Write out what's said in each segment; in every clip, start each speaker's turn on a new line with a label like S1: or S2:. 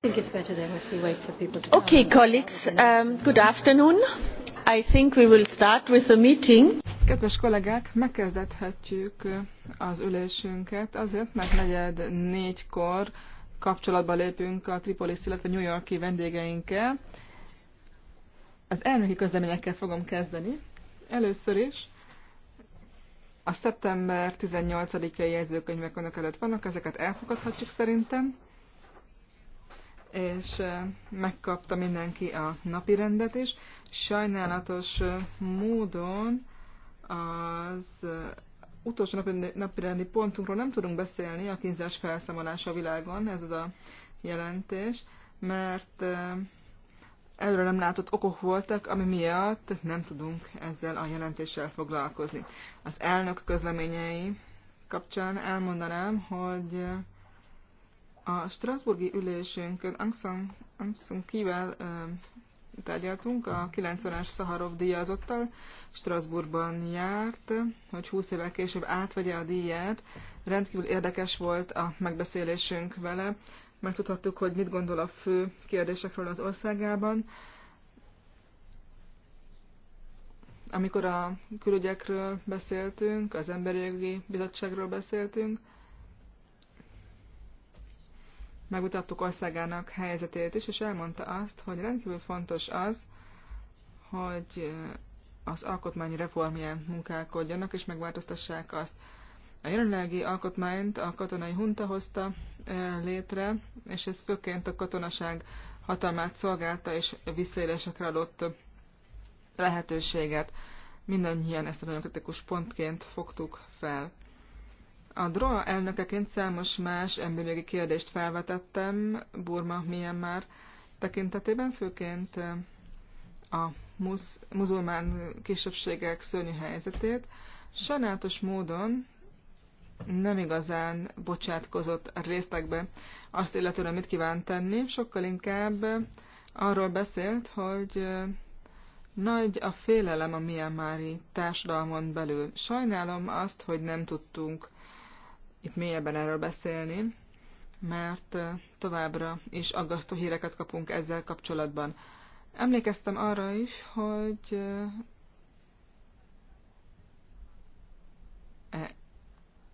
S1: Okay, colleagues,
S2: um, good afternoon. I think we will start with the meeting. Kedves kollégák, megkezdethetjük uh, az ülésünket azért, mert negyed négykor kapcsolatba lépünk a Tripolis, illetve New Yorki vendégeinkkel. Az elnöki közleményekkel fogom kezdeni. Először is a szeptember 18-ai jegyzőkönyvek önök előtt vannak, ezeket elfogadhatjuk szerintem és megkapta mindenki a napi rendet is. Sajnálatos módon az utolsó napi rendi pontunkról nem tudunk beszélni, a kínzás felszámolása a világon, ez az a jelentés, mert előre nem látott okok voltak, ami miatt nem tudunk ezzel a jelentéssel foglalkozni. Az elnök közleményei kapcsán elmondanám, hogy a Strasburgi ülésünkön Angsong Kivel tárgyaltunk, a 90-es Szaharov díjazottal Strasbourgban járt, hogy 20 évvel később átvegye a díját. Rendkívül érdekes volt a megbeszélésünk vele, megtudhattuk, hogy mit gondol a fő kérdésekről az országában. Amikor a külügyekről beszéltünk, az emberi jogi bizottságról beszéltünk, megmutattuk országának helyzetét is, és elmondta azt, hogy rendkívül fontos az, hogy eh, az alkotmány reformján munkálkodjanak és megváltoztassák azt. A jelenlegi alkotmányt a katonai hunta hozta eh, létre, és ez főként a katonaság hatalmát szolgálta és visszaélésekre adott lehetőséget. Mindannyian ezt a nagyon kritikus pontként fogtuk fel. A DROA elnökeként számos más emberi kérdést felvetettem Burma, milyen már tekintetében, főként eh, a musz, muzulmán kisebbségek szörnyű helyzetét. Sajnálatos módon nem igazán bocsátkozott részekbe azt illetően, mit kíván tenni, sokkal inkább arról beszélt, hogy eh, nagy a félelem a Myanmari társadalmon belül. Sajnálom azt, hogy nem tudtunk itt mélyebben erről beszélni, mert továbbra is aggasztó híreket kapunk ezzel kapcsolatban. Emlékeztem arra is, hogy e,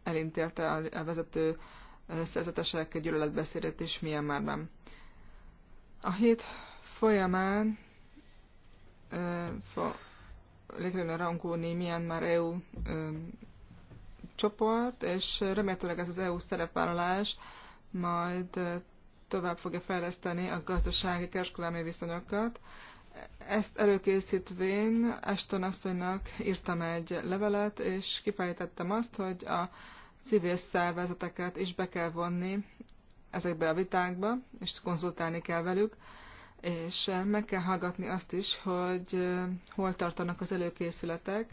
S2: elintélte a vezető szerzetesek gyűlöletbeszédét is nem. A hét folyamán létrejön a Rankóni már EU csoport, és remélhetőleg ez az EU szerepvállalás majd tovább fogja fejleszteni a gazdasági kereskedelmi viszonyokat. Ezt előkészítvén Ashton asszonynak írtam egy levelet, és kifejtettem azt, hogy a civil szervezeteket is be kell vonni ezekbe a vitákba, és konzultálni kell velük, és meg kell hallgatni azt is, hogy hol tartanak az előkészületek,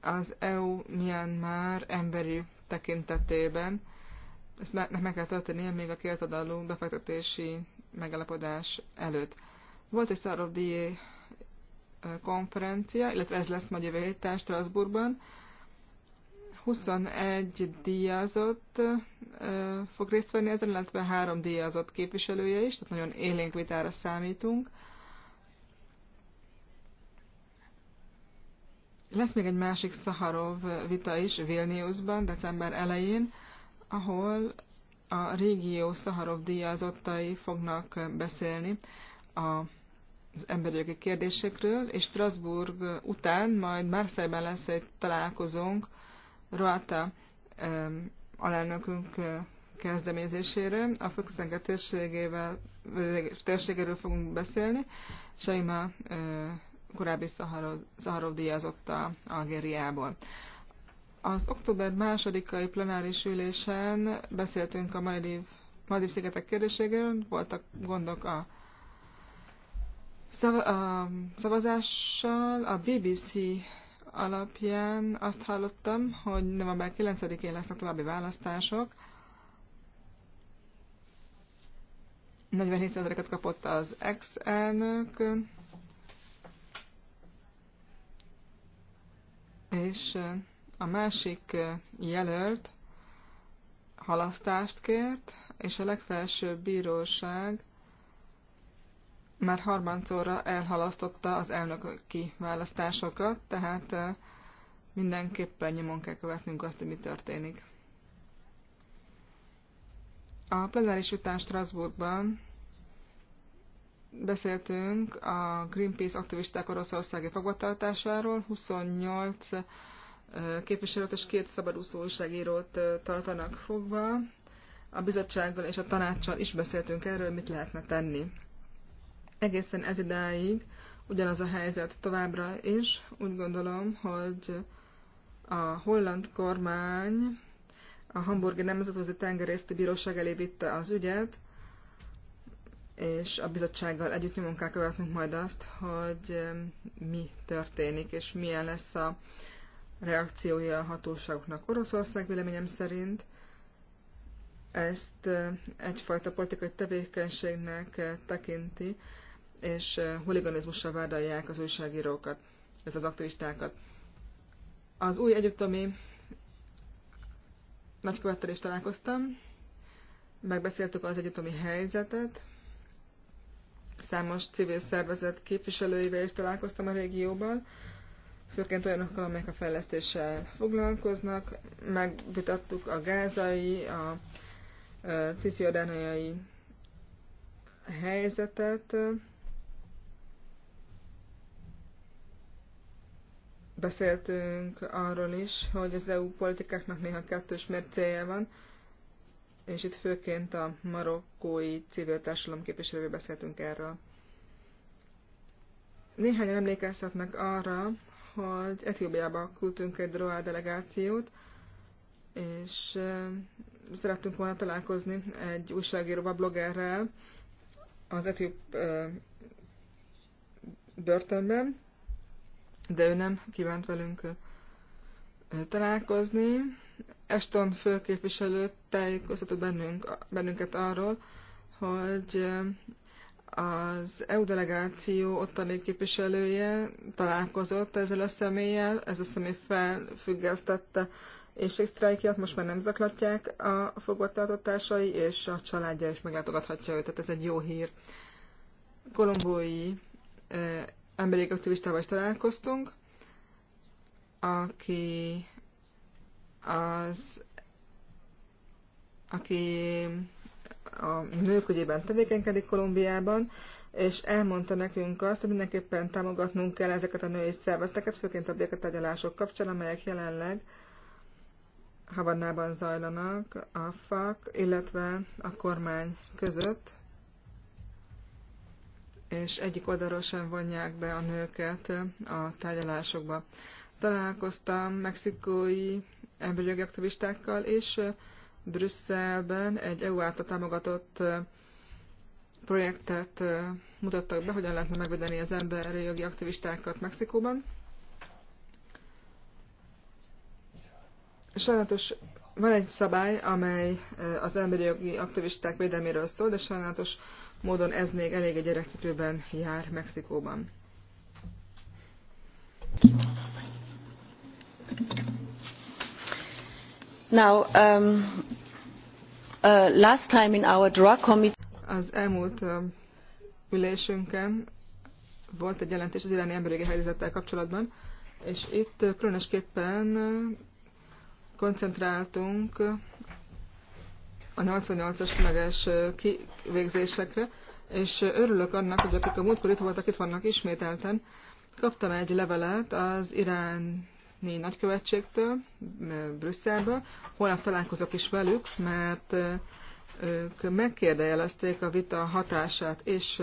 S2: az EU milyen már emberi tekintetében. Ezt meg kell történnie még a két oldalú befektetési megalapodás előtt. Volt egy Szarov díj eh, konferencia, illetve ez lesz majd jövő héten Strasbourgban. 21 díjazott eh, fog részt venni ezen, illetve 3 díjazott képviselője is, tehát nagyon élénk vitára számítunk. Lesz még egy másik Szaharov vita is Vilniusban, december elején, ahol a régió Szaharov díjazottai fognak beszélni az emberi jogi kérdésekről, és Strasbourg után majd Marseille-ben lesz egy találkozónk Roata alelnökünk eh, kezdeményezésére. A Volkswagen térségével, térségéről fogunk beszélni. Saima eh, korábbi Szaharov díjazottal Algériából. Az október másodikai plenáris ülésen beszéltünk a Maldiv, szigetek kérdéséről, voltak gondok a, a szavazással, a BBC alapján azt hallottam, hogy november 9-én lesznek további választások. 47%-et kapott az ex-elnök, és a másik jelölt halasztást kért, és a legfelsőbb bíróság már harmadszorra elhalasztotta az elnöki választásokat, tehát mindenképpen nyomon kell követnünk azt, hogy mi történik. A plenáris után Strasbourgban beszéltünk a Greenpeace aktivisták oroszországi fogvatartásáról. 28 képviselőt és két szabadúszó újságírót tartanak fogva. A bizottsággal és a tanácssal is beszéltünk erről, mit lehetne tenni. Egészen ez idáig ugyanaz a helyzet továbbra is. Úgy gondolom, hogy a holland kormány a hamburgi nemzetközi tengerészti bíróság elé vitte az ügyet, és a bizottsággal együtt nyomon kell követnünk majd azt, hogy mi történik, és milyen lesz a reakciója a hatóságoknak. Oroszország véleményem szerint ezt egyfajta politikai tevékenységnek tekinti, és huliganizmussal vádalják az újságírókat, illetve az aktivistákat. Az új egyiptomi nagykövettel is találkoztam, megbeszéltük az egyiptomi helyzetet, Számos civil szervezet képviselőivel is találkoztam a régióban, főként olyanokkal, amelyek a fejlesztéssel foglalkoznak. Megvitattuk a gázai, a cisziordániai helyzetet. Beszéltünk arról is, hogy az EU politikáknak néha kettős mércéje van és itt főként a marokkói civil társadalom képviselővel beszéltünk erről. Néhányan emlékezhetnek arra, hogy Etiópiába küldtünk egy droá delegációt, és eh, szerettünk volna találkozni egy újságíróval, bloggerrel az etióp eh, börtönben, de ő nem kívánt velünk eh, találkozni, Eston főképviselő tájékoztatott bennünk, bennünket arról, hogy eh, az EU delegáció ottani képviselője találkozott ezzel a személlyel, ez a személy felfüggesztette sztrájkját, most már nem zaklatják a fogvatartottásai, és a családja is meglátogathatja őt, tehát ez egy jó hír. Kolombói eh, emberi aktivistával is találkoztunk, aki az, aki a nők ügyében tevékenykedik Kolumbiában, és elmondta nekünk azt, hogy mindenképpen támogatnunk kell ezeket a női szervezeteket, főként a béketárgyalások kapcsán, amelyek jelenleg Havannában zajlanak a FAK, illetve a kormány között, és egyik oldalról sem vonják be a nőket a tárgyalásokba. Találkoztam mexikói emberi jogi aktivistákkal, és Brüsszelben egy EU által támogatott projektet mutattak be, hogyan lehetne megvédeni az emberi jogi aktivistákat Mexikóban. Sajnálatos, van egy szabály, amely az emberi jogi aktivisták védelméről szól, de sajnálatos módon ez még elég egy gyerekcipőben jár Mexikóban. Thank you. Um, uh, az elmúlt um, ülésünkön volt egy jelentés az iráni emberi helyzettel kapcsolatban, és itt uh, különösképpen uh, koncentráltunk a 88-as meges kivégzésekre, és örülök annak, hogy akik a múltkor itt voltak, itt vannak ismételten. Kaptam egy levelet az irán négy nagykövetségtől, Brüsszelből. Holnap találkozok is velük, mert ők megkérdejelezték a vita hatását és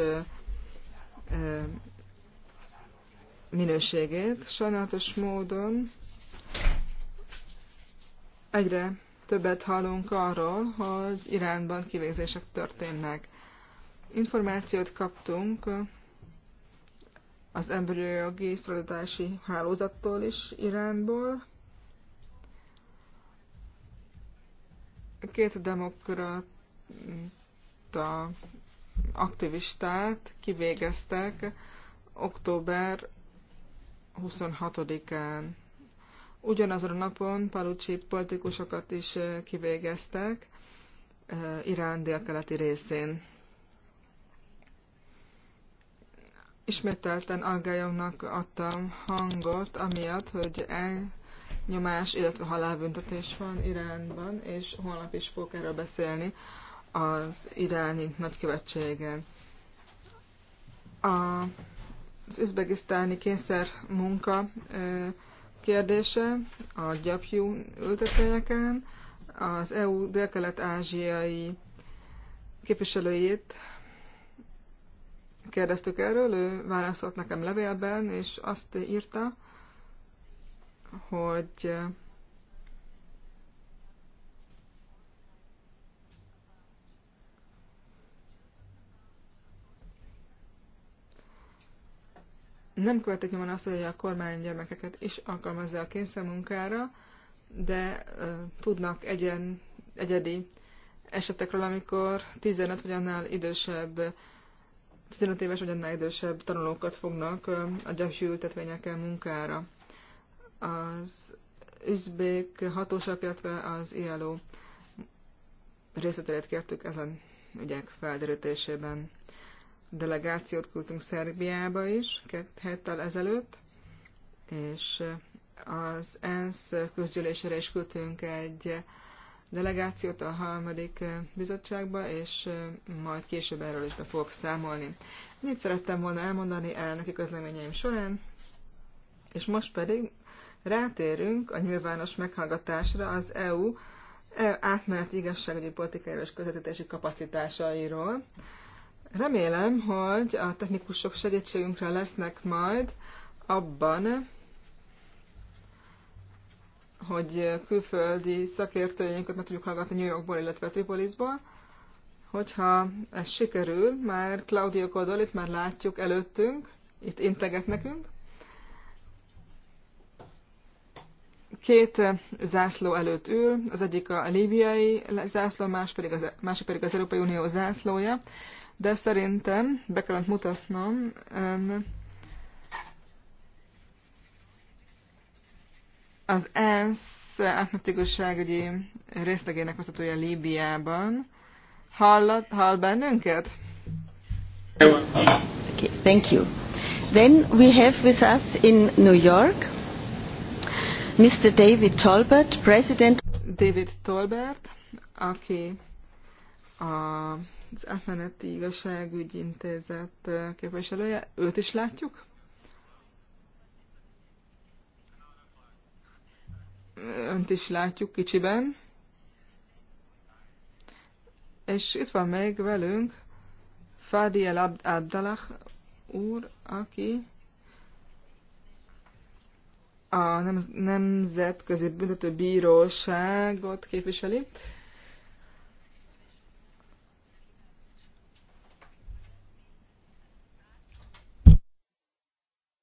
S2: minőségét. Sajnálatos módon egyre többet hallunk arról, hogy Iránban kivégzések történnek. Információt kaptunk az embriógi szolidaritási hálózattól is irányból Két demokrata aktivistát kivégeztek október 26-án. Ugyanazon a napon palucsi politikusokat is kivégeztek eh, Irán délkeleti részén. Ismételten aggályomnak adtam hangot, amiatt, hogy elnyomás, illetve halálbüntetés van Iránban, és holnap is fogok erről beszélni az iráni nagykövetségen. A, az üzbegisztáni kényszer munka kérdése a gyapjú ültetőjeken, az EU délkelet ázsiai képviselőjét kérdeztük erről, ő válaszolt nekem levélben, és azt írta, hogy nem követik nyomon azt, hogy a kormány gyermekeket is alkalmazza a kényszermunkára, de uh, tudnak egyen, egyedi esetekről, amikor 15 vagy annál idősebb 15 éves vagy annál idősebb tanulókat fognak a agyasültetvényekkel munkára. Az üzbék hatóság, illetve az ILO részletelét kértük ezen ügyek felderítésében. Delegációt küldtünk Szerbiába is két héttel ezelőtt, és az ENSZ közgyűlésére is küldtünk egy delegációt a harmadik bizottságba, és majd később erről is be fogok számolni. Ennyit szerettem volna elmondani elnöki közleményeim során, és most pedig rátérünk a nyilvános meghallgatásra az EU e átmeneti igazságügyi politikai és közvetítési kapacitásairól. Remélem, hogy a technikusok segítségünkre lesznek majd abban, hogy külföldi szakértőinket meg tudjuk hallgatni New Yorkból, illetve Tripolisból. Hogyha ez sikerül, már Claudio Codolit már látjuk előttünk, itt integet nekünk. Két zászló előtt ül, az egyik a líbiai zászló, más pedig az, másik pedig az Európai Unió zászlója, de szerintem be kellett mutatnom Az ENSZ átmetikusságügyi részlegének vezetője Líbiában hallott, hall bennünket?
S1: Okay, thank you. Then we have with us in New York Mr. David
S2: Tolbert, President David Tolbert, aki az átmeneti igazságügyi intézet képviselője. Őt is látjuk? önt is látjuk kicsiben. És itt van még velünk Fadi El Abd Abdalah úr, aki a Nemzetközi bíróságot képviseli.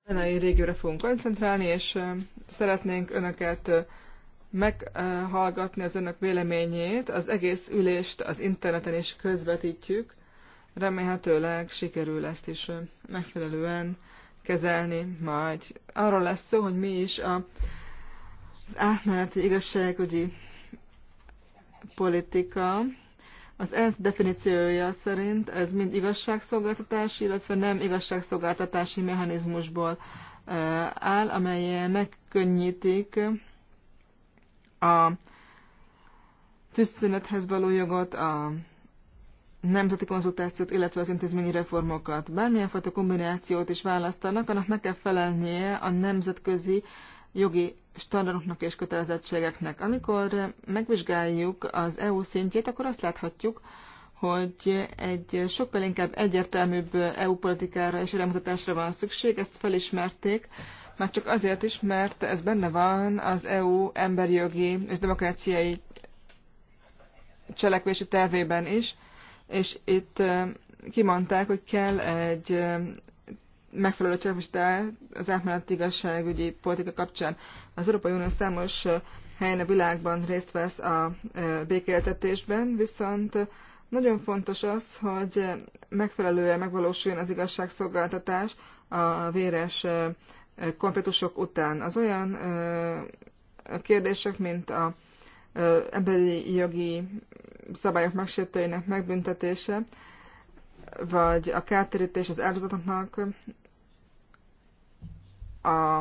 S2: Zenei régióra fogunk koncentrálni, és szeretnénk Önöket meghallgatni az önök véleményét. Az egész ülést az interneten is közvetítjük. Remélhetőleg sikerül ezt is megfelelően kezelni majd. Arról lesz szó, hogy mi is a, az átmeneti igazságügyi politika. Az ENSZ definíciója szerint ez mind igazságszolgáltatási, illetve nem igazságszolgáltatási mechanizmusból áll, amelyen megkönnyítik a tűzszünethez való jogot, a nemzeti konzultációt, illetve az intézményi reformokat. Bármilyen fajta kombinációt is választanak, annak meg kell felelnie a nemzetközi jogi standardoknak és kötelezettségeknek. Amikor megvizsgáljuk az EU szintjét, akkor azt láthatjuk, hogy egy sokkal inkább egyértelműbb EU politikára és iránymutatásra van szükség, ezt felismerték, már csak azért is, mert ez benne van az EU emberi jogi és demokráciai cselekvési tervében is, és itt kimondták, hogy kell egy megfelelő cselekvési terv az átmeneti igazságügyi politika kapcsán. Az Európai Unió számos helyen a világban részt vesz a békéltetésben, viszont nagyon fontos az, hogy megfelelően megvalósuljon az igazságszolgáltatás a véres konfliktusok után. Az olyan kérdések, mint a emberi jogi szabályok megsértőinek megbüntetése, vagy a kártérítés az áldozatoknak, a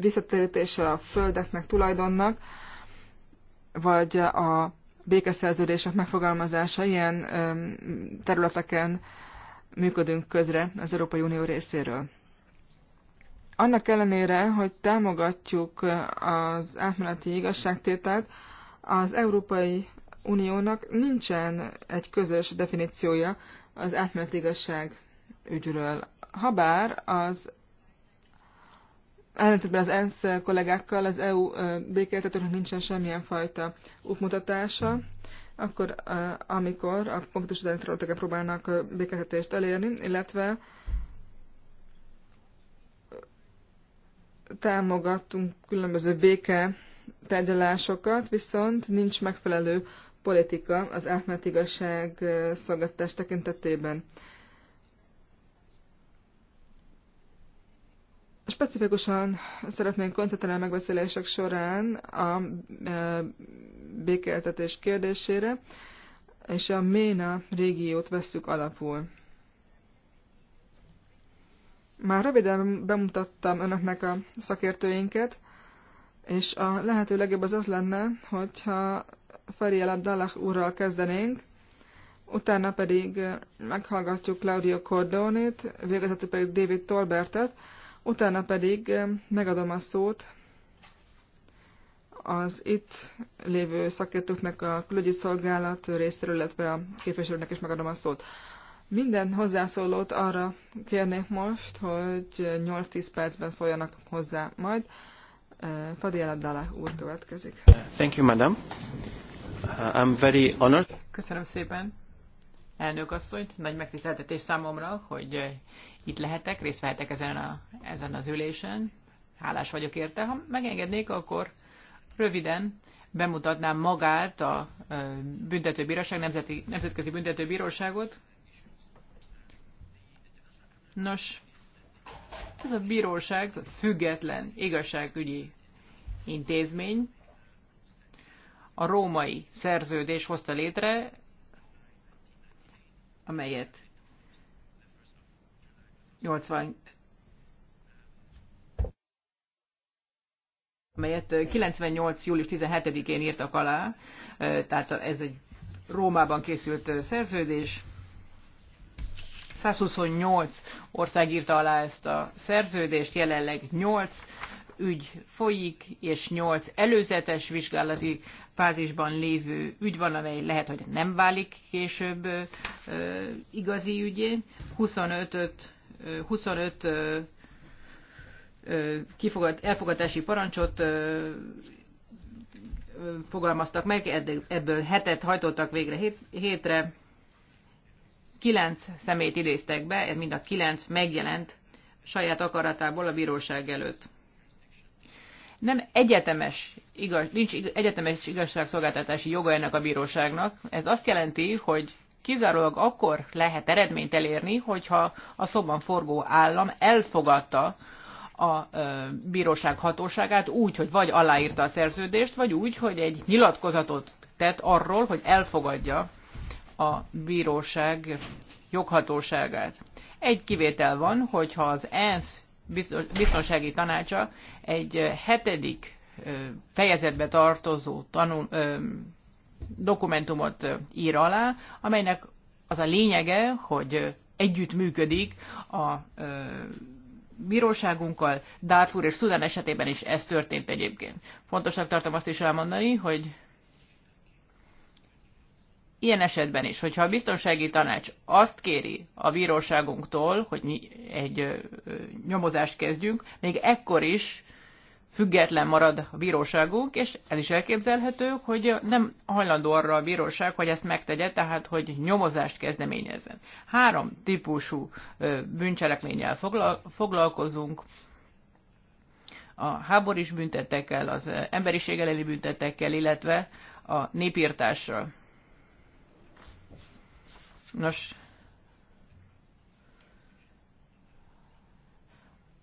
S2: visszatérítése a földeknek, tulajdonnak, vagy a békeszerződések megfogalmazása, ilyen területeken működünk közre az Európai Unió részéről. Annak ellenére, hogy támogatjuk az átmeneti igazságtételt, az Európai Uniónak nincsen egy közös definíciója az átmeneti igazság ügyről. Habár az ellentétben az ENSZ kollégákkal az EU békéltetőnek nincsen semmilyen fajta útmutatása, akkor amikor a konfliktus utáni területeken próbálnak békéltetést elérni, illetve támogattunk különböző béke tárgyalásokat, viszont nincs megfelelő politika az átmeneti igazság szolgáltatás tekintetében. Specifikusan szeretnénk koncentrálni a megbeszélések során a e, békeltetés kérdésére, és a MENA régiót vesszük alapul. Már röviden bemutattam önöknek a szakértőinket, és a lehető legjobb az az lenne, hogyha Feri Abdallah úrral kezdenénk, utána pedig meghallgatjuk Claudio Cordonit, végezetül pedig David Tolbertet, Utána pedig eh, megadom a szót az itt lévő szakértőknek a külügyi szolgálat részéről, illetve a képviselőnek is megadom a szót. Minden hozzászólót arra kérnék most, hogy 8-10 percben szóljanak hozzá majd. Eh, Fadi
S3: Eladala úr következik.
S4: Thank you, madam. Uh, I'm very honored.
S3: Köszönöm szépen, elnök asszony. Nagy megtiszteltetés számomra, hogy itt lehetek, részt vehetek ezen, a, ezen az ülésen. Hálás vagyok érte. Ha megengednék, akkor röviden bemutatnám magát a büntetőbíróság, nemzeti, nemzetközi büntetőbíróságot. Nos, ez a bíróság független igazságügyi intézmény. A római szerződés hozta létre, amelyet 80 amelyet 98. július 17-én írtak alá, tehát ez egy Rómában készült szerződés. 128 ország írta alá ezt a szerződést, jelenleg 8 ügy folyik, és 8 előzetes vizsgálati fázisban lévő ügy van, amely lehet, hogy nem válik később igazi ügyé. 25-öt 25 kifogad, elfogadási parancsot fogalmaztak meg, ebből hetet hajtottak végre hét, hétre, kilenc szemét idéztek be, ez mind a kilenc megjelent saját akaratából a bíróság előtt. Nem egyetemes, igaz, nincs egyetemes igazságszolgáltatási joga ennek a bíróságnak. Ez azt jelenti, hogy kizárólag akkor lehet eredményt elérni, hogyha a szoban forgó állam elfogadta a bíróság hatóságát úgy, hogy vagy aláírta a szerződést, vagy úgy, hogy egy nyilatkozatot tett arról, hogy elfogadja a bíróság joghatóságát. Egy kivétel van, hogyha az ENSZ biztonsági tanácsa egy hetedik fejezetbe tartozó tanul, dokumentumot ír alá, amelynek az a lényege, hogy együtt működik a bíróságunkkal, Darfur és Szudán esetében is ez történt egyébként. Fontosnak tartom azt is elmondani, hogy ilyen esetben is, hogyha a biztonsági tanács azt kéri a bíróságunktól, hogy mi egy nyomozást kezdjünk, még ekkor is független marad a bíróságunk, és ez is elképzelhető, hogy nem hajlandó arra a bíróság, hogy ezt megtegye, tehát hogy nyomozást kezdeményezzen. Három típusú bűncselekménnyel foglalkozunk, a háborús büntetekkel, az emberiség elleni büntetekkel, illetve a népírtással. Nos,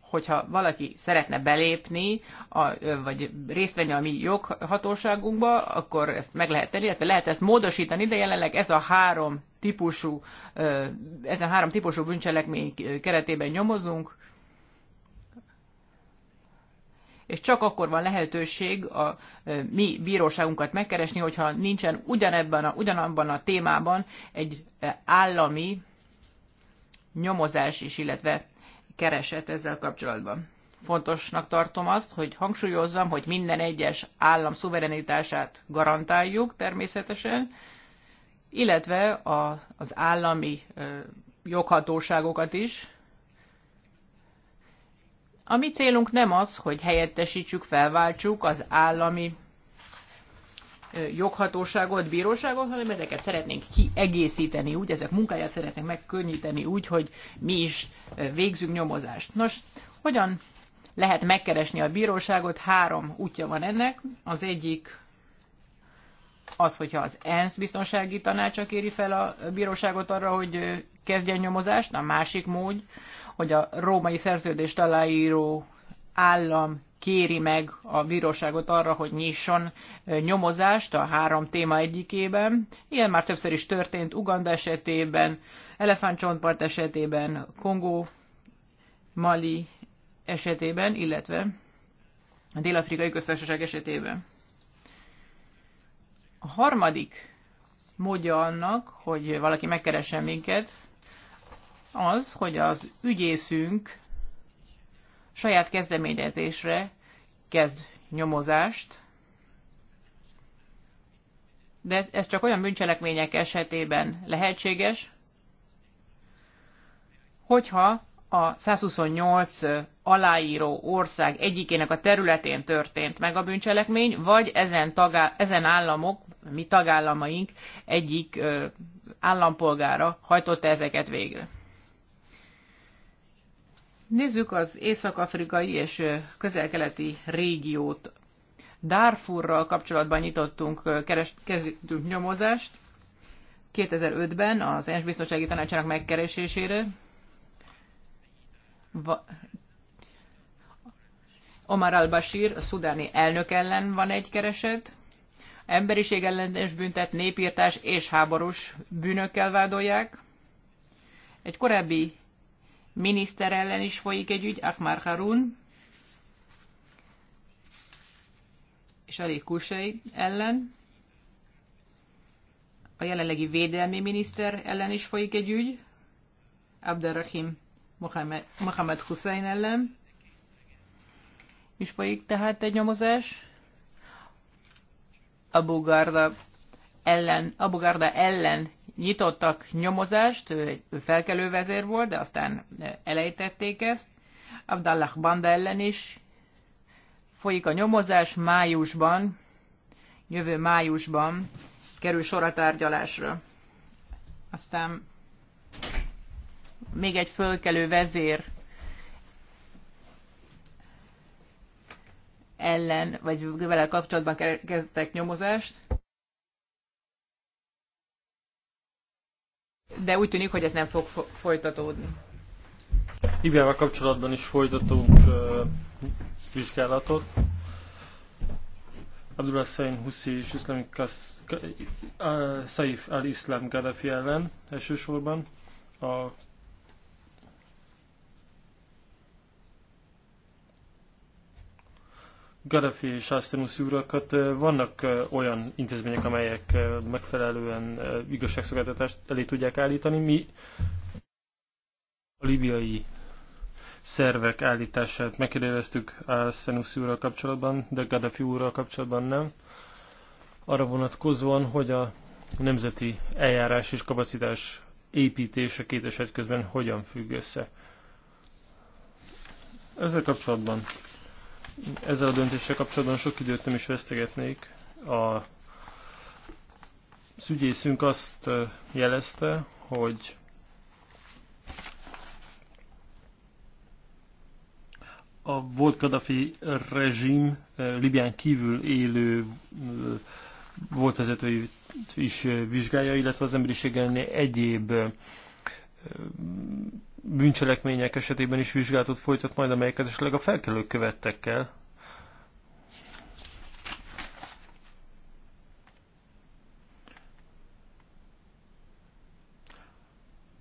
S3: hogyha valaki szeretne belépni, a, vagy részt venni a mi joghatóságunkba, akkor ezt meg lehet tenni, illetve lehet ezt módosítani, de jelenleg ez a három típusú, ezen három típusú bűncselekmény keretében nyomozunk, és csak akkor van lehetőség a mi bíróságunkat megkeresni, hogyha nincsen ugyanebben a, ugyanabban a témában egy állami nyomozás is, illetve keresett ezzel kapcsolatban. Fontosnak tartom azt, hogy hangsúlyozzam, hogy minden egyes állam szuverenitását garantáljuk természetesen, illetve a, az állami ö, joghatóságokat is. A mi célunk nem az, hogy helyettesítsük, felváltsuk az állami joghatóságot, bíróságot, hanem ezeket szeretnénk kiegészíteni úgy, ezek munkáját szeretnénk megkönnyíteni úgy, hogy mi is végzünk nyomozást. Nos, hogyan lehet megkeresni a bíróságot? Három útja van ennek. Az egyik az, hogyha az ENSZ biztonsági tanácsa kéri fel a bíróságot arra, hogy kezdjen nyomozást, a másik mód, hogy a római szerződést aláíró állam kéri meg a bíróságot arra, hogy nyisson nyomozást a három téma egyikében. Ilyen már többször is történt Uganda esetében, Elefántcsontpart esetében, Kongó, Mali esetében, illetve a Dél-Afrikai Köztársaság esetében. A harmadik módja annak, hogy valaki megkeressen minket, az, hogy az ügyészünk saját kezdeményezésre kezd nyomozást, de ez csak olyan bűncselekmények esetében lehetséges, hogyha a 128 aláíró ország egyikének a területén történt meg a bűncselekmény, vagy ezen, tagá- ezen államok, mi tagállamaink egyik ö, állampolgára hajtotta ezeket végre. Nézzük az észak-afrikai és közel-keleti régiót. Darfurral kapcsolatban nyitottunk, kezdtünk nyomozást 2005-ben az ENS biztonsági tanácsának megkeresésére. Va- Omar al-Bashir, a szudáni elnök ellen van egy kereset. Emberiség ellenes büntet, népírtás és háborús bűnökkel vádolják. Egy korábbi miniszter ellen is folyik egy ügy, Akmar Harun és Ali Kusei ellen. A jelenlegi védelmi miniszter ellen is folyik egy ügy, Abderrahim Mohamed, Mohamed Hussein ellen is folyik tehát egy nyomozás. Abu Garda ellen, Abu Garda ellen nyitottak nyomozást, ő, egy felkelő vezér volt, de aztán e, elejtették ezt. Abdallah Banda ellen is folyik a nyomozás májusban, jövő májusban kerül sor a tárgyalásra. Aztán még egy fölkelő vezér ellen, vagy vele kapcsolatban kezdtek nyomozást. de úgy tűnik, hogy ez nem fog folytatódni.
S4: Ibiával kapcsolatban is folytatunk uh, vizsgálatot. Abdullah Sain Hussi és Iszlamik uh, Saif al-Islam Gaddafi ellen elsősorban a Gaddafi és Astenusi urakat, vannak olyan intézmények, amelyek megfelelően igazságszolgáltatást elé tudják állítani. Mi a libiai szervek állítását megkérdeztük Astenusi úrral kapcsolatban, de Gaddafi úrral kapcsolatban nem. Arra vonatkozóan, hogy a nemzeti eljárás és kapacitás építése két eset közben hogyan függ össze. Ezzel kapcsolatban ezzel a döntéssel kapcsolatban sok időt nem is vesztegetnék. A szügyészünk azt jelezte, hogy a volt Gaddafi rezsim Libyán kívül élő volt vezetőit is vizsgálja, illetve az emberiségen egyéb bűncselekmények esetében is vizsgálatot folytat majd, amelyeket esetleg a felkelők követtek el.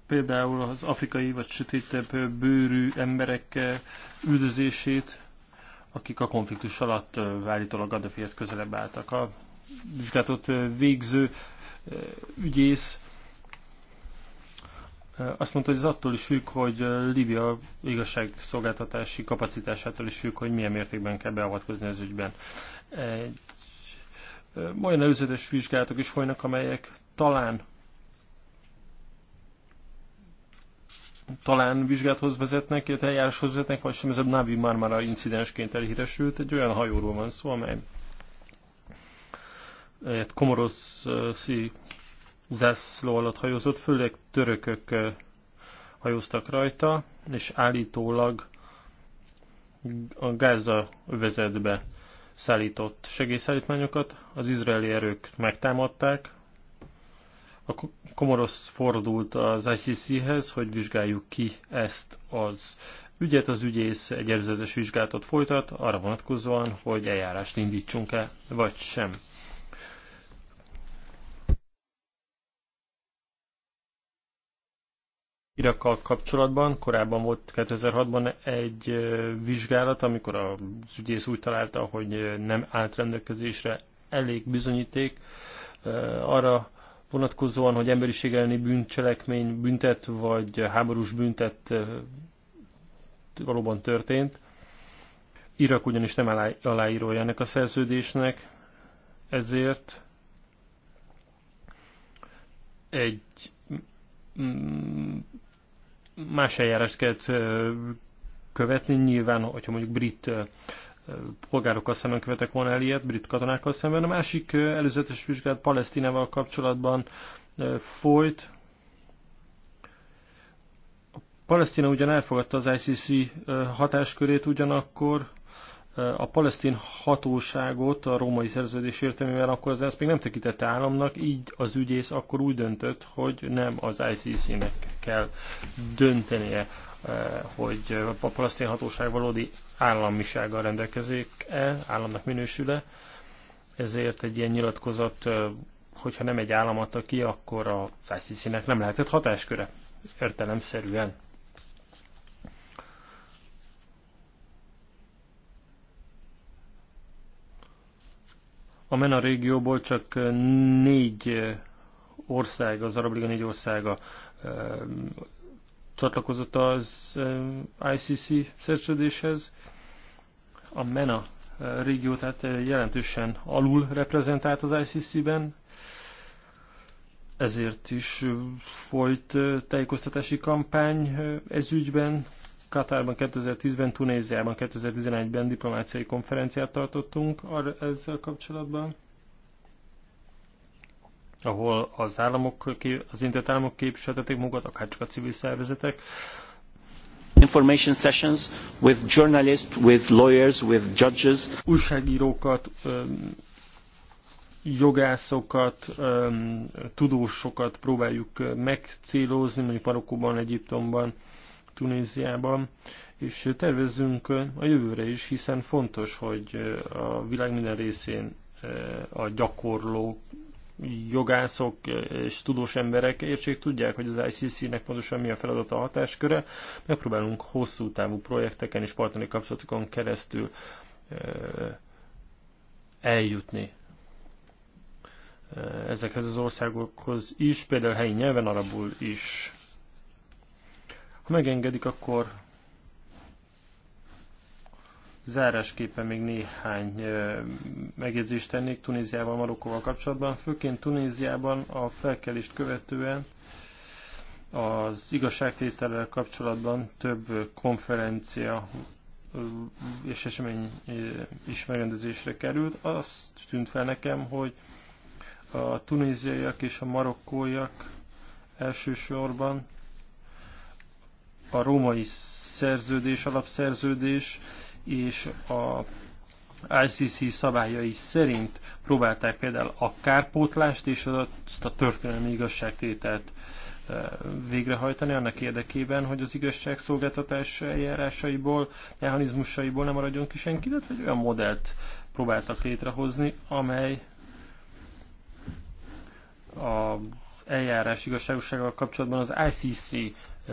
S4: Például az afrikai vagy sötétebb bőrű emberek eh, üldözését, akik a konfliktus alatt eh, állítólag Gaddafihez közelebb álltak. A vizsgálatot eh, végző ügyész azt mondta, hogy ez attól is függ, hogy Libia igazságszolgáltatási kapacitásától is függ, hogy milyen mértékben kell beavatkozni az ügyben. olyan előzetes vizsgálatok is folynak, amelyek talán talán vizsgálathoz vezetnek, illetve eljáráshoz vezetnek, vagy sem ez a Navi Marmara incidensként elhíresült. Egy olyan hajóról van szó, amely komoroszi zászló alatt hajózott, főleg törökök eh, hajóztak rajta, és állítólag a Gáza övezetbe szállított segélyszállítmányokat. Az izraeli erők megtámadták. A Komorosz fordult az ICC-hez, hogy vizsgáljuk ki ezt az ügyet. Az ügyész egy erőzetes vizsgálatot folytat, arra vonatkozóan, hogy eljárást indítsunk-e, vagy sem. Irakkal kapcsolatban korábban volt 2006-ban egy vizsgálat, amikor az ügyész úgy találta, hogy nem állt rendelkezésre elég bizonyíték arra vonatkozóan, hogy emberiség elleni bűncselekmény büntet vagy háborús büntet valóban történt. Irak ugyanis nem aláírója ennek a szerződésnek, ezért egy más eljárást kellett követni, nyilván, hogyha mondjuk brit polgárokkal szemben követek volna el ilyet, brit katonákkal szemben. A másik előzetes vizsgálat Palesztinával kapcsolatban folyt. A Palesztina ugyan elfogadta az ICC hatáskörét, ugyanakkor a palesztin hatóságot a római szerződés értelmében akkor az ezt még nem tekintette államnak, így az ügyész akkor úgy döntött, hogy nem az ICC-nek kell döntenie, eh, hogy a palesztin hatóság valódi államisággal rendelkezik-e, államnak minősül-e, ezért egy ilyen nyilatkozat, eh, hogyha nem egy állam adta ki, akkor az ICC-nek nem lehetett hatásköre értelemszerűen. A MENA régióból csak négy eh, ország, az Arab Liga négy országa eh, csatlakozott az eh, ICC szerződéshez. A MENA régió tehát jelentősen alul reprezentált az ICC-ben, ezért is folyt tájékoztatási kampány ezügyben, Katárban 2010-ben, Tunéziában 2011-ben diplomáciai konferenciát tartottunk ezzel kapcsolatban, ahol az államok, az intett államok képviseltetik magukat, akár csak a civil szervezetek, information
S5: sessions with journalists, with lawyers, with judges.
S4: Újságírókat, jogászokat, tudósokat próbáljuk megcélozni, mondjuk Marokkóban, Egyiptomban, Tunéziában, és tervezzünk a jövőre is, hiszen fontos, hogy a világ minden részén eh, a gyakorló jogászok és tudós emberek értség tudják, hogy az ICC-nek pontosan mi a feladata a hatásköre. Megpróbálunk hosszú távú projekteken és partneri kapcsolatokon keresztül eh, eljutni eh, ezekhez az országokhoz is, például helyi nyelven, arabul is. Ha megengedik, akkor zárásképpen még néhány megjegyzést tennék Tunéziával, Marokkóval kapcsolatban. Főként Tunéziában a felkelést követően az igazságtétellel kapcsolatban több konferencia és esemény is megrendezésre került. Azt tűnt fel nekem, hogy a tunéziaiak és a marokkóiak elsősorban a római szerződés, alapszerződés és a ICC szabályai szerint próbálták például a kárpótlást és azt a történelmi igazságtételt e, végrehajtani annak érdekében, hogy az igazságszolgáltatás eljárásaiból, mechanizmusaiból nem maradjon ki senki, illetve hát egy olyan modellt próbáltak létrehozni, amely a eljárás igazságossággal kapcsolatban az ICC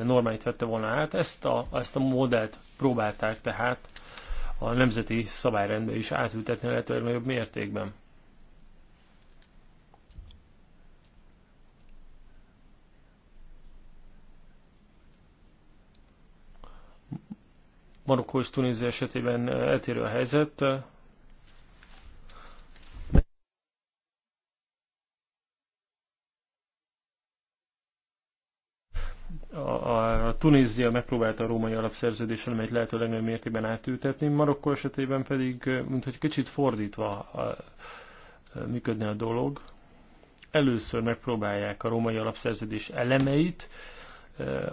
S4: normáit vette volna át. Ezt a, ezt a modellt próbálták tehát a nemzeti szabályrendbe is átültetni lehetőleg nagyobb mértékben. Marokkó és Tunézia esetében eltérő a helyzet. a, a Tunézia megpróbálta a római alapszerződésen, amelyet lehető legnagyobb mértékben átültetni, Marokkó esetében pedig, mint hogy kicsit fordítva a, működne a dolog. Először megpróbálják a római alapszerződés elemeit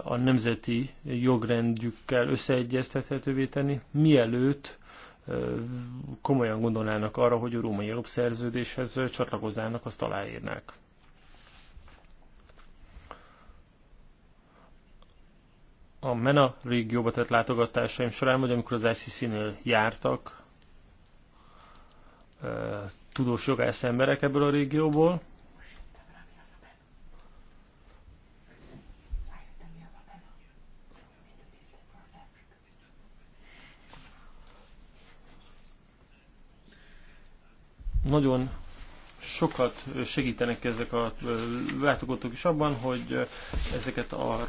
S4: a nemzeti jogrendjükkel összeegyeztethetővé tenni, mielőtt komolyan gondolnának arra, hogy a római alapszerződéshez csatlakozzának, azt aláírnák. a MENA régióba tett látogatásaim során, vagy amikor az ICC-nél jártak tudós jogász emberek ebből a régióból, nagyon sokat segítenek ezek a látogatók is abban, hogy ezeket a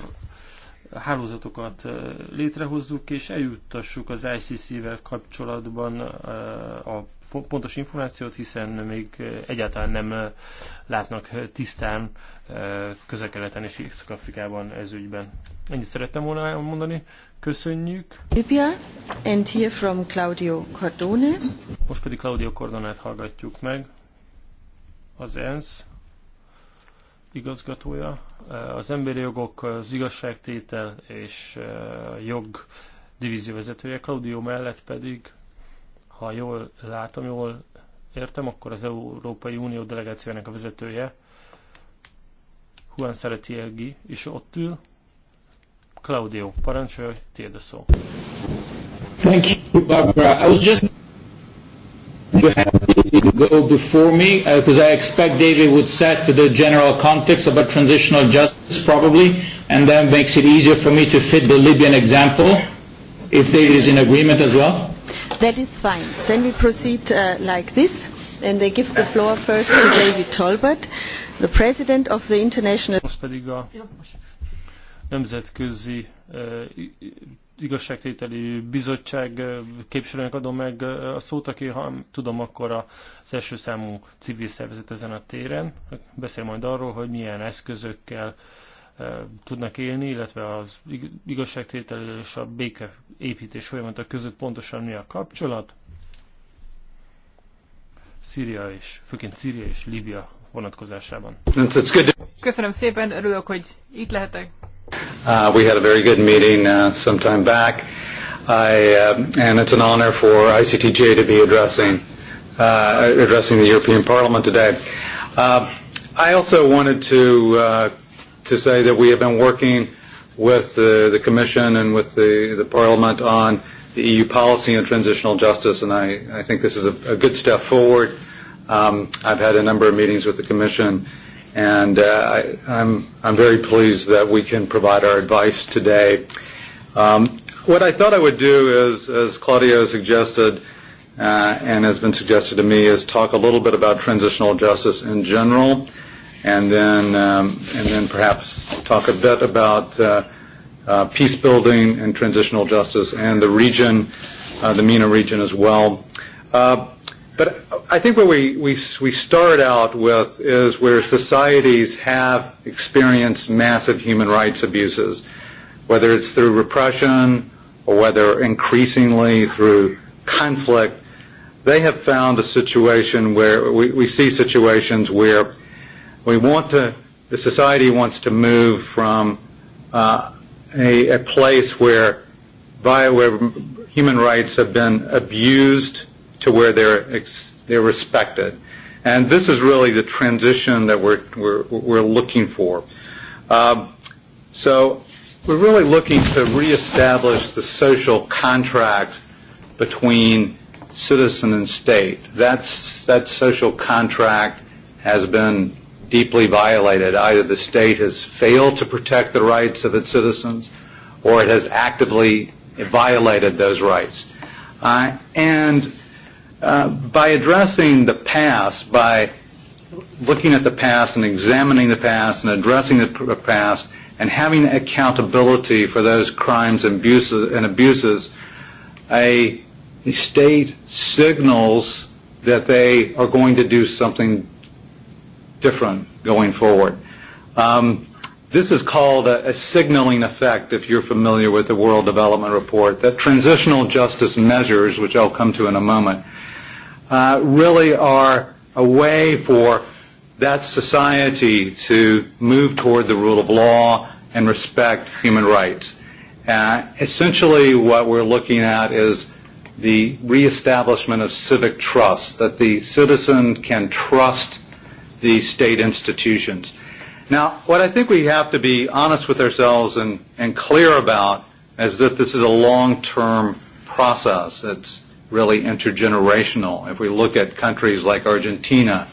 S4: hálózatokat létrehozzuk, és eljuttassuk az ICC-vel kapcsolatban a pontos információt, hiszen még egyáltalán nem látnak tisztán közel-keleten és Észak-Afrikában ez ügyben. Ennyit szerettem volna mondani. Köszönjük.
S1: Libya, and here from Claudio Cordone.
S4: Most pedig Claudio Cordonát hallgatjuk meg, az ENSZ igazgatója. Az emberi jogok, az igazságtétel és eh, jog divízió vezetője. Claudio mellett pedig, ha jól látom, jól értem, akkor az Európai Unió delegációjának a vezetője, Juan Szeretiegi is ott ül. Claudio, parancsolj, tiéd a szó. Thank you, Barbara. I was just
S5: you have to go before me because uh, I expect David would set the general context about transitional justice probably and that makes it easier for me to fit the Libyan example if David is in agreement as well.
S1: That is fine. Then we proceed uh, like this and they give the floor first to David Tolbert, the president of the international... Most
S4: pedig a nemzetközi uh, igazságtételi bizottság képviselőnek adom meg a szót, aki, ha tudom, akkor az első számú civil szervezet ezen a téren. Beszél majd arról, hogy milyen eszközökkel tudnak élni, illetve az igazságtétel és a béke építés folyamata között pontosan mi a kapcsolat. Szíria és, főként Szíria és Líbia vonatkozásában.
S3: Köszönöm szépen, örülök, hogy itt lehetek.
S6: Uh, we had a very good meeting uh, some time back. I, uh, and it's an honor for ICTJ to be addressing uh, addressing the European Parliament today. Uh, I also wanted to uh, to say that we have been working with the, the Commission and with the, the Parliament on the EU policy on transitional justice, and I, I think this is a, a good step forward. Um, I've had a number of meetings with the Commission uh, and uh, I, I'm, I'm very pleased that we can provide our advice today. Um, what I thought I would do is, as Claudio suggested, uh, and has been suggested to me, is talk a little bit about transitional justice in general, and then um, and then perhaps talk a bit about uh, uh, peace building and transitional justice and the region, uh, the MENA region as well. Uh, But I think what we, we, we start out with is where societies have experienced massive human rights abuses, whether it's through repression or whether increasingly through conflict, they have found a situation where we, we see situations where we want to, the society wants to move from uh, a, a place where, by, where human rights have been abused to where they're ex- they're respected. And this is really the transition that we're we're, we're looking for. Um, so we're really looking to reestablish the social contract between citizen and state. That's that social contract has been deeply violated. Either the state has failed to protect the rights of its citizens, or it has actively violated those rights. Uh, and Uh, by addressing the past, by looking at the past and examining the past and addressing the past and having accountability for those crimes and abuses, and abuses a, a state signals that they are going to do something different going forward. Um, this is called a, a signaling effect, if you're familiar with the World Development Report, that transitional justice measures, which I'll come to in a moment, Uh, really are a way for that society to move toward the rule of law and respect human rights. Uh, essentially, what we're looking at is the reestablishment of civic trust, that the citizen can trust the state institutions. Now, what I think we have to be honest with ourselves and, and clear about is that this is a long-term process. It's really intergenerational. If we look at countries like Argentina,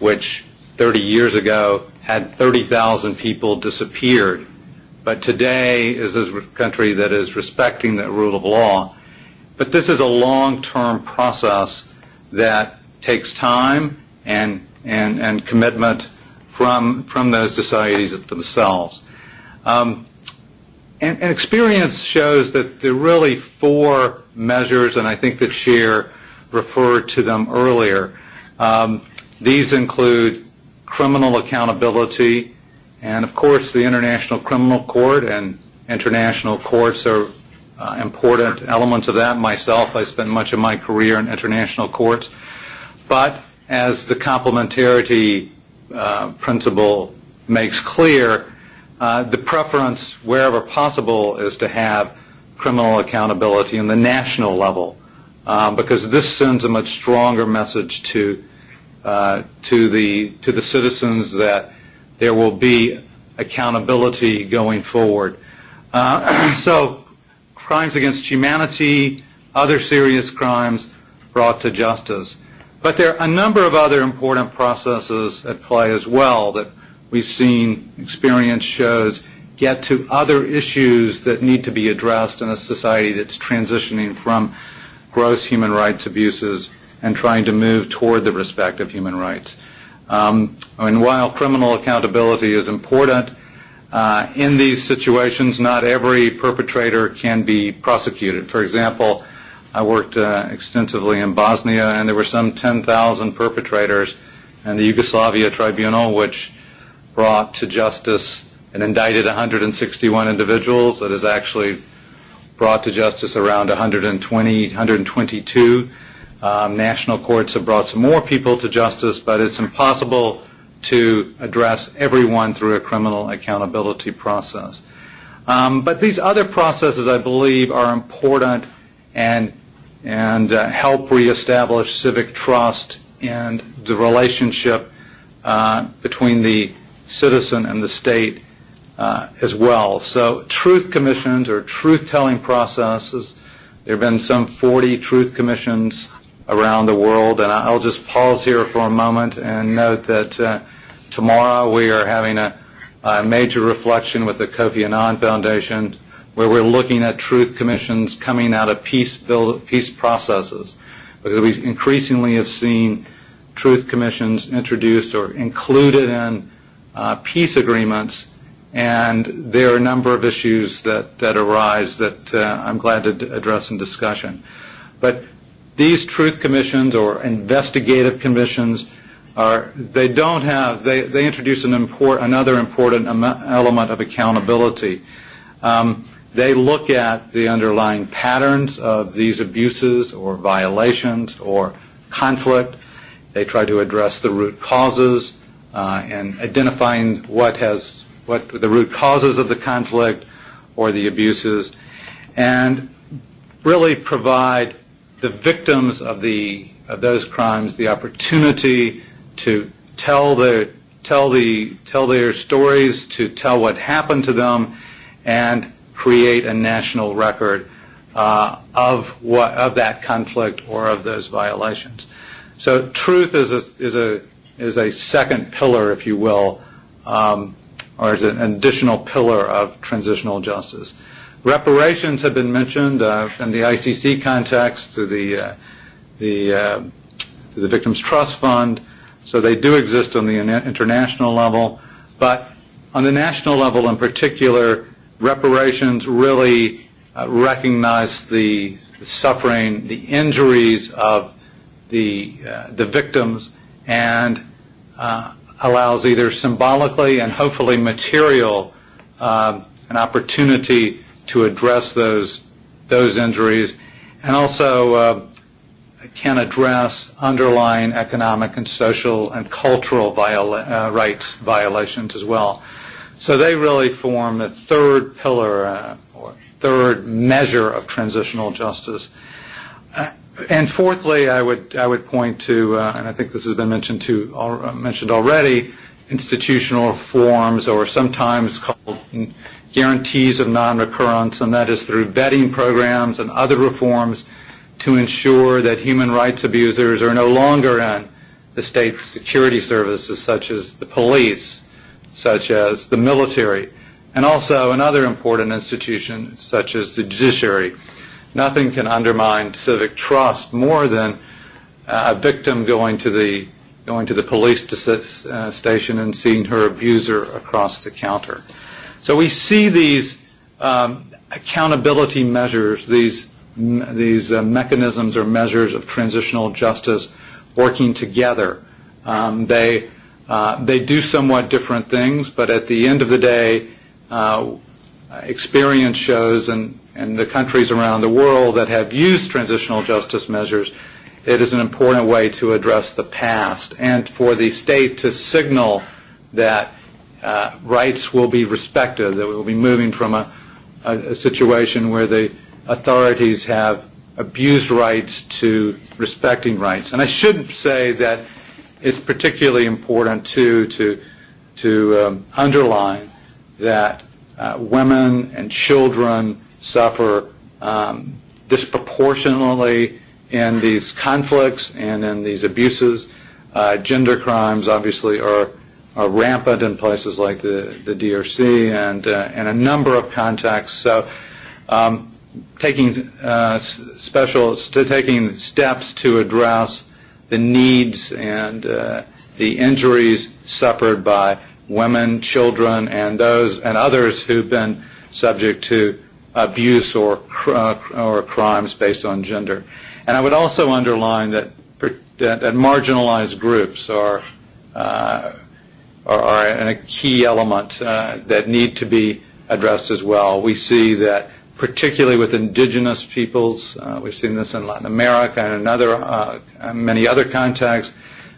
S6: which 30 years ago had 30,000 people disappeared, but today is a country that is respecting the rule of law. But this is a long-term process that takes time and, and, and commitment from, from those societies themselves. Um, and, and experience shows that there are really four measures, and I think that Shear referred to them earlier. Um, these include criminal accountability, and of course the International Criminal Court and international courts are uh, important elements of that. Myself, I spent much of my career in international courts, but as the complementarity uh, principle makes clear, Uh, the preference, wherever possible, is to have criminal accountability on the national level, um, because this sends a much stronger message to uh, to the to the citizens that there will be accountability going forward. Uh, so, crimes against humanity, other serious crimes brought to justice. But there are a number of other important processes at play as well that we've seen experience shows get to other issues that need to be addressed in a society that's transitioning from gross human rights abuses and trying to move toward the respect of human rights. Um, and while criminal accountability is important, uh, in these situations, not every perpetrator can be prosecuted. For example, I worked uh, extensively in Bosnia, and there were some 10,000 perpetrators, and the Yugoslavia Tribunal, which brought to justice and indicted 161 individuals. That has actually brought to justice around 120, 122. Um, national courts have brought some more people to justice, but it's impossible to address everyone through a criminal accountability process. Um, but these other processes, I believe, are important and and uh, help reestablish civic trust and the relationship uh, between the citizen and the state uh, as well. So truth commissions or truth-telling processes, there have been some 40 truth commissions around the world, and I'll just pause here for a moment and note that uh, tomorrow we are having a, a major reflection with the Kofi Annan Foundation where we're looking at truth commissions coming out of peace, build, peace processes because we increasingly have seen truth commissions introduced or included in Uh, peace agreements. And there are a number of issues that, that arise that uh, I'm glad to d- address in discussion. But these truth commissions or investigative commissions are, they don't have, they, they introduce an import, another important element of accountability. Um, they look at the underlying patterns of these abuses or violations or conflict. They try to address the root causes uh, and identifying what has what the root causes of the conflict or the abuses, and really provide the victims of the of those crimes the opportunity to tell their tell the tell their stories, to tell what happened to them, and create a national record uh, of what of that conflict or of those violations. So truth is a is a is a second pillar, if you will, um, or is an additional pillar of transitional justice. Reparations have been mentioned uh, in the ICC context through the, uh, the, uh, through the Victims Trust Fund, so they do exist on the international level, but on the national level in particular, reparations really uh, recognize the, the suffering, the injuries of the, uh, the victims, and uh, allows either symbolically and hopefully material uh, an opportunity to address those those injuries, and also uh, can address underlying economic and social and cultural viola- uh, rights violations as well. So they really form the third pillar uh, or third measure of transitional justice. Uh, And fourthly, I would I would point to, uh, and I think this has been mentioned to uh, mentioned already, institutional forms or sometimes called guarantees of non-recurrence, and that is through vetting programs and other reforms to ensure that human rights abusers are no longer in the state security services, such as the police, such as the military, and also in other important institutions such as the judiciary. Uh, Nothing can undermine civic trust more than a victim going to the going to the police to, uh, station and seeing her abuser across the counter. So we see these um, accountability measures, these these uh, mechanisms or measures of transitional justice working together. Um, they uh, they do somewhat different things, but at the end of the day, uh, experience shows, and in the countries around the world that have used transitional justice measures, it is an important way to address the past and for the state to signal that uh, rights will be respected, that we will be moving from a, a, a situation where the authorities have abused rights to respecting rights. And I should say that it's particularly important, too, to, to um, underline that uh, women and children suffer um, disproportionately in these conflicts and in these abuses. Uh, gender crimes obviously are, are rampant in places like the, the DRC and uh, in a number of contexts. So um, taking uh, special st- taking steps to address the needs and uh, the injuries suffered by women, children, and those and others who've been subject to abuse or, uh, or crimes based on gender. And I would also underline that, that, that marginalized groups are, uh, are, are a key element uh, that need to be addressed as well. We see that particularly with indigenous peoples, uh, we've seen this in Latin America and in other, uh, many other contexts,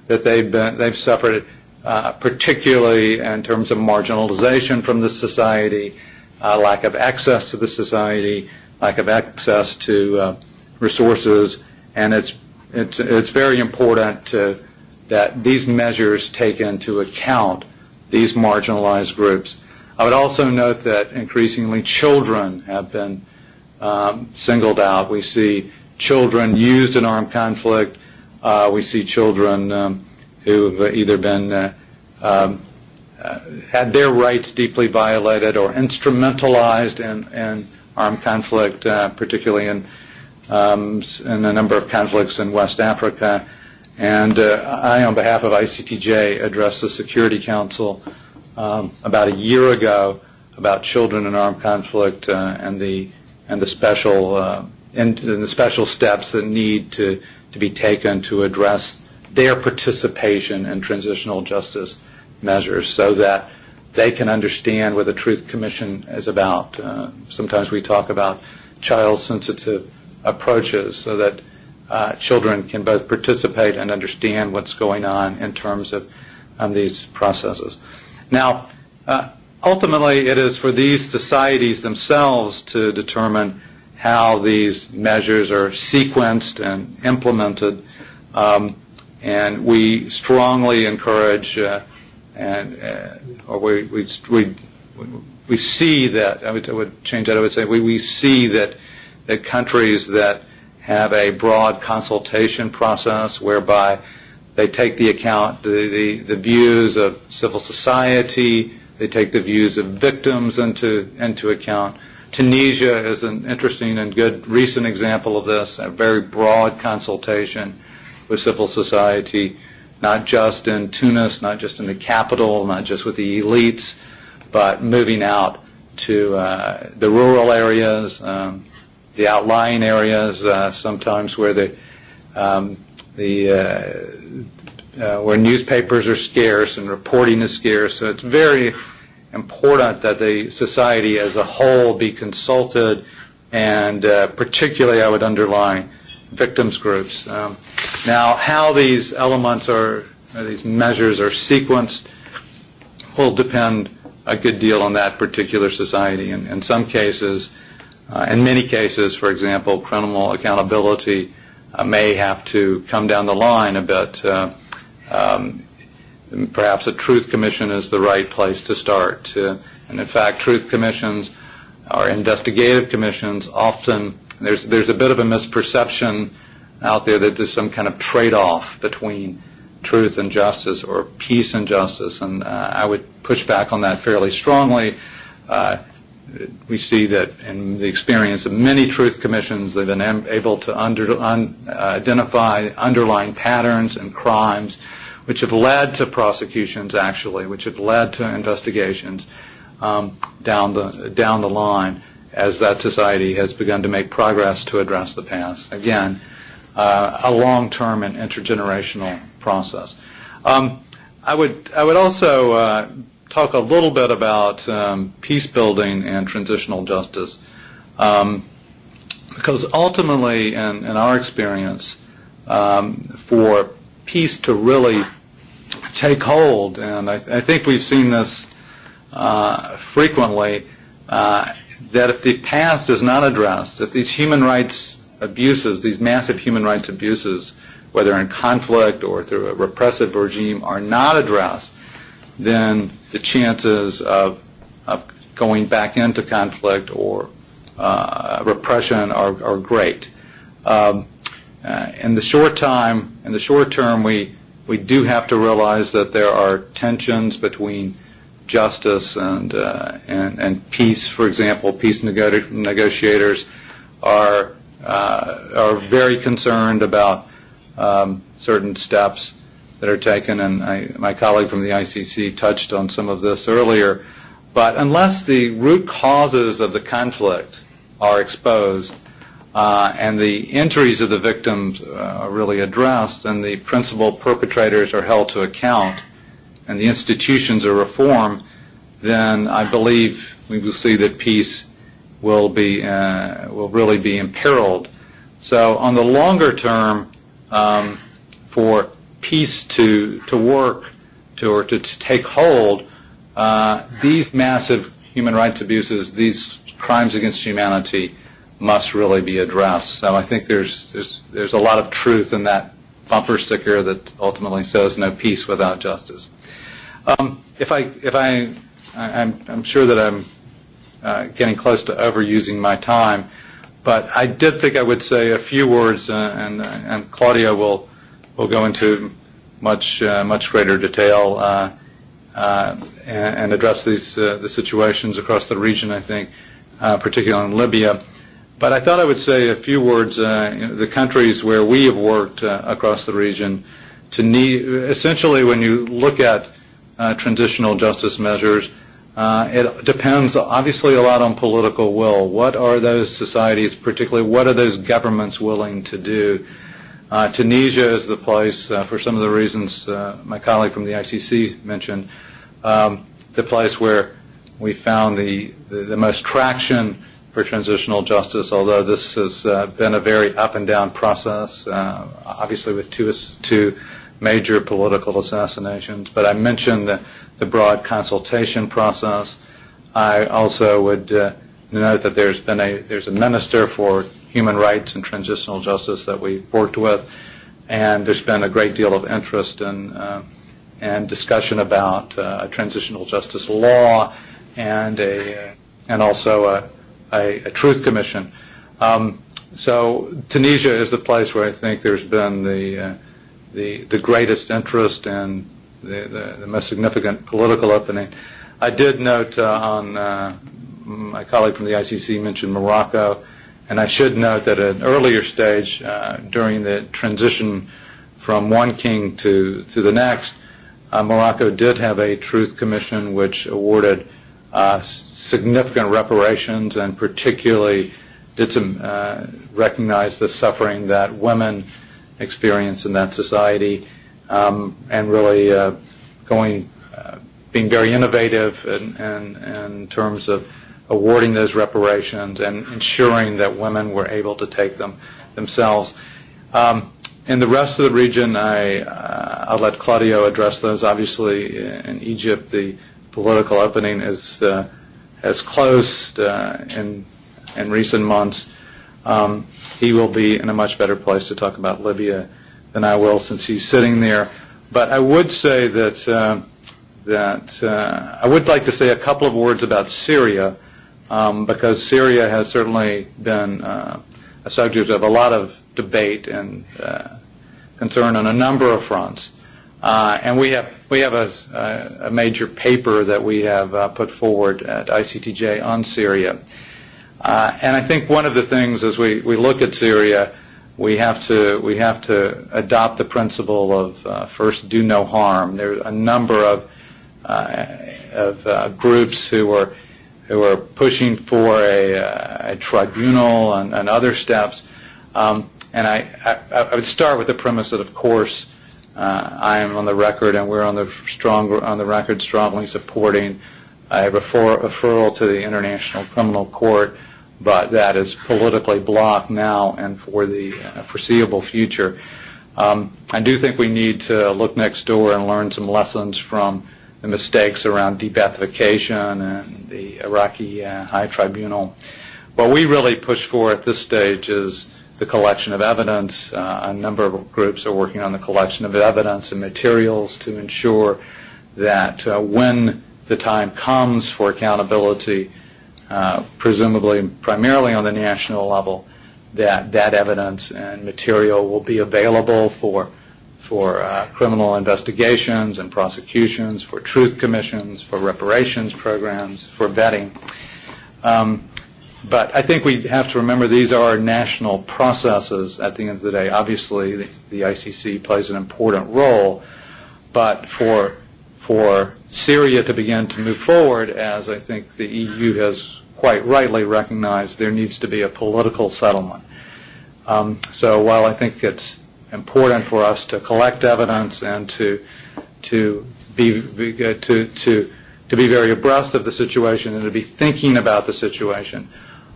S6: that they've, been, they've suffered uh, particularly in terms of marginalization from the society, uh, lack of access to the society, lack of access to uh, resources, and it's it's it's very important to, that these measures take into account these marginalized groups. I would also note that increasingly children have been um, singled out. We see children used in armed conflict. Uh, we see children um, who have either been uh, um, Uh, had their rights deeply violated or instrumentalized in, in armed conflict, uh, particularly in, um, in a number of conflicts in West Africa. And uh, I, on behalf of ICTJ, addressed the Security Council um, about a year ago about children in armed conflict uh, and the and the special uh, and, and the special steps that need to to be taken to address their participation in transitional justice uh, measures so that they can understand what the Truth Commission is about. Uh, sometimes we talk about child-sensitive approaches so that uh, children can both participate and understand what's going on in terms of um, these processes. Now, uh, ultimately, it is for these societies themselves to determine how these measures are sequenced and implemented. Um, and we strongly encourage uh, and uh, or we we we we see that I would, I would change that I would say we, we see that that countries that have a broad consultation process whereby they take the account the, the, the views of civil society they take the views of victims into into account Tunisia is an interesting and good recent example of this a very broad consultation with civil society uh, not just in Tunis, not just in the capital, not just with the elites, but moving out to uh, the rural areas, um, the outlying areas, uh, sometimes where the um, the uh, uh, where newspapers are scarce and reporting is scarce. So it's very important that the society as a whole be consulted, and uh, particularly I would underline victims groups. Um, now, how these elements are, or these measures are sequenced will depend a good deal on that particular society. In, in some cases, uh, in many cases, for example, criminal accountability uh, may have to come down the line a bit. Uh, um, perhaps a truth commission is the right place to start. Uh, and in fact, truth commissions or investigative commissions often There's, there's a bit of a misperception out there that there's some kind of trade-off between truth and justice or peace and justice, and uh, I would push back on that fairly strongly. Uh, we see that in the experience of many truth commissions, they've been am- able to under, un, uh, identify underlying patterns and crimes which have led to prosecutions, actually, which have led to investigations um, down, the, down the line as that society has begun to make progress to address the past. Again, uh, a long-term and intergenerational process. Um, I would I would also uh, talk a little bit about um, peace building and transitional justice, um, because ultimately, in, in our experience, um, for peace to really take hold, and I, th- I think we've seen this uh, frequently Uh, that if the past is not addressed, if these human rights abuses, these massive human rights abuses, whether in conflict or through a repressive regime, are not addressed, then the chances of, of going back into conflict or uh, repression are, are great. Um, uh, in the short time, in the short term, we we do have to realize that there are tensions between justice and, uh, and, and peace, for example, peace nego- negotiators are, uh, are very concerned about um, certain steps that are taken, and I, my colleague from the ICC touched on some of this earlier. But unless the root causes of the conflict are exposed, uh, and the injuries of the victims uh, are really addressed, and the principal perpetrators are held to account, uh, and the institutions are reformed, then I believe we will see that peace will be uh, will really be imperiled. So on the longer term, um, for peace to to work to or to, to take hold, uh, these massive human rights abuses, these crimes against humanity, must really be addressed. So I think there's there's there's a lot of truth in that bumper sticker that ultimately says no peace without justice. Um, if I, if I, I I'm, I'm sure that I'm uh, getting close to overusing my time, but I did think I would say a few words, uh, and, uh, and Claudia will will go into much uh, much greater detail uh, uh, and, and address these uh, the situations across the region. I think, uh, particularly in Libya. But I thought I would say a few words. Uh, you know, the countries where we have worked uh, across the region to need, essentially, when you look at uh, transitional justice measures. Uh, it depends obviously a lot on political will. What are those societies, particularly what are those governments willing to do? Uh, Tunisia is the place, uh, for some of the reasons uh, my colleague from the ICC mentioned, um, the place where we found the, the, the most traction for transitional justice, although this has uh, been a very up and down process, uh, obviously with two, two major political assassinations. But I mentioned the, the broad consultation process. I also would uh, note that there's been a there's a minister for human rights and transitional justice that we've worked with, and there's been a great deal of interest and in, uh, and discussion about uh, a transitional justice law and a uh, and also a, a, a truth commission. Um, so Tunisia is the place where I think there's been the uh, the, the greatest interest and the, the, the most significant political opening. I did note uh, on uh, my colleague from the ICC mentioned Morocco, and I should note that at an earlier stage uh, during the transition from one king to, to the next, uh, Morocco did have a truth commission which awarded uh, significant reparations and particularly did some uh, recognize the suffering that women uh, experience in that society, um, and really uh, going, uh, being very innovative in, in, in terms of awarding those reparations and ensuring that women were able to take them themselves. Um, in the rest of the region, I, uh, I'll let Claudio address those. Obviously, in Egypt, the political opening is uh, has closed uh, in in recent months. Um, He will be in a much better place to talk about Libya than I will since he's sitting there. But I would say that, uh, that uh, I would like to say a couple of words about Syria um, because Syria has certainly been uh, a subject of a lot of debate and uh, concern on a number of fronts. Uh, and we have we have a, a major paper that we have uh, put forward at ICTJ on Syria. Uh, and I think one of the things as we, we look at Syria, we have to we have to adopt the principle of uh, first do no harm. There are a number of uh, of uh, groups who are who are pushing for a, uh, a tribunal and, and other steps. Um, and I, I, I would start with the premise that, of course, uh, I am on the record, and we're on the strong on the record strongly supporting a refer- referral to the International Criminal Court. Uh, but that is politically blocked now and for the foreseeable future. Um, I do think we need to look next door and learn some lessons from the mistakes around debathification and the Iraqi uh, High Tribunal. What we really push for at this stage is the collection of evidence. Uh, a number of groups are working on the collection of evidence and materials to ensure that uh, when the time comes for accountability, uh, Uh, presumably primarily on the national level, that that evidence and material will be available for for uh, criminal investigations and prosecutions, for truth commissions, for reparations programs, for vetting. Um, but I think we have to remember these are national processes at the end of the day. Obviously, the, the ICC plays an important role, but for for Syria to begin to move forward, as I think the EU has quite rightly recognized, there needs to be a political settlement. Um, so while I think it's important for us to collect evidence and to to be, be uh, to to to be very abreast of the situation and to be thinking about the situation,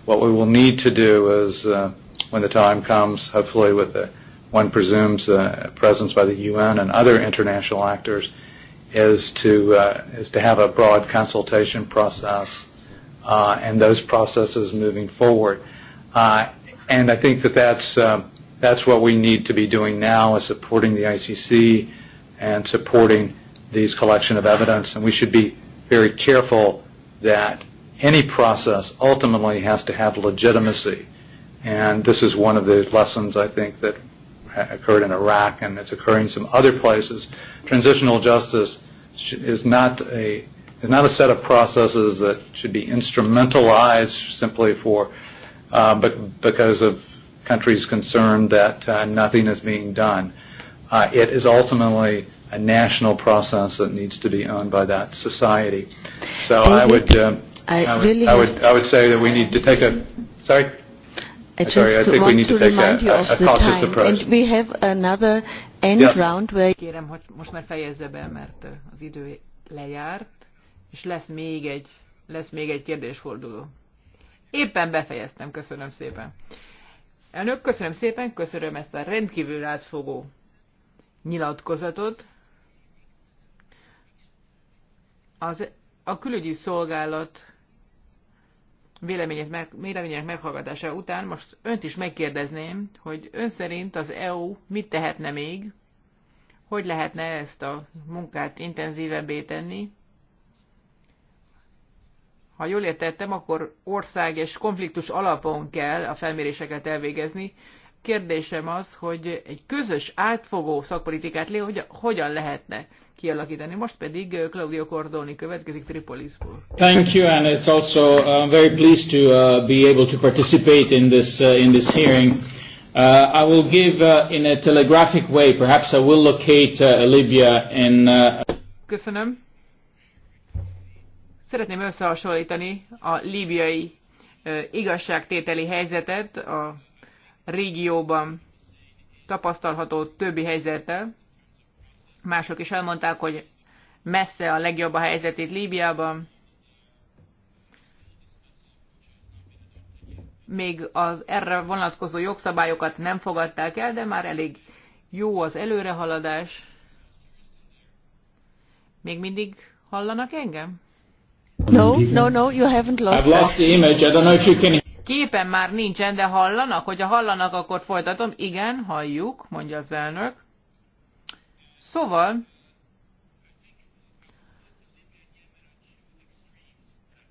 S6: what we will need to do is, uh, when the time comes, hopefully with the, one presumes uh, presence by the UN and other international actors is to uh, is to have a broad consultation process uh, and those processes moving forward. Uh, and I think that that's uh, that's what we need to be doing now is supporting the ICC and supporting these collection of evidence. And we should be very careful that any process ultimately has to have legitimacy. And this is one of the lessons I think that occurred in Iraq and it's occurring in some other places. Transitional justice is not a not a set of processes that should be instrumentalized simply for uh, because of countries concerned that uh, nothing is being done. Uh, it is ultimately a national process that needs to be owned by that society. So I would, uh, I, I would, really I would, I would say that we need to take a. Sorry. I just Sorry, I think want we need to, to take remind a, of a, a the time. Approach. And we
S1: have another end yes. round where...
S3: Kérem, hogy most már fejezze be, mert az idő lejárt, és lesz még egy, lesz még egy kérdésforduló. Éppen befejeztem, köszönöm szépen. Elnök, köszönöm szépen, köszönöm ezt a rendkívül átfogó nyilatkozatot. Az, a külügyi szolgálat véleményét meg, vélemények meghallgatása után most önt is megkérdezném, hogy ön szerint az EU mit tehetne még, hogy lehetne ezt a munkát intenzívebbé tenni. Ha jól értettem, akkor ország és konfliktus alapon kell a felméréseket elvégezni. Kérdésem az, hogy egy közös átfogó szakpolitikát lé, hogy hogyan lehetne kialakítani. Most pedig Claudio Cordoni következik Tripolisból. Thank
S5: you, and it's also uh, I'm very pleased to uh, be able to participate in this uh, in this hearing. Uh, I will give uh, in a telegraphic way. Perhaps I will locate uh, Libya in. Uh...
S3: Köszönöm. Szeretném összehasonlítani a líbiai uh, igazságtételi helyzetet a régióban tapasztalható többi helyzettel. Mások is elmondták, hogy messze a legjobb a helyzetét Líbiában. Még az erre vonatkozó jogszabályokat nem fogadták el, de már elég jó az előrehaladás. Még mindig hallanak engem?
S1: No, no, no, you haven't lost I've lost the image. I don't know if you can...
S3: Képen már nincsen, de hallanak? Hogyha hallanak, akkor folytatom. Igen, halljuk, mondja az elnök. Szóval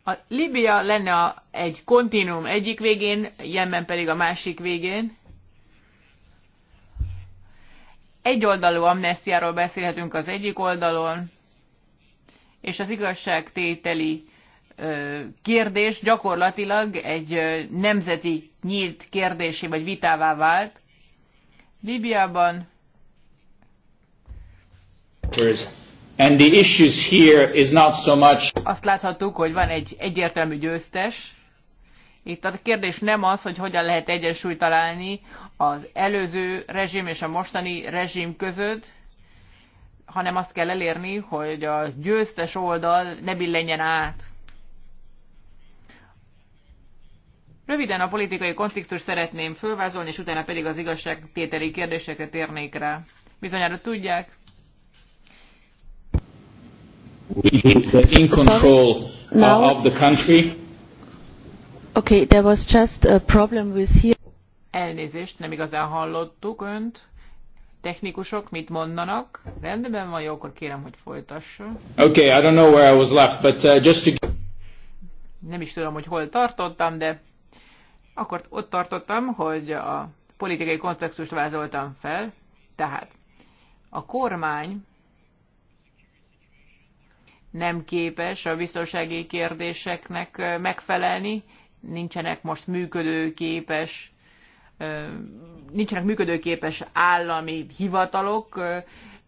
S3: a Libia lenne a, egy kontinuum egyik végén, Jemen pedig a másik végén. Egyoldalú amnestiáról beszélhetünk az egyik oldalon, és az igazságtételi kérdés gyakorlatilag egy nemzeti nyílt kérdésé vagy vitává vált. Líbiában
S5: workers. And the issues here is not so much
S3: Azt láthattuk, hogy van egy egyértelmű győztes. Itt a kérdés nem az, hogy hogyan lehet egyensúlyt találni az előző rezsim és a mostani rezsim között, hanem azt kell elérni, hogy a győztes oldal ne billenjen át. Röviden a politikai konfliktus szeretném fölvázolni, és utána pedig az igazságtételi kérdésekre térnék rá. Bizonyára tudják,
S5: in control Sorry? uh, of the country.
S1: Okay, there was just a problem with here.
S3: Elnézést, nem igazán hallottuk önt. Technikusok mit mondanak? Rendben van, jó, akkor kérem, hogy folytassa. Okay,
S5: I don't know where I was left, but uh, just to...
S3: Nem is tudom, hogy hol tartottam, de akkor ott tartottam, hogy a politikai kontextust vázoltam fel. Tehát a kormány nem képes a biztonsági kérdéseknek megfelelni, nincsenek most működőképes nincsenek működőképes állami hivatalok,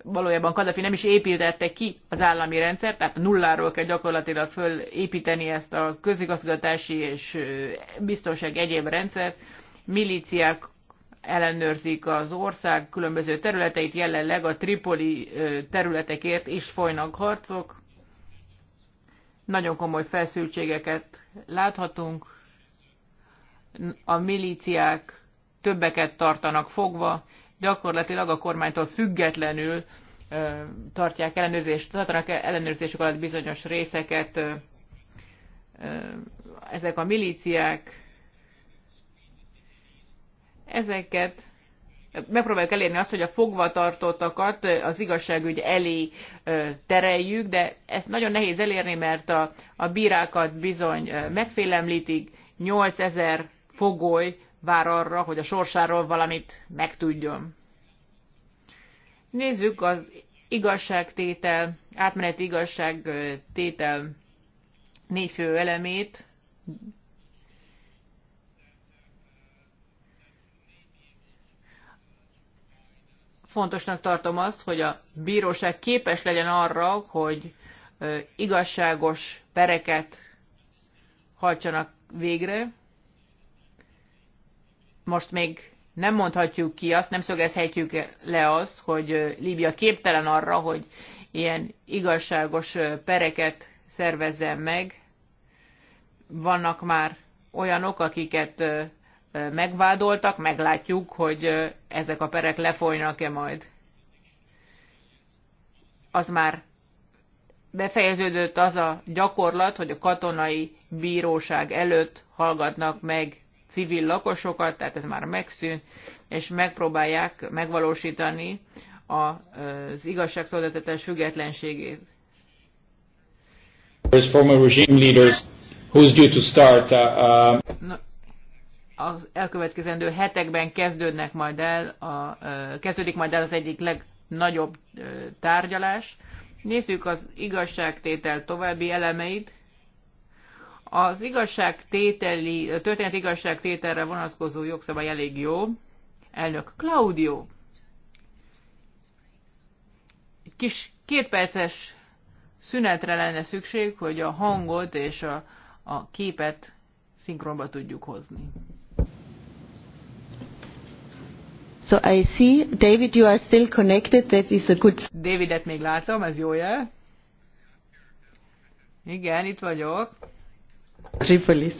S3: valójában Kadafi nem is építette ki az állami rendszert, tehát nulláról kell gyakorlatilag fölépíteni ezt a közigazgatási és biztonság egyéb rendszert. Milíciák ellenőrzik az ország különböző területeit, jelenleg a Tripoli területekért is folynak harcok. Nagyon komoly feszültségeket láthatunk. A milíciák többeket tartanak fogva, gyakorlatilag a kormánytól függetlenül tartják ellenőrzést, tartanak ellenőrzésük alatt bizonyos részeket ezek a milíciák, ezeket megpróbáljuk elérni azt, hogy a fogvatartottakat az igazságügy elé tereljük, de ezt nagyon nehéz elérni, mert a, a bírákat bizony megfélemlítik, 8000 fogoly vár arra, hogy a sorsáról valamit megtudjon. Nézzük az igazságtétel, átmeneti igazságtétel négy fő elemét, fontosnak tartom azt, hogy a bíróság képes legyen arra, hogy igazságos pereket hajtsanak végre. Most még nem mondhatjuk ki azt, nem szögezhetjük le azt, hogy Líbia képtelen arra, hogy ilyen igazságos pereket szervezzen meg. Vannak már olyanok, akiket megvádoltak, meglátjuk, hogy ezek a perek lefolynak-e majd. Az már befejeződött az a gyakorlat, hogy a katonai bíróság előtt hallgatnak meg civil lakosokat, tehát ez már megszűnt, és megpróbálják megvalósítani az igazságszolgáltatás függetlenségét.
S5: Former regime leaders who's due to start uh,
S3: uh az elkövetkezendő hetekben kezdődnek majd el a, kezdődik majd el az egyik legnagyobb tárgyalás. Nézzük az igazságtétel további elemeit. Az igazságtételi, történet igazságtételre vonatkozó jogszabály elég jó. Elnök Claudio. Egy kis kétperces szünetre lenne szükség, hogy a hangot és a, a képet szinkronba tudjuk hozni.
S1: So I see, David, you are still connected, that is a good...
S3: Davidet még látom, ez jó jel. Igen, itt vagyok.
S1: Tripolis.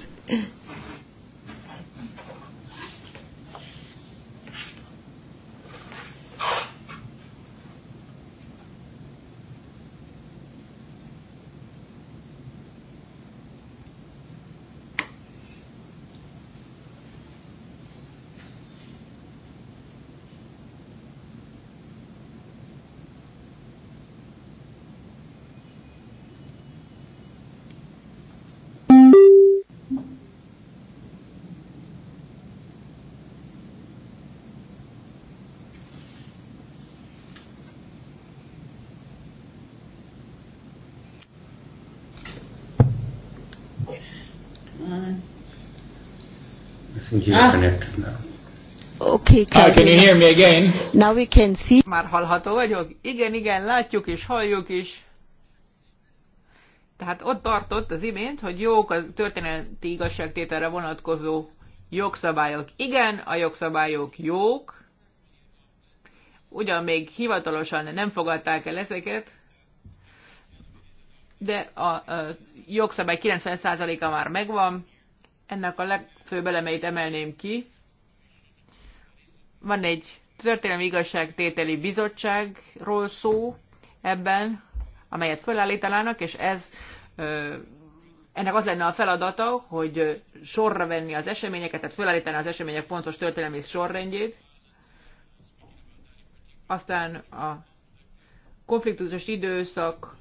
S1: Ah. Okay, can, ah, can you hear me again? Now we can see.
S3: Már hallható vagyok? Igen, igen, látjuk és halljuk is. Tehát ott tartott az imént, hogy jók a történeti igazságtételre vonatkozó jogszabályok. Igen, a jogszabályok jók, ugyan még hivatalosan nem fogadták el ezeket, de a, a jogszabály 90%-a már megvan. Ennek a leg, főbb elemeit emelném ki. Van egy történelmi igazságtételi bizottságról szó ebben, amelyet fölállítanának, és ez ennek az lenne a feladata, hogy sorra venni az eseményeket, tehát felállítani az események pontos történelmi sorrendjét. Aztán a konfliktusos időszak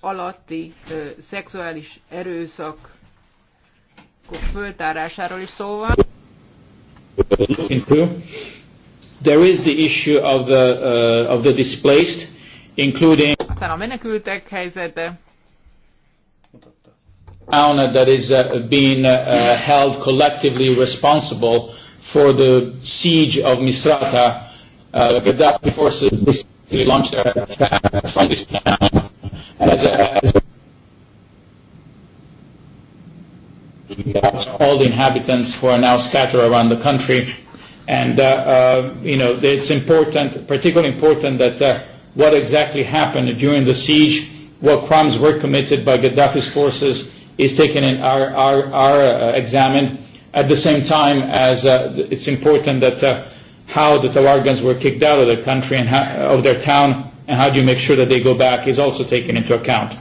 S3: alatti ö, szexuális erőszak akkor föltárásáról is szó van.
S5: There is the issue of the, uh, of the displaced, including
S3: Aztán a menekültek helyzete.
S5: Mutatta. that is uh, being uh, held collectively responsible for the siege of Misrata. Uh, Gaddafi forces launched their attack from this town as a, as a all the inhabitants who are now scattered around the country. And, uh, uh, you know, it's important, particularly important that uh, what exactly happened during the siege, what crimes were committed by Gaddafi's forces is taken in our, our, our uh, examined at the same time as uh, it's important that uh, how the Tawargans were kicked out of the country and how, of their town and how do you make sure that they go back is also taken into account.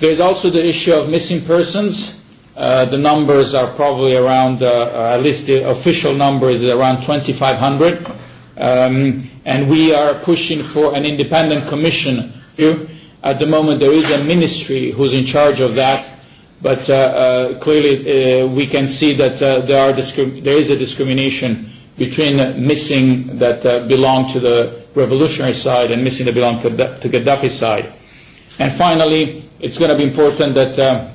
S5: There's also the issue of missing persons Uh, the numbers are probably around, uh, uh, at least the official number is around 2,500. Um, and we are pushing for an independent commission. At the moment, there is a ministry who's in charge of that, but uh, uh, clearly uh, we can see that uh, there, are there is a discrimination between the missing that uh, belong to the revolutionary side and missing that belong to, to Gaddafi side. And finally, it's going to be important that uh,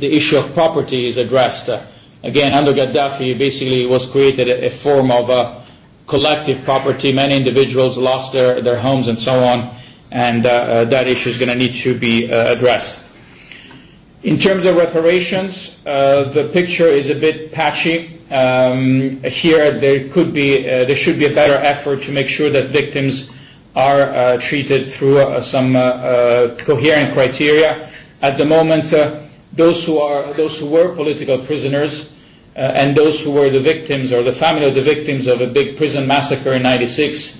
S5: the issue of property is addressed. Uh, again, under Gaddafi, basically was created a, a form of uh, collective property. Many individuals lost their, their homes and so on, and uh, uh, that issue is going to need to be uh, addressed. In terms of reparations, uh, the picture is a bit patchy. Um, here, there could be, uh, there should be a better effort to make sure that victims are uh, treated through uh, some uh, uh, coherent criteria. At the moment, uh, those who are those who were political prisoners uh, and those who were the victims or the family of the victims of a big prison massacre in 96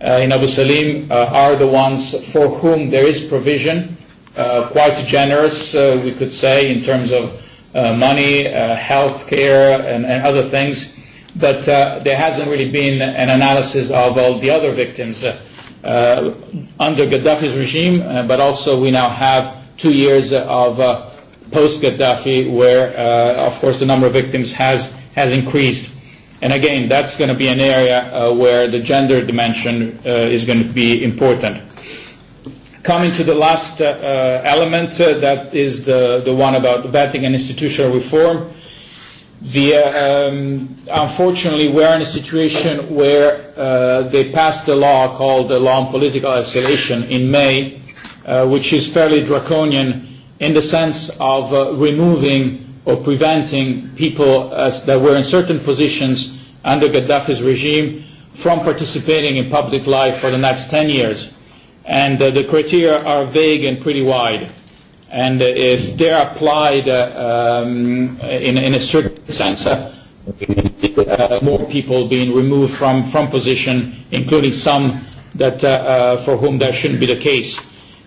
S5: uh, in Abu Salim uh, are the ones for whom there is provision uh, quite generous uh, we could say in terms of uh, money uh, health care and, and other things but uh, there hasn't really been an analysis of all the other victims uh, uh, under Gaddafi's regime uh, but also we now have two years of uh, post-Gaddafi, where, uh, of course, the number of victims has, has increased. And again, that's going to be an area uh, where the gender dimension uh, is going to be important. Coming to the last uh, uh, element, uh, that is the, the one about vetting and institutional reform. The, uh, um, unfortunately, we're in a situation where uh, they passed a law called the Law on Political Isolation in May, uh, which is fairly draconian in the sense of uh, removing or preventing people as that were in certain positions under Gaddafi's regime from participating in public life for the next 10 years. And uh, the criteria are vague and pretty wide. And uh, if they're applied uh, um, in, in a certain sense, uh, uh, more people being removed from, from position, including some that, uh, uh, for whom that shouldn't be the case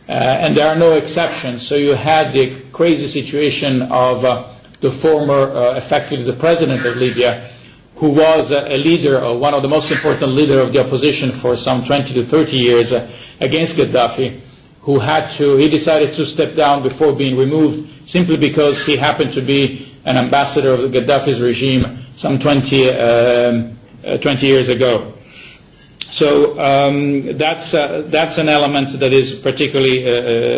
S5: uh, and there are no exceptions. So you had the crazy situation of uh, the former, uh, effectively the president of Libya, who was uh, a leader, uh, one of the most important leader of the opposition for some 20 to 30 years uh, against Gaddafi, who had to, he decided to step down before being removed simply because he happened to be an ambassador of Gaddafi's regime some 20, um, uh, 20 years ago. So um, that's, uh, that's an element that is particularly uh,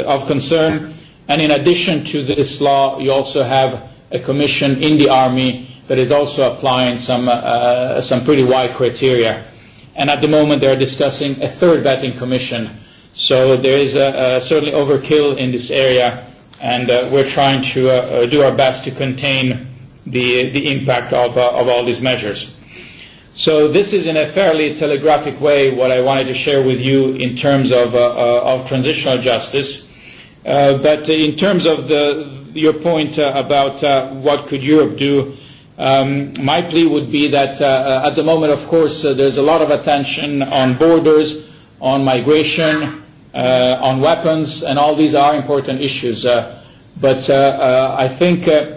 S5: uh, of concern. And in addition to this law, you also have a commission in the army that is also applying some, uh, uh some pretty wide criteria. And at the moment, they are discussing a third vetting commission. So there is a, a certainly overkill in this area, and uh, we're trying to uh, uh do our best to contain the, the impact of, uh, of all these measures. So this is in a fairly telegraphic way what I wanted to share with you in terms of, uh, uh, of transitional justice. Uh, but in terms of the, your point uh, about uh, what could Europe do, um, my plea would be that uh, uh at the moment, of course, uh, there's a lot of attention on borders, on migration, uh, on weapons, and all these are important issues. Uh, but uh, uh, I think uh,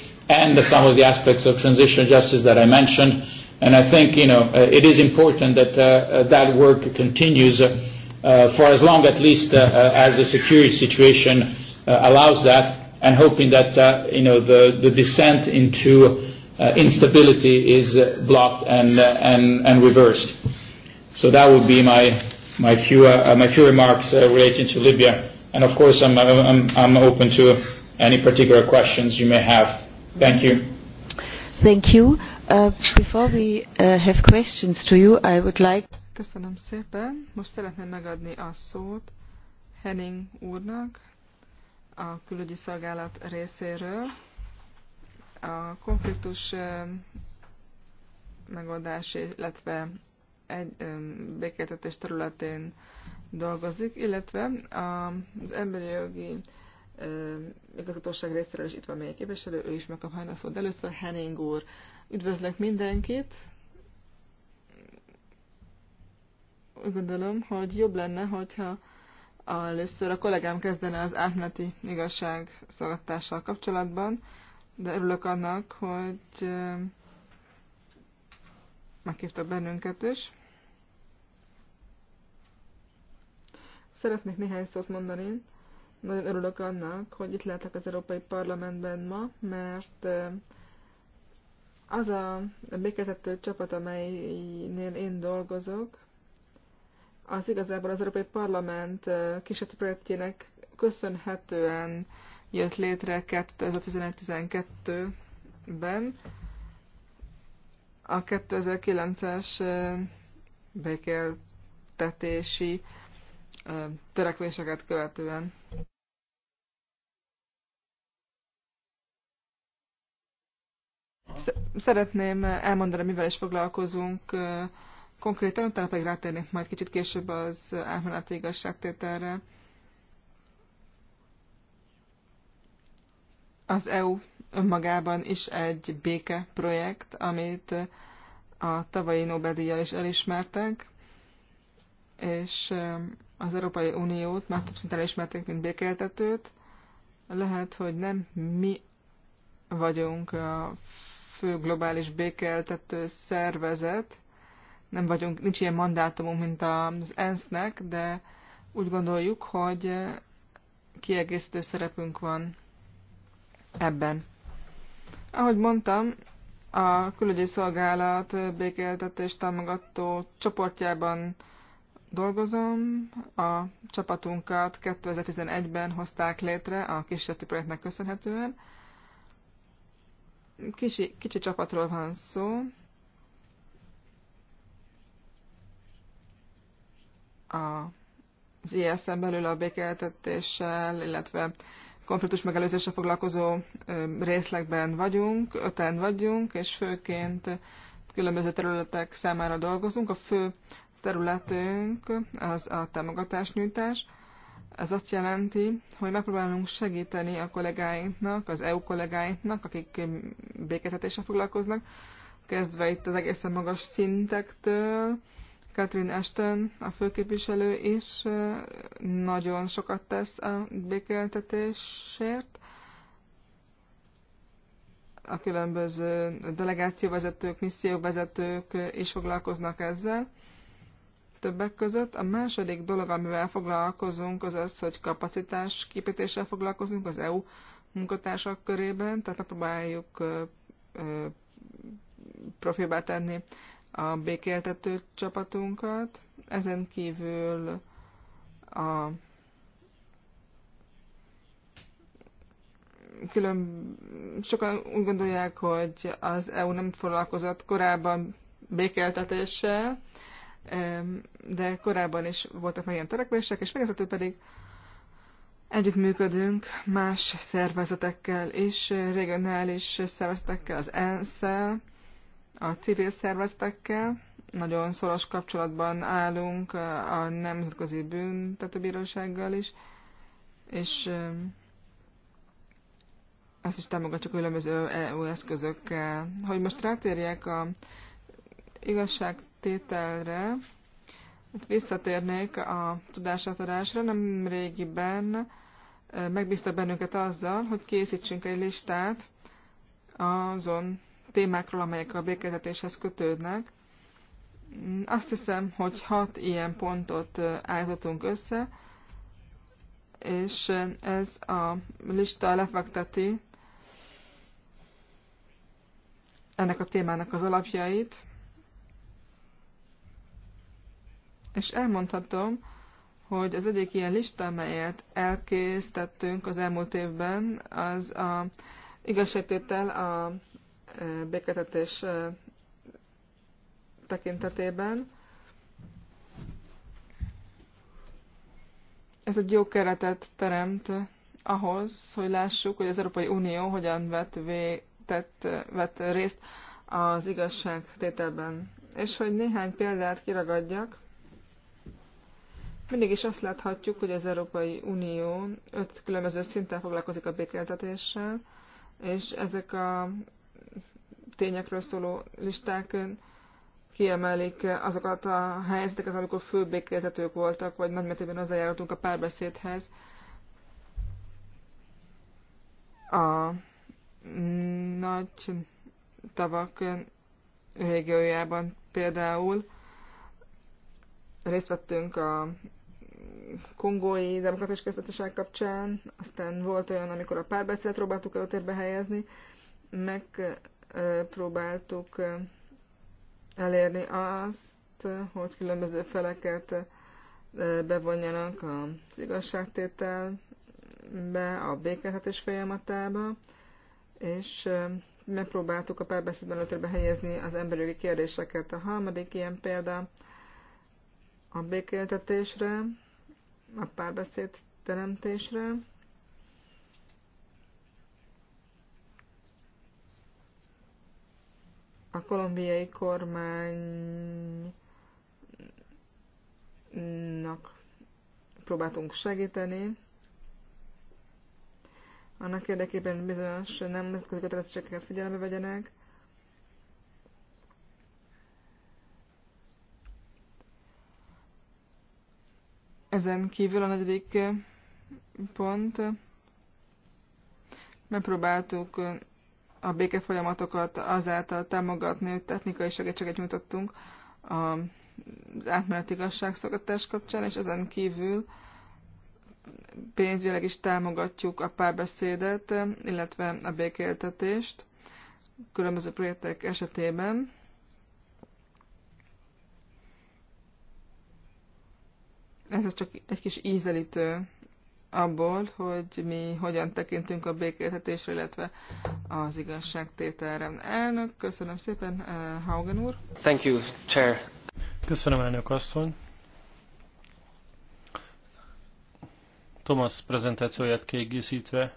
S5: and the, some of the aspects of transitional justice that I mentioned. And I think you know uh, it is important that uh, uh, that work continues uh, uh, for as long, at least, uh, uh, as the security situation uh, allows that, and hoping that uh, you know the, the descent into uh, instability is uh, blocked and uh, and and reversed. So that would be my my few uh, my few remarks uh, relating to Libya. And of course, I'm I'm I'm open to any particular questions you may have. Thank
S1: you. Thank you. Uh, before we uh, have questions to you, I would
S2: like... Köszönöm szépen. Most szeretném megadni a szót Henning úrnak a külügyi szolgálat részéről. A konfliktus megoldás, illetve egy békéltetés területén dolgozik, illetve az emberi jogi igazgatóság részéről, is itt van még képviselő, ő is megkap a szót. De először Henning úr, üdvözlök mindenkit. Úgy gondolom, hogy jobb lenne, hogyha először a kollégám kezdene az átmeneti igazságszolgáltással kapcsolatban, de örülök annak, hogy meghívtak bennünket is. Szeretnék néhány szót mondani nagyon örülök annak, hogy itt lehetek az Európai Parlamentben ma, mert az a béketető csapat, amelynél én dolgozok, az igazából az Európai Parlament kísérleti projektjének köszönhetően jött létre 2011-12-ben. A 2009-es békéltetési törekvéseket követően. Szeretném elmondani, mivel is foglalkozunk konkrétan, utána pedig rátérnék majd kicsit később az átmeneti igazságtételre. Az EU önmagában is egy béke projekt, amit a tavalyi Nobel-díjjal is elismertek, és az Európai Uniót már több szinten elismerték, mint békeltetőt. Lehet, hogy nem mi vagyunk a fő globális békeltető szervezet. Nem vagyunk, nincs ilyen mandátumunk, mint az ENSZ-nek, de úgy gondoljuk, hogy kiegészítő szerepünk van ebben. Ahogy mondtam, a külügyi szolgálat békéltetés támogató csoportjában dolgozom. A csapatunkat 2011-ben hozták létre a kísérleti projektnek köszönhetően, kicsi, kicsi csapatról van szó. A, az ISZ-en belül a békeltetéssel, illetve konfliktus megelőzésre foglalkozó részlegben vagyunk, öten vagyunk, és főként különböző területek számára dolgozunk. A fő területünk az a támogatásnyújtás. Ez azt jelenti, hogy megpróbálunk segíteni a kollégáinknak, az EU kollégáinknak, akik béketetéssel foglalkoznak, kezdve itt az egészen magas szintektől. Catherine Ashton, a főképviselő is nagyon sokat tesz a békeltetésért. A különböző delegációvezetők, misszióvezetők is foglalkoznak ezzel többek között. A második dolog, amivel foglalkozunk, az az, hogy kapacitás képítéssel foglalkozunk az EU munkatársak körében, tehát megpróbáljuk profilbá tenni a békéltető csapatunkat. Ezen kívül a külön sokan úgy gondolják, hogy az EU nem foglalkozott korábban békeltetéssel, de korábban is voltak már ilyen törekvések, és végezetül pedig együttműködünk más szervezetekkel is, regionális szervezetekkel, az ensz a civil szervezetekkel. Nagyon szoros kapcsolatban állunk a Nemzetközi Büntetőbírósággal is, és ezt is támogatjuk különböző EU eszközökkel. Hogy most rátérjek a igazság tételre. Itt visszatérnék a tudásátadásra. Nem régiben megbíztak bennünket azzal, hogy készítsünk egy listát azon témákról, amelyek a békezetéshez kötődnek. Azt hiszem, hogy hat ilyen pontot állítottunk össze, és ez a lista lefekteti ennek a témának az alapjait, És elmondhatom, hogy az egyik ilyen lista, amelyet elkészítettünk az elmúlt évben, az a igazságtétel a béketetés tekintetében. Ez egy jó keretet teremt ahhoz, hogy lássuk, hogy az Európai Unió hogyan vett, vé, tett, vett részt az igazságtételben. És hogy néhány példát kiragadjak, mindig is azt láthatjuk, hogy az Európai Unió öt különböző szinten foglalkozik a békéltetéssel, és ezek a tényekről szóló listák kiemelik azokat a helyzeteket, amikor fő békéltetők voltak, vagy nagymértékben hozzájárultunk a párbeszédhez. A nagy tavak régiójában például részt vettünk a kongói demokratikus köztársaság kapcsán, aztán volt olyan, amikor a párbeszédet próbáltuk előtérbe helyezni, megpróbáltuk elérni azt, hogy különböző feleket bevonjanak az igazságtételbe, a békélhetés folyamatába, és megpróbáltuk a párbeszédben előtérbe helyezni az emberi kérdéseket. A harmadik ilyen példa a békéltetésre, a párbeszéd teremtésre. A kolumbiai kormánynak próbáltunk segíteni. Annak érdekében bizonyos nemzetközi kötelezettségeket figyelembe vegyenek, Ezen kívül a negyedik pont. Megpróbáltuk a békefolyamatokat azáltal támogatni, hogy technikai segítséget nyújtottunk az átmeneti igazságszolgatás kapcsán, és ezen kívül pénzügyileg is támogatjuk a párbeszédet, illetve a békéltetést különböző projektek esetében. ez csak egy kis ízelítő abból, hogy mi hogyan tekintünk a békéltetésre, illetve az igazságtételre. Elnök, köszönöm szépen, eh, Haugen úr.
S4: Thank you, Chair. Köszönöm, elnök asszony. Thomas prezentációját kiegészítve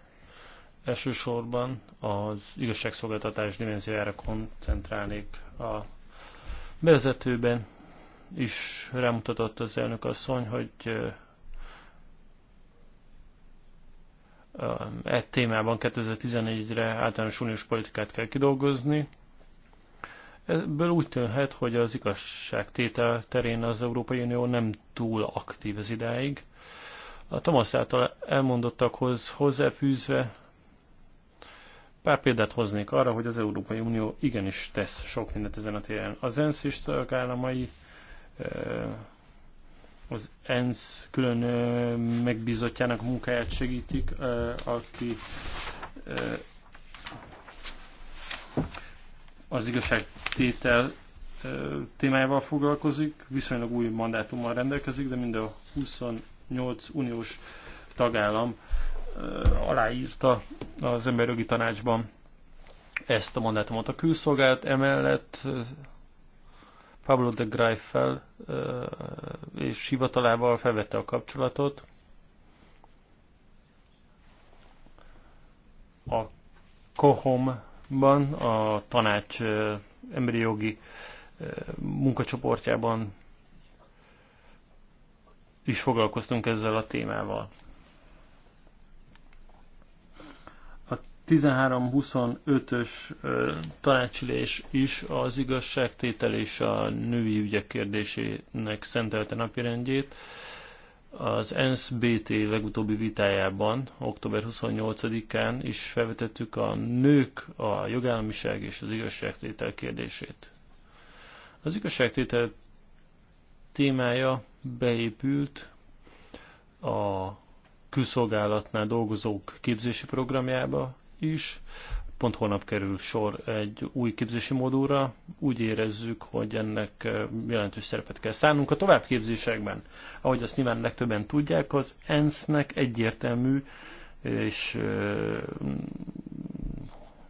S4: elsősorban az igazságszolgáltatás dimenziójára koncentrálnék a bevezetőben is rámutatott az elnök asszony, hogy e témában 2014-re általános uniós politikát kell kidolgozni. Ebből úgy tűnhet, hogy az igazságtétel terén az Európai Unió nem túl aktív az idáig. A Thomas által elmondottakhoz hozzáfűzve pár példát hoznék arra, hogy az Európai Unió igenis tesz sok mindent ezen a téren. Az ENSZ is tagállamai az ENSZ külön megbízottjának munkáját segítik, aki az igazságtétel témájával foglalkozik, viszonylag új mandátummal rendelkezik, de mind a 28 uniós tagállam aláírta az emberjogi tanácsban ezt a mandátumot. A külszolgálat emellett Pablo de Greiffel és hivatalával felvette a kapcsolatot. A Kohomban, a tanács emberi jogi munkacsoportjában is foglalkoztunk ezzel a témával. 13-25-ös tanácsülés is az igazságtétel és a női ügyek kérdésének szentelte napirendjét. Az ENSZ BT legutóbbi vitájában, október 28-án is felvetettük a nők, a jogállamiság és az igazságtétel kérdését. Az igazságtétel témája beépült a külszolgálatnál dolgozók képzési programjába, is. Pont holnap kerül sor egy új képzési modulra. Úgy érezzük, hogy ennek eh, jelentős szerepet kell szánnunk a továbbképzésekben. Ahogy azt nyilván legtöbben tudják, az ENSZ-nek egyértelmű és eh,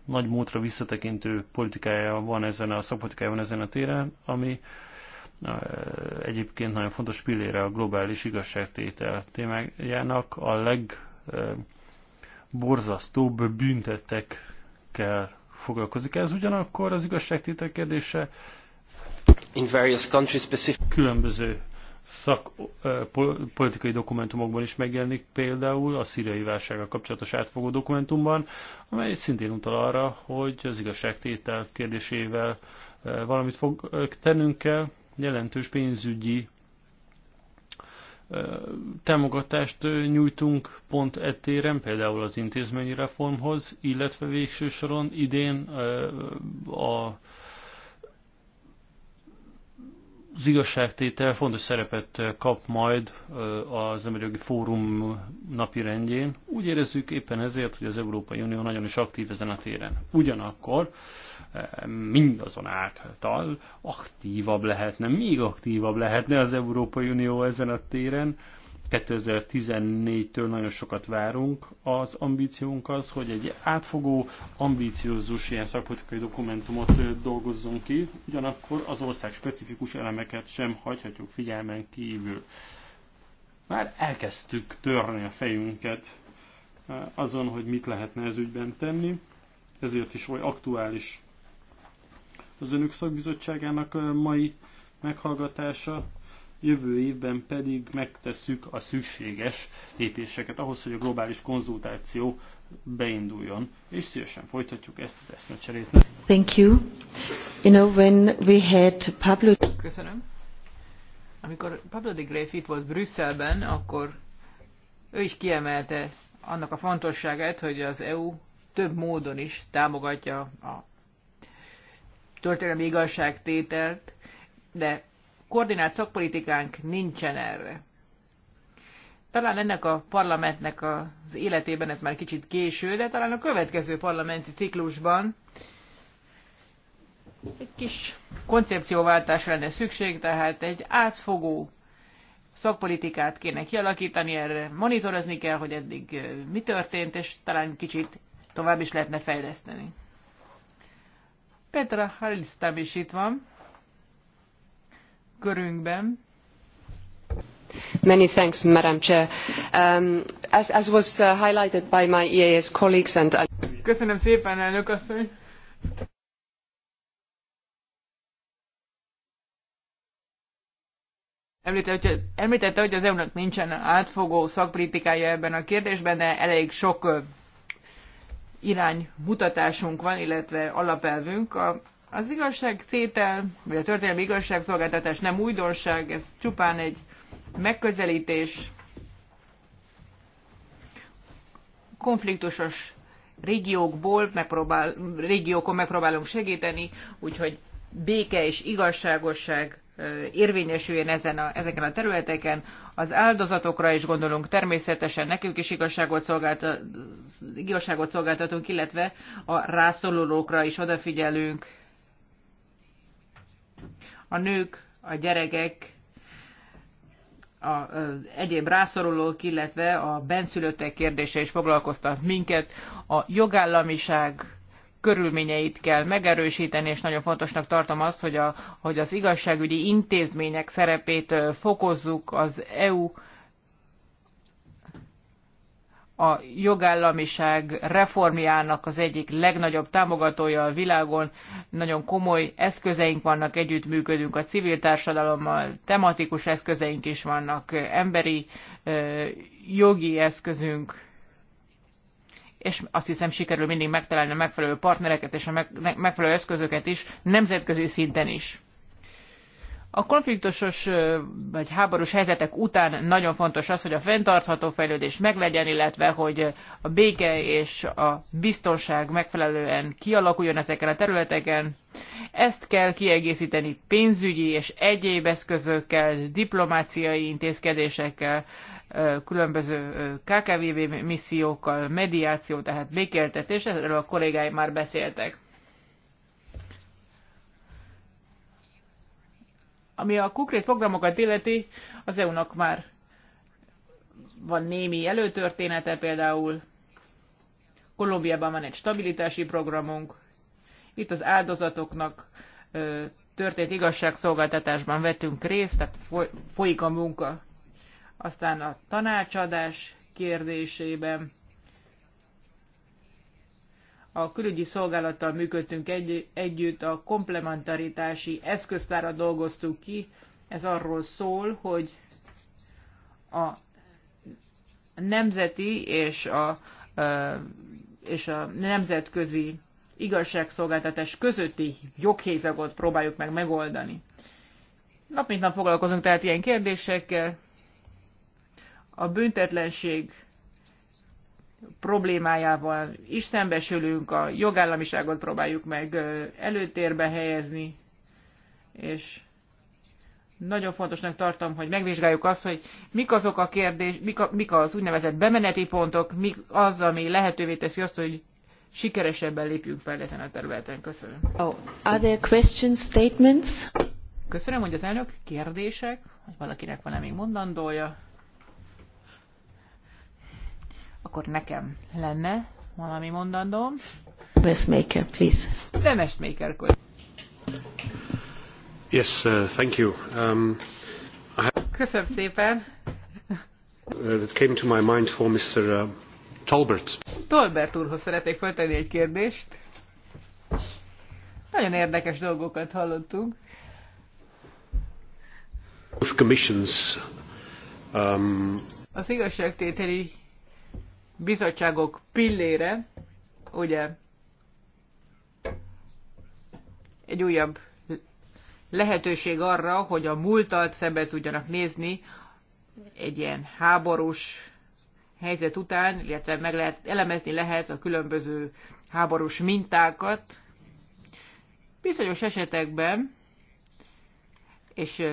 S4: nagy múltra visszatekintő politikája van ezen a szakpolitikája van ezen a téren, ami eh, egyébként nagyon fontos pillére a globális igazságtétel témájának. A leg borzasztóbb büntetekkel foglalkozik. Ez ugyanakkor az igazságtétel kérdése In various country specific... különböző szak, politikai dokumentumokban is megjelenik, például a szíriai válsággal kapcsolatos átfogó dokumentumban, amely szintén utal arra, hogy az igazságtétel kérdésével valamit fog tennünk kell, jelentős pénzügyi támogatást nyújtunk pont ettéren, például az intézményi reformhoz, illetve végső soron idén a az igazságtétel fontos szerepet kap majd az emberi fórum napi rendjén. Úgy érezzük éppen ezért, hogy az Európai Unió nagyon is aktív ezen a téren. Ugyanakkor mindazonáltal aktívabb lehetne, még aktívabb lehetne az Európai Unió ezen a téren, 2014-től nagyon sokat várunk. Az ambíciónk az, hogy egy átfogó, ambíciózus ilyen szakpolitikai dokumentumot dolgozzunk ki, ugyanakkor az ország specifikus elemeket sem hagyhatjuk figyelmen kívül. Már elkezdtük törni a fejünket azon, hogy mit lehetne ez ügyben tenni, ezért is oly aktuális az önök szakbizottságának mai meghallgatása, jövő évben pedig megtesszük a szükséges lépéseket ahhoz, hogy a globális konzultáció beinduljon, és szívesen folytatjuk ezt az eszmecserét.
S1: Thank you. You know, when we had Pablo...
S3: Köszönöm. Amikor Pablo de Grey itt volt Brüsszelben, akkor ő is kiemelte annak a fontosságát, hogy az EU több módon is támogatja a történelmi igazságtételt, de koordinált szakpolitikánk nincsen erre. Talán ennek a parlamentnek az életében ez már kicsit késő, de talán a következő parlamenti ciklusban egy kis koncepcióváltás lenne szükség, tehát egy átfogó szakpolitikát kéne kialakítani, erre monitorozni kell, hogy eddig mi történt, és talán kicsit tovább is lehetne fejleszteni. Petra Halisztám is itt van körünkben. Many thanks, Madam Chair. Um, as, as was uh, highlighted by my EAS colleagues and... Köszönöm szépen, elnök asszony! Említette, hogy, említette, hogy az EU-nak nincsen átfogó szakpolitikája ebben a kérdésben, de elég sok irány mutatásunk van, illetve alapelvünk. A az igazságtétel, vagy a történelmi igazságszolgáltatás nem újdonság, ez csupán egy megközelítés, konfliktusos régiókból megpróbál, régiókon megpróbálunk segíteni, úgyhogy béke és igazságosság érvényesüljön ezen a, ezeken a területeken. Az áldozatokra is gondolunk természetesen, nekünk is igazságot, szolgáltat, igazságot szolgáltatunk, illetve a rászorulókra is odafigyelünk a nők, a gyerekek, a, egyéb rászorulók, illetve a benszülöttek kérdése is foglalkoztat minket. A jogállamiság körülményeit kell megerősíteni, és nagyon fontosnak tartom azt, hogy, a, hogy az igazságügyi intézmények szerepét fokozzuk az EU a jogállamiság reformjának az egyik legnagyobb támogatója a világon. Nagyon komoly eszközeink vannak, együttműködünk a civil társadalommal, tematikus eszközeink is vannak, emberi jogi eszközünk, és azt hiszem sikerül mindig megtalálni a megfelelő partnereket és a megfelelő eszközöket is, nemzetközi szinten is. A konfliktusos vagy háborús helyzetek után nagyon fontos az, hogy a fenntartható fejlődés meglegyen, illetve hogy a béke és a biztonság megfelelően kialakuljon ezeken a területeken. Ezt kell kiegészíteni pénzügyi és egyéb eszközökkel, diplomáciai intézkedésekkel, különböző KKV missziókkal, mediáció, tehát békéltetés, erről a kollégáim már beszéltek. Ami a konkrét programokat illeti, az EU-nak már van némi előtörténete például. Kolumbiában van egy stabilitási programunk. Itt az áldozatoknak történt igazságszolgáltatásban vettünk részt, tehát folyik a munka. Aztán a tanácsadás kérdésében a külügyi szolgálattal működtünk egy, együtt, a komplementaritási eszköztára dolgoztuk ki. Ez arról szól, hogy a nemzeti és a, és a nemzetközi igazságszolgáltatás közötti joghézagot próbáljuk meg megoldani. Nap mint nap foglalkozunk tehát ilyen kérdésekkel. A büntetlenség problémájával is szembesülünk, a jogállamiságot próbáljuk meg előtérbe helyezni, és nagyon fontosnak tartom, hogy megvizsgáljuk azt, hogy mik azok a kérdés, mik, a, mik az úgynevezett bemeneti pontok, mik az, ami lehetővé teszi azt, hogy sikeresebben lépjünk fel ezen a területen. Köszönöm.
S1: Oh, are there questions, statements?
S3: Köszönöm, hogy az elnök kérdések, hogy valakinek van-e még mondandója. Akkor nekem lenne valami mondandóm.
S1: Westmaker, please.
S3: De Westmaker,
S6: Yes, uh, thank you. Um, I have...
S3: Köszönöm szépen.
S6: Uh, that came to my mind for Mr. Uh, Talbert.
S3: Talbert úrhoz szeretnék feltenni egy kérdést. Nagyon érdekes dolgokat hallottunk.
S6: Commissions, um...
S3: Az igazságtételi bizottságok pillére, ugye egy újabb lehetőség arra, hogy a múltat szembe tudjanak nézni egy ilyen háborús helyzet után, illetve meg lehet, elemezni lehet a különböző háborús mintákat. Bizonyos esetekben, és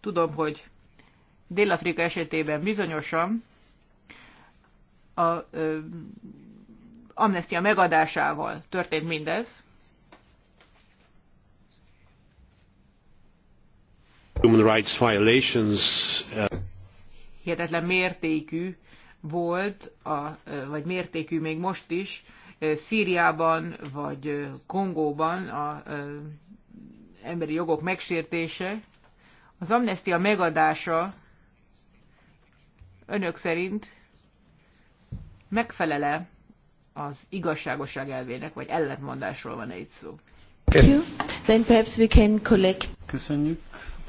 S3: tudom, hogy Dél-Afrika esetében bizonyosan a ö, amnestia megadásával történt mindez.
S6: Human rights violations. Uh,
S3: Hihetetlen mértékű volt, a, vagy mértékű még most is, Szíriában vagy Kongóban a emberi jogok megsértése. Az amnestia megadása önök szerint megfelele az igazságosság elvének, vagy ellentmondásról van-e itt szó.
S4: Köszönjük.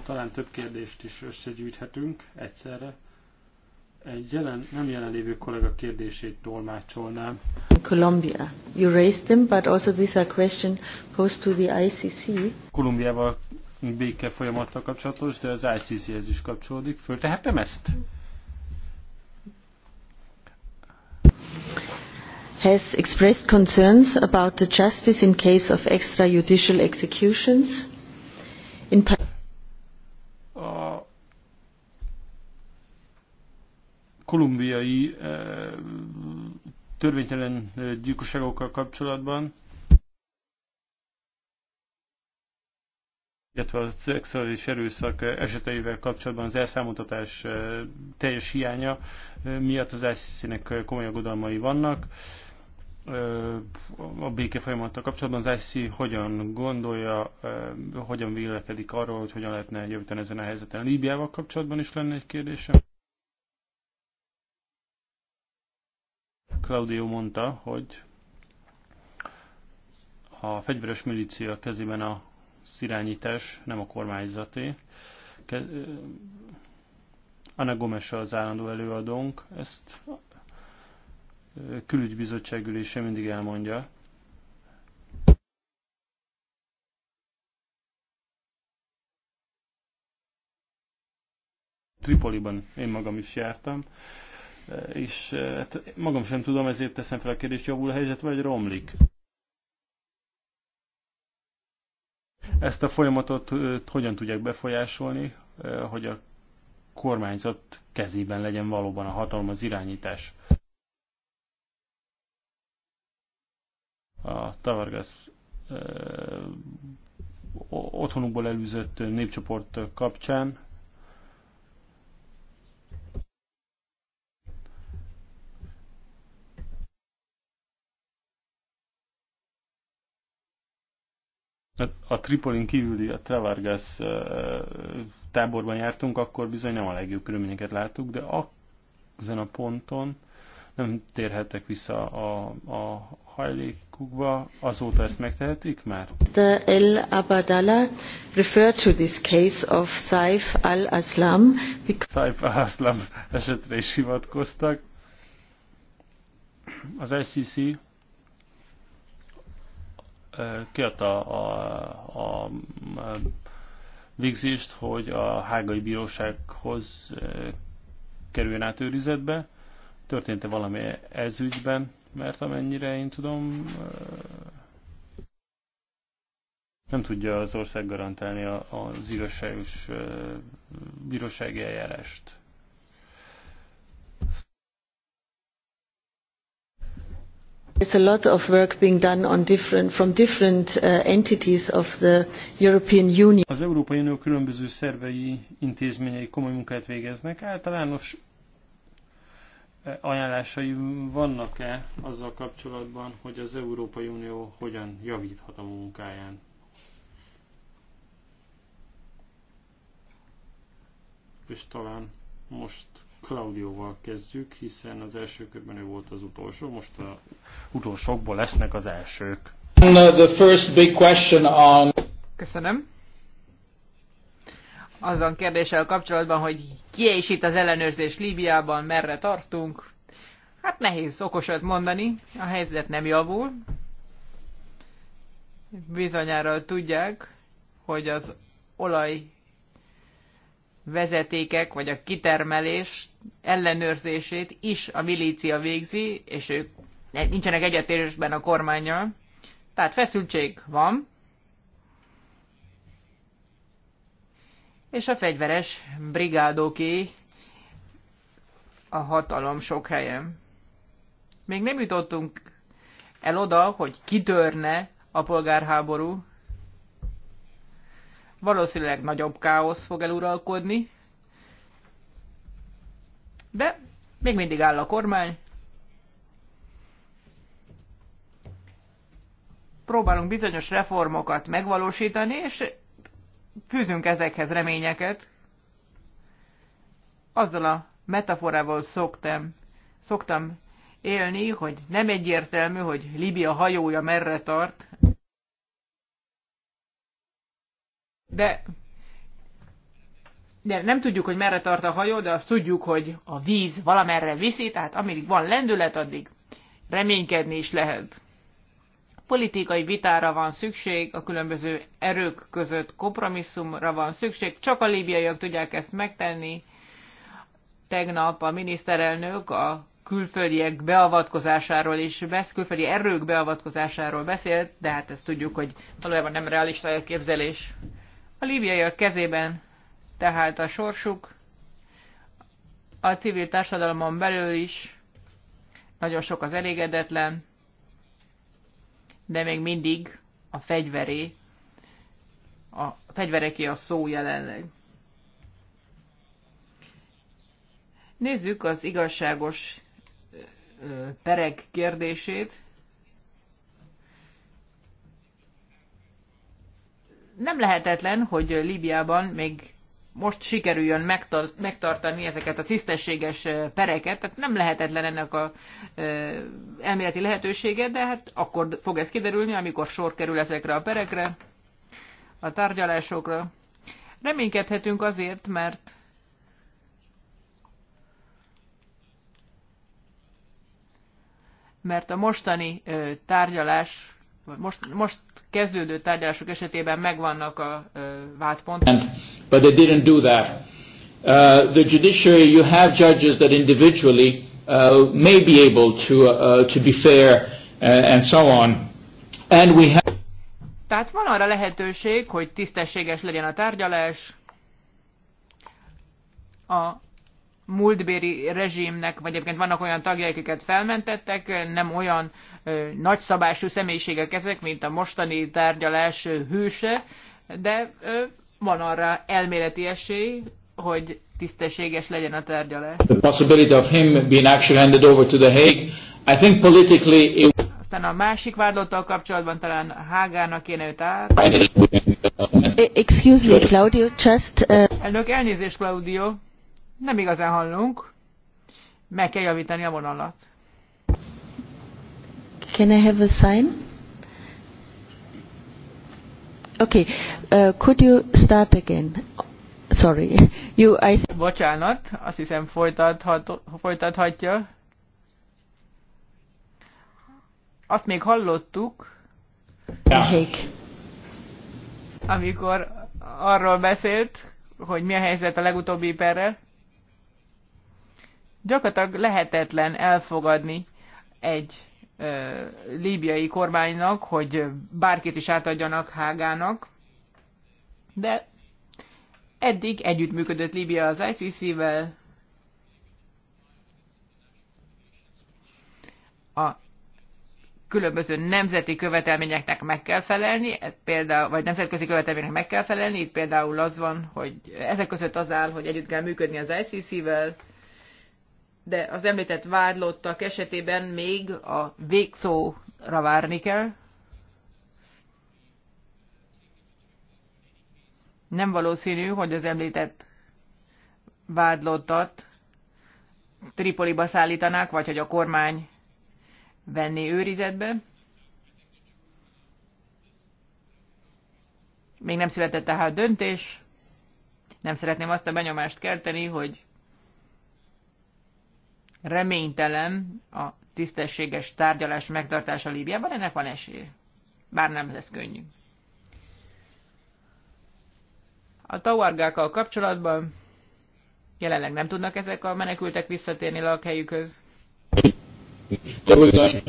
S4: Talán több kérdést is összegyűjthetünk egyszerre. Egy jelen, nem jelenlévő kollega kérdését tolmácsolnám.
S1: Colombia. You raised them, but also these are questions posed to the ICC.
S4: Kolumbiával béke folyamattal kapcsolatos, de az ICC-hez is kapcsolódik Föltehetem ezt? Mm.
S1: has expressed concerns about the justice in case of extrajudicial executions. In
S4: a kolumbiai eh, törvénytelen eh, gyilkosságokkal kapcsolatban, illetve a szexuális erőszak eh, eseteivel kapcsolatban az elszámoltatás teljes hiánya miatt az ICC-nek komoly aggodalmai vannak a béke folyamattal kapcsolatban az IC hogyan gondolja, hogyan vélekedik arról, hogy hogyan lehetne jövőten ezen a helyzeten. Líbiával kapcsolatban is lenne egy kérdésem. Claudio mondta, hogy a fegyveres milícia kezében a irányítás nem a kormányzaté. Anna Gomes az állandó előadónk, ezt külügybizottság ülése mindig elmondja. Tripoliban én magam is jártam, és eh, hát magam sem tudom, ezért teszem fel a kérdést, javul a helyzet, vagy romlik? Ezt a folyamatot eh, hogyan tudják befolyásolni, eh, hogy a kormányzat kezében legyen valóban a hatalom, az irányítás? a Tavargasz otthonukból elűzött népcsoport kapcsán. Hát a Tripolin kívüli, a Travargas táborban jártunk, akkor bizony nem a legjobb körülményeket láttuk, de ezen a ponton nem térhettek vissza a, a hajlékukba, azóta ezt megtehetik már?
S1: The El Abadala referred to this case of Saif al-Aslam.
S4: Because... Saif al-Aslam esetre is hivatkoztak. Az ICC kiadta a, a, a végzést, hogy a hágai bírósághoz kerüljön át őrizetbe, Történt-e valami ez ügyben, mert amennyire én tudom, nem tudja az ország garantálni az igazságos bírósági eljárást.
S1: There's a lot of work being done on different, from different uh,
S4: entities of the European Union. Az Európai Unió különböző szervei, intézményei komoly munkát végeznek. Általános ajánlásai vannak-e azzal kapcsolatban, hogy az Európai Unió hogyan javíthat a munkáján? És talán most Claudióval kezdjük, hiszen az első körben ő volt az utolsó, most a utolsókból lesznek az elsők. The first big question on...
S3: Köszönöm azon kérdéssel kapcsolatban, hogy ki is itt az ellenőrzés Líbiában, merre tartunk. Hát nehéz okosat mondani, a helyzet nem javul. Bizonyára tudják, hogy az olaj vezetékek, vagy a kitermelés ellenőrzését is a milícia végzi, és ők nincsenek egyetérésben a kormányjal. Tehát feszültség van, és a fegyveres brigádoké a hatalom sok helyen. Még nem jutottunk el oda, hogy kitörne a polgárháború. Valószínűleg nagyobb káosz fog eluralkodni, de még mindig áll a kormány. Próbálunk bizonyos reformokat megvalósítani, és fűzünk ezekhez reményeket. Azzal a metaforával szoktam, szoktam élni, hogy nem egyértelmű, hogy Libia hajója merre tart. De, de nem tudjuk, hogy merre tart a hajó, de azt tudjuk, hogy a víz valamerre viszi, tehát amíg van lendület, addig reménykedni is lehet politikai vitára van szükség, a különböző erők között kompromisszumra van szükség, csak a líbiaiak tudják ezt megtenni. Tegnap a miniszterelnök a külföldiek beavatkozásáról is, külföldi erők beavatkozásáról beszélt, de hát ezt tudjuk, hogy valójában nem realista elképzelés. A líbiaiak kezében tehát a sorsuk, a civil társadalmon belül is nagyon sok az elégedetlen, de még mindig a fegyveré, a fegyvereké a szó jelenleg. Nézzük az igazságos perek kérdését. Nem lehetetlen, hogy Líbiában még most sikerüljön megtartani ezeket a tisztességes pereket, tehát nem lehetetlen ennek a elméleti lehetősége, de hát akkor fog ez kiderülni, amikor sor kerül ezekre a perekre, a tárgyalásokra. Reménykedhetünk azért, mert mert a mostani tárgyalás, most, most kezdődő tárgyalások esetében megvannak a vádpontok. But they didn't
S5: do that. Uh, the judiciary, you have judges that individually uh, may be able to, uh, to be fair uh, and so on. And we have
S3: tehát van arra lehetőség, hogy tisztességes legyen a tárgyalás, a múltbéri rezsimnek, vagy egyébként vannak olyan tagjai, akiket felmentettek, nem olyan ö, nagyszabású személyiségek ezek, mint a mostani tárgyalás hőse, de ö, van arra elméleti esély, hogy tisztességes legyen a tárgyalás. The
S5: possibility of him being actually handed over to the Hague,
S3: I think politically it... Aztán a másik vádlottal kapcsolatban talán Hágának kéne őt át. E, excuse me, Claudio,
S1: just... Uh...
S3: Elnök, elnézést, Claudio nem igazán hallunk. Meg kell javítani a vonalat.
S1: Can I have a sign? Okay, uh, could you start again? Sorry.
S3: You, I... Bocsánat, azt hiszem folytathat, folytathatja. Azt még hallottuk. yeah. Amikor arról beszélt, hogy mi a helyzet a legutóbbi perrel. Gyakorlatilag lehetetlen elfogadni egy líbiai kormánynak, hogy bárkit is átadjanak Hágának, de eddig együttműködött Líbia az ICC-vel, a különböző nemzeti követelményeknek meg kell felelni, e, például, vagy nemzetközi követelményeknek meg kell felelni, itt például az van, hogy ezek között az áll, hogy együtt kell működni az ICC-vel, de az említett vádlottak esetében még a végszóra várni kell. Nem valószínű, hogy az említett vádlottat Tripoliba szállítanák, vagy hogy a kormány venné őrizetbe. Még nem született tehát döntés. Nem szeretném azt a benyomást kelteni, hogy reménytelen a tisztességes tárgyalás megtartása Líbiában, ennek van esély. Bár nem ez könnyű. A tauargákkal kapcsolatban jelenleg nem tudnak ezek a menekültek visszatérni lakhelyükhöz.
S5: Not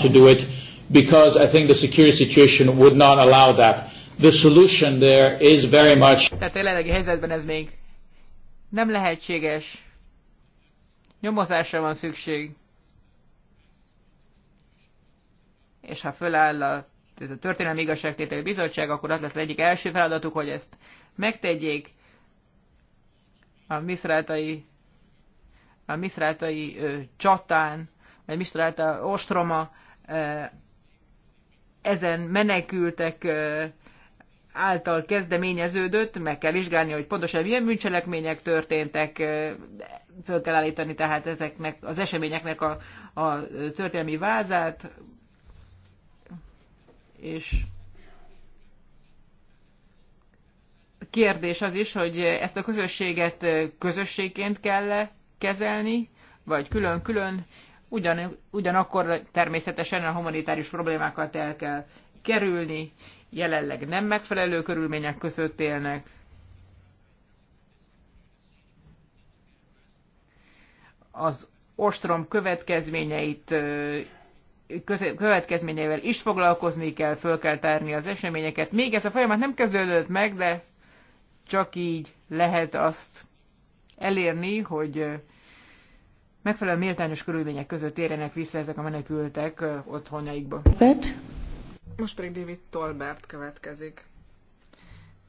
S5: to do it because I think the security situation would not allow that. The solution there is very much. Tehát
S3: jelenlegi helyzetben ez még nem lehetséges. Nyomozásra van szükség. És ha föláll a, ez a Történelmi Igazságtételi Bizottság, akkor az lesz az egyik első feladatuk, hogy ezt megtegyék. A miszrátai, a miszrátai ö, csatán, vagy miszráta ostroma ö, ezen menekültek ö, által kezdeményeződött, meg kell vizsgálni, hogy pontosan milyen bűncselekmények történtek, föl kell állítani tehát ezeknek az eseményeknek a, a történelmi vázát, és kérdés az is, hogy ezt a közösséget közösségként kell -e kezelni, vagy külön-külön, ugyan, ugyanakkor természetesen a humanitárius problémákat el kell kerülni, jelenleg nem megfelelő körülmények között élnek. Az ostrom következményeit következményeivel is foglalkozni kell, föl kell tárni az eseményeket. Még ez a folyamat nem kezdődött meg, de csak így lehet azt elérni, hogy megfelelő méltányos körülmények között érjenek vissza ezek a menekültek otthonjaikba.
S2: Most pedig David Tolbert következik.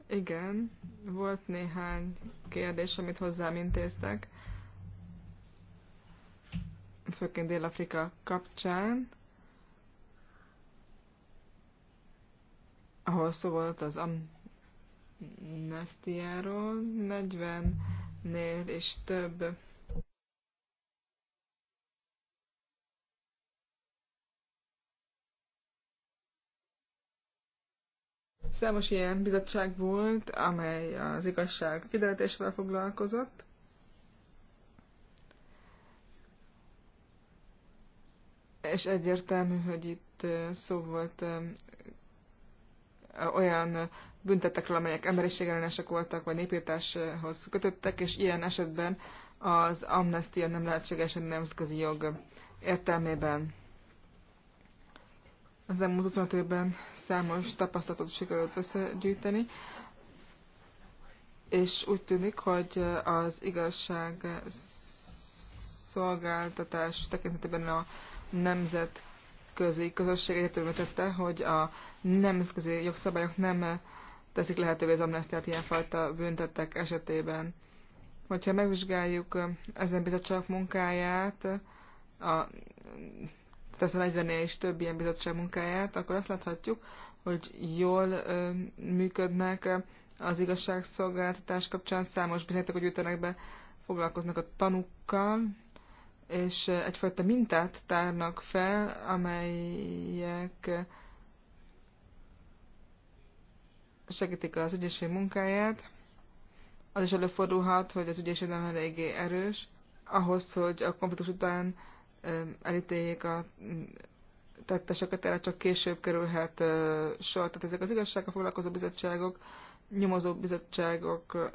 S2: Igen, volt néhány kérdés, amit hozzám intéztek. Főként Dél-Afrika kapcsán, ahol szó volt az amnestiáról, 40-nél és több Számos ilyen bizottság volt, amely az igazság kiderítésével foglalkozott. És egyértelmű, hogy itt szó volt olyan büntetekről, amelyek emberiségellenesek voltak, vagy népírtáshoz kötöttek, és ilyen esetben az amnestia nem lehetséges a nemzetközi jog értelmében az elmúlt 25 évben számos tapasztalatot sikerült összegyűjteni, és úgy tűnik, hogy az igazság szolgáltatás tekintetében a nemzetközi közösség egyértelműen tette, hogy a nemzetközi jogszabályok nem teszik lehetővé az amnestiát ilyenfajta büntettek esetében. Hogyha megvizsgáljuk ezen bizottság munkáját, a 40 nél is több ilyen bizottság munkáját, akkor azt láthatjuk, hogy jól működnek az igazságszolgáltatás kapcsán, számos bizonyítékot gyűjtenek be, foglalkoznak a tanukkal, és egyfajta mintát tárnak fel, amelyek segítik az ügyészség munkáját. Az is előfordulhat, hogy az ügyészség nem eléggé erős, ahhoz, hogy a konfliktus után elítéljék a mm, tetteseket, erre csak később kerülhet sor. Tehát ezek az igazsággal foglalkozó bizottságok, nyomozó bizottságok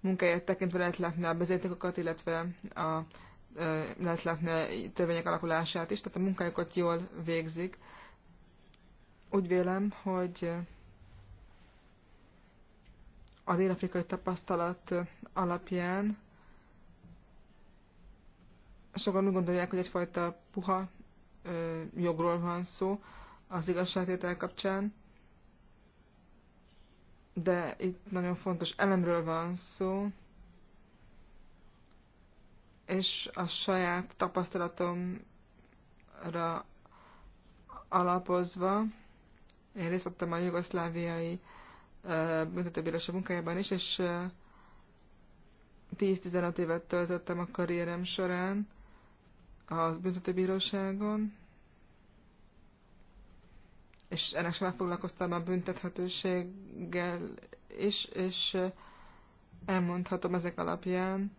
S2: munkáját tekintve lehet látni a bezértékokat, illetve a, lehet látni a törvények alakulását is, tehát a munkájukat jól végzik. Úgy vélem, hogy a dél-afrikai tapasztalat alapján sokan úgy gondolják, hogy egyfajta puha ö, jogról van szó az igazságtétel kapcsán, de itt nagyon fontos elemről van szó, és a saját tapasztalatomra alapozva, én részt vettem a jugoszláviai büntetőbírása munkájában is, és 10-15 évet töltöttem a karrierem során, a büntetőbíróságon, és ennek sem foglalkoztam a büntethetőséggel és, és elmondhatom ezek alapján,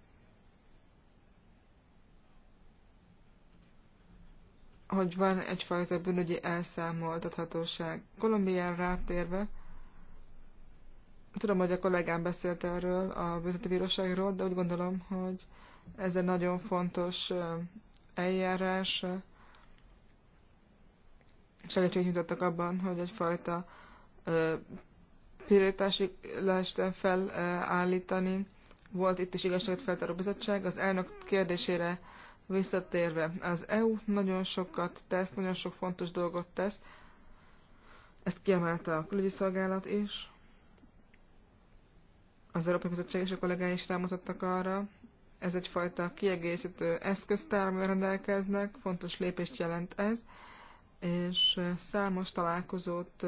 S2: hogy van egyfajta bűnügyi elszámoltathatóság. Kolumbián rátérve, tudom, hogy a kollégám beszélt erről a büntetőbíróságról, de úgy gondolom, hogy ez egy nagyon fontos eljárás segítség nyújtottak abban, hogy egyfajta pirítási lehessen felállítani. Volt itt is feltáró bizottság. Az elnök kérdésére visszatérve, az EU nagyon sokat tesz, nagyon sok fontos dolgot tesz. Ezt kiemelte a külügyi szolgálat is. Az Európai Bizottság és a kollégái is rámutattak arra, ez egyfajta kiegészítő amivel rendelkeznek, fontos lépést jelent ez, és számos találkozót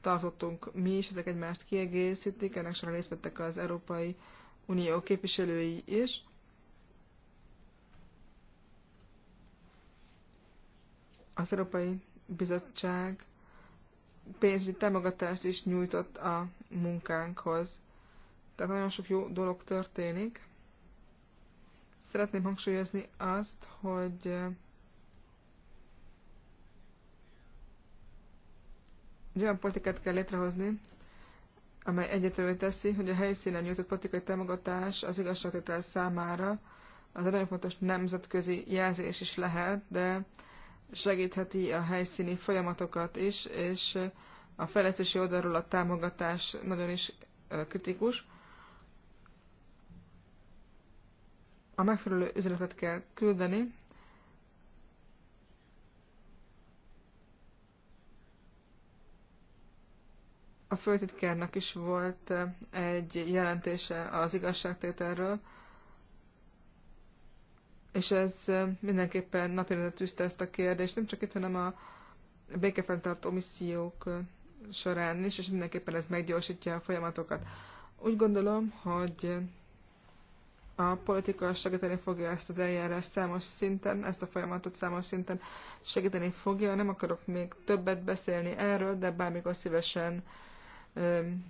S2: tartottunk mi is, ezek egymást kiegészítik, ennek során részt vettek az Európai Unió képviselői is. Az Európai Bizottság pénzügyi támogatást is nyújtott a munkánkhoz. Tehát nagyon sok jó dolog történik szeretném hangsúlyozni azt, hogy egy olyan politikát kell létrehozni, amely egyetlenül teszi, hogy a helyszínen nyújtott politikai támogatás az igazságtétel számára az nagyon fontos nemzetközi jelzés is lehet, de segítheti a helyszíni folyamatokat is, és a fejlesztési oldalról a támogatás nagyon is kritikus. a megfelelő üzenetet kell küldeni, a főtitkárnak is volt eh, egy jelentése az igazságtételről, és ez eh, mindenképpen napirendre tűzte ezt a kérdést, nem csak itt, hanem a békefenntartó missziók eh, során is, és mindenképpen ez meggyorsítja a folyamatokat. Úgy gondolom, hogy a politika segíteni fogja ezt az eljárást számos szinten, ezt a folyamatot számos szinten segíteni fogja. Nem akarok még többet beszélni erről, de bármikor szívesen öm,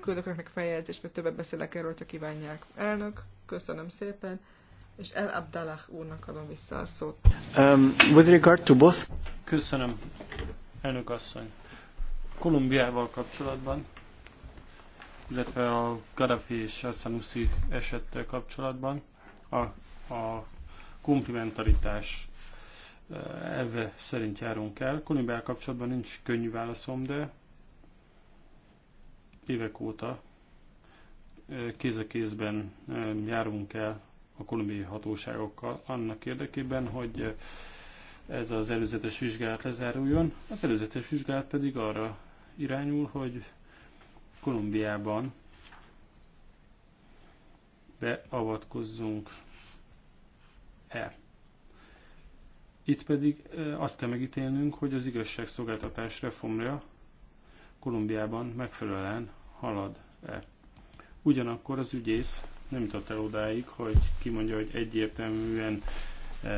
S2: küldök önöknek feljegyzést, vagy többet beszélek erről, ha kívánják. Elnök, köszönöm szépen, és El Abdallah úrnak adom vissza a szót.
S4: Um, with regard to both... Köszönöm, elnök asszony. Kolumbiával kapcsolatban illetve a Gaddafi és a Sanusi esettel kapcsolatban a, a komplementaritás e, elve szerint járunk el. Konibel kapcsolatban nincs könnyű válaszom, de évek óta e, kéz a kézben e, járunk el a kolumbiai hatóságokkal annak érdekében, hogy ez az előzetes vizsgálat lezáruljon. Az előzetes vizsgálat pedig arra irányul, hogy Kolumbiában beavatkozzunk-e. Itt pedig azt kell megítélnünk, hogy az igazságszolgáltatás reformja Kolumbiában megfelelően halad-e. Ugyanakkor az ügyész nem jutott el odáig, hogy kimondja, hogy egyértelműen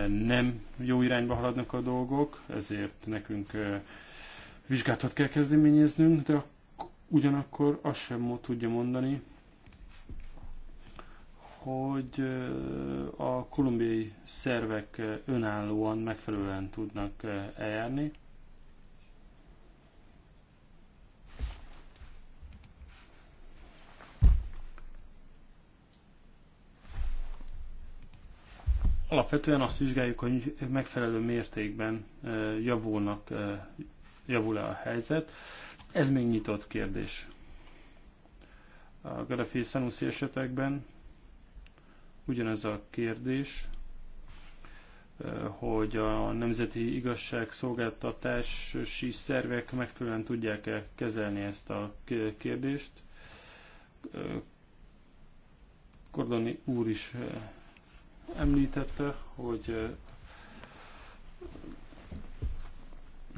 S4: nem jó irányba haladnak a dolgok, ezért nekünk vizsgálatot kell kezdeményeznünk, de a Ugyanakkor azt sem tudja mondani, hogy a kolumbiai szervek önállóan megfelelően tudnak eljárni. Alapvetően azt vizsgáljuk, hogy megfelelő mértékben javulnak, javul-e a helyzet. Ez még nyitott kérdés. A Gaddafi Sanussi esetekben ugyanez a kérdés, hogy a nemzeti igazságszolgáltatási szervek megfelelően tudják-e kezelni ezt a kérdést. Kordoni úr is említette, hogy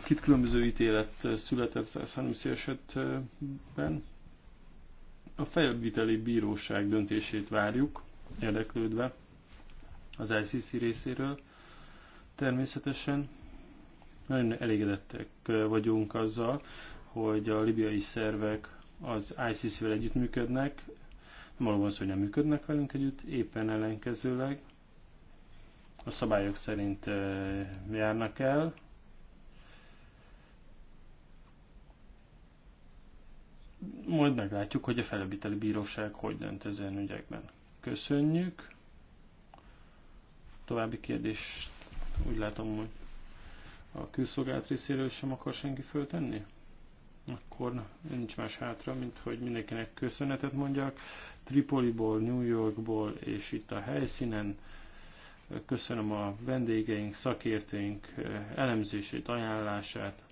S4: Két különböző ítélet született 130 esetben. A felviteli bíróság döntését várjuk, érdeklődve az ICC részéről. Természetesen nagyon elégedettek vagyunk azzal, hogy a libiai szervek az ICC-vel együttműködnek, nem valóban szó, hogy nem működnek velünk együtt, éppen ellenkezőleg a szabályok szerint járnak el, majd meglátjuk, hogy a felebíteli bíróság hogy dönt ezen ügyekben. Köszönjük. További kérdés, úgy látom, hogy a külszolgált részéről sem akar senki föltenni? Akkor nincs más hátra, mint hogy mindenkinek köszönetet mondjak. Tripoliból, New Yorkból és itt a helyszínen köszönöm a vendégeink, szakértőink eh, elemzését, ajánlását,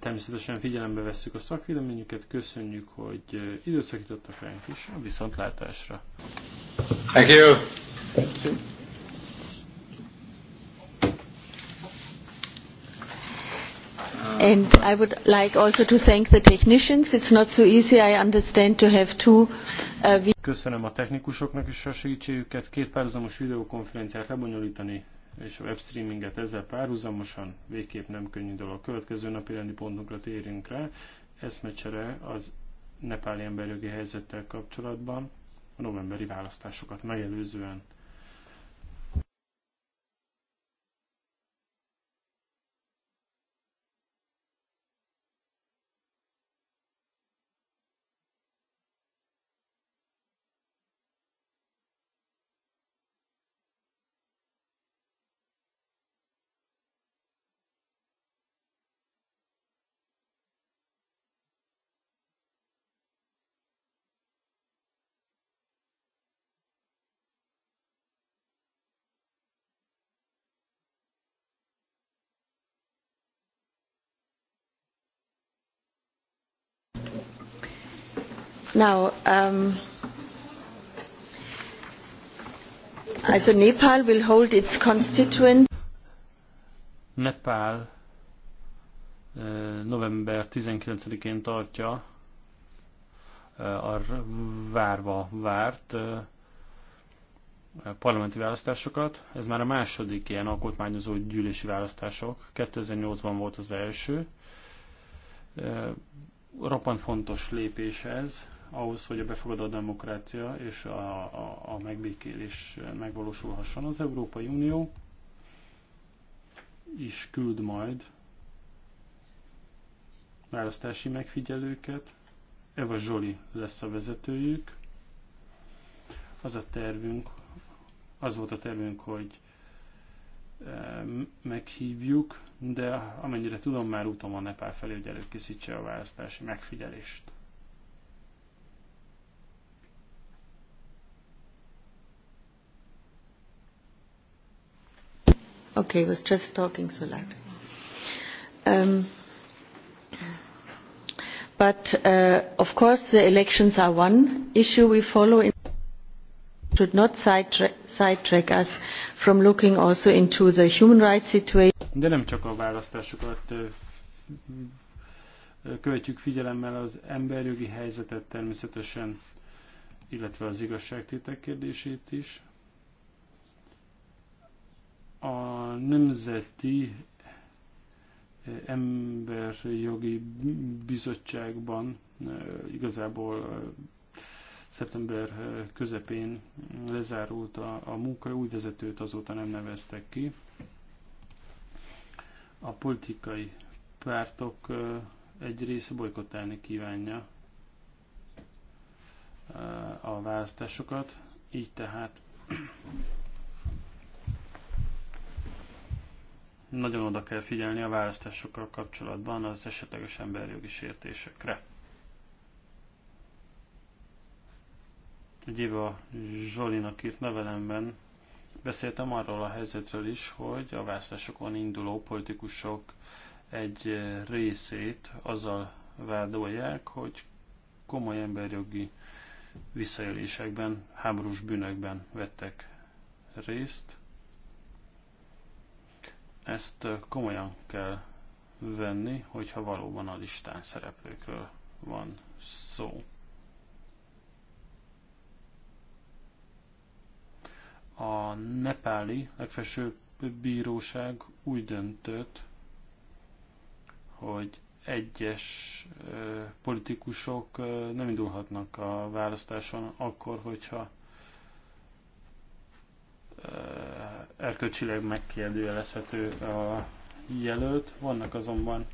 S4: természetesen figyelembe vesszük a szakvéleményüket, köszönjük, hogy eh, időszakítottak ránk is, a viszontlátásra. Thank you. And
S1: I would like also to thank the technicians. It's not so easy, I understand, to have two
S4: uh, Köszönöm a technikusoknak is a segítségüket. Két párhuzamos videokonferenciát lebonyolítani és a webstreaminget ezzel párhuzamosan végképp nem könnyű dolog. A következő napi rendi pontunkra térünk rá, eszmecsere az nepáli emberjogi helyzettel kapcsolatban a novemberi választásokat megelőzően.
S1: Now, um, Nepal will hold its constituent.
S4: Nepal eh, november 19-én tartja eh, a várva várt eh, parlamenti választásokat. Ez már a második ilyen alkotmányozó gyűlési választások. 2008-ban volt az első. Roppant fontos lépés ez ahhoz, hogy a befogadó demokrácia és a, a, a megbékélés megvalósulhasson. Az Európai Unió is küld majd választási megfigyelőket. Eva Zsoli lesz a vezetőjük. Az a tervünk, az volt a tervünk, hogy e, meghívjuk, de amennyire tudom, már úton van Nepál felé, hogy előkészítse a választási megfigyelést.
S1: Okay, I was just talking so loud. Um, but uh, of course, the elections are one issue we follow. In should not sidetrack, side us from looking also into the human rights situation.
S4: De nem csak a választásokat követjük figyelemmel az emberjogi helyzetet természetesen, illetve az igazságtétel kérdését is a Nemzeti eh, Emberjogi Bizottságban eh, igazából eh, szeptember közepén lezárult a, a munka, új vezetőt azóta nem neveztek ki. A politikai pártok egy része bolykottálni kívánja a választásokat, így tehát Nagyon oda kell figyelni a választásokkal kapcsolatban az esetleges emberjogi sértésekre. Egy a Zsolinak írt levelemben beszéltem arról a helyzetről is, hogy a választásokon induló politikusok egy részét azzal vádolják, hogy komoly emberjogi visszaélésekben, háborús bűnökben vettek részt. Ezt komolyan kell venni, hogyha valóban a listán szereplőkről van szó. A nepáli legfelsőbb bíróság úgy döntött, hogy egyes politikusok nem indulhatnak a választáson akkor, hogyha erkölcsileg megkérdőjelezhető a jelölt. Vannak azonban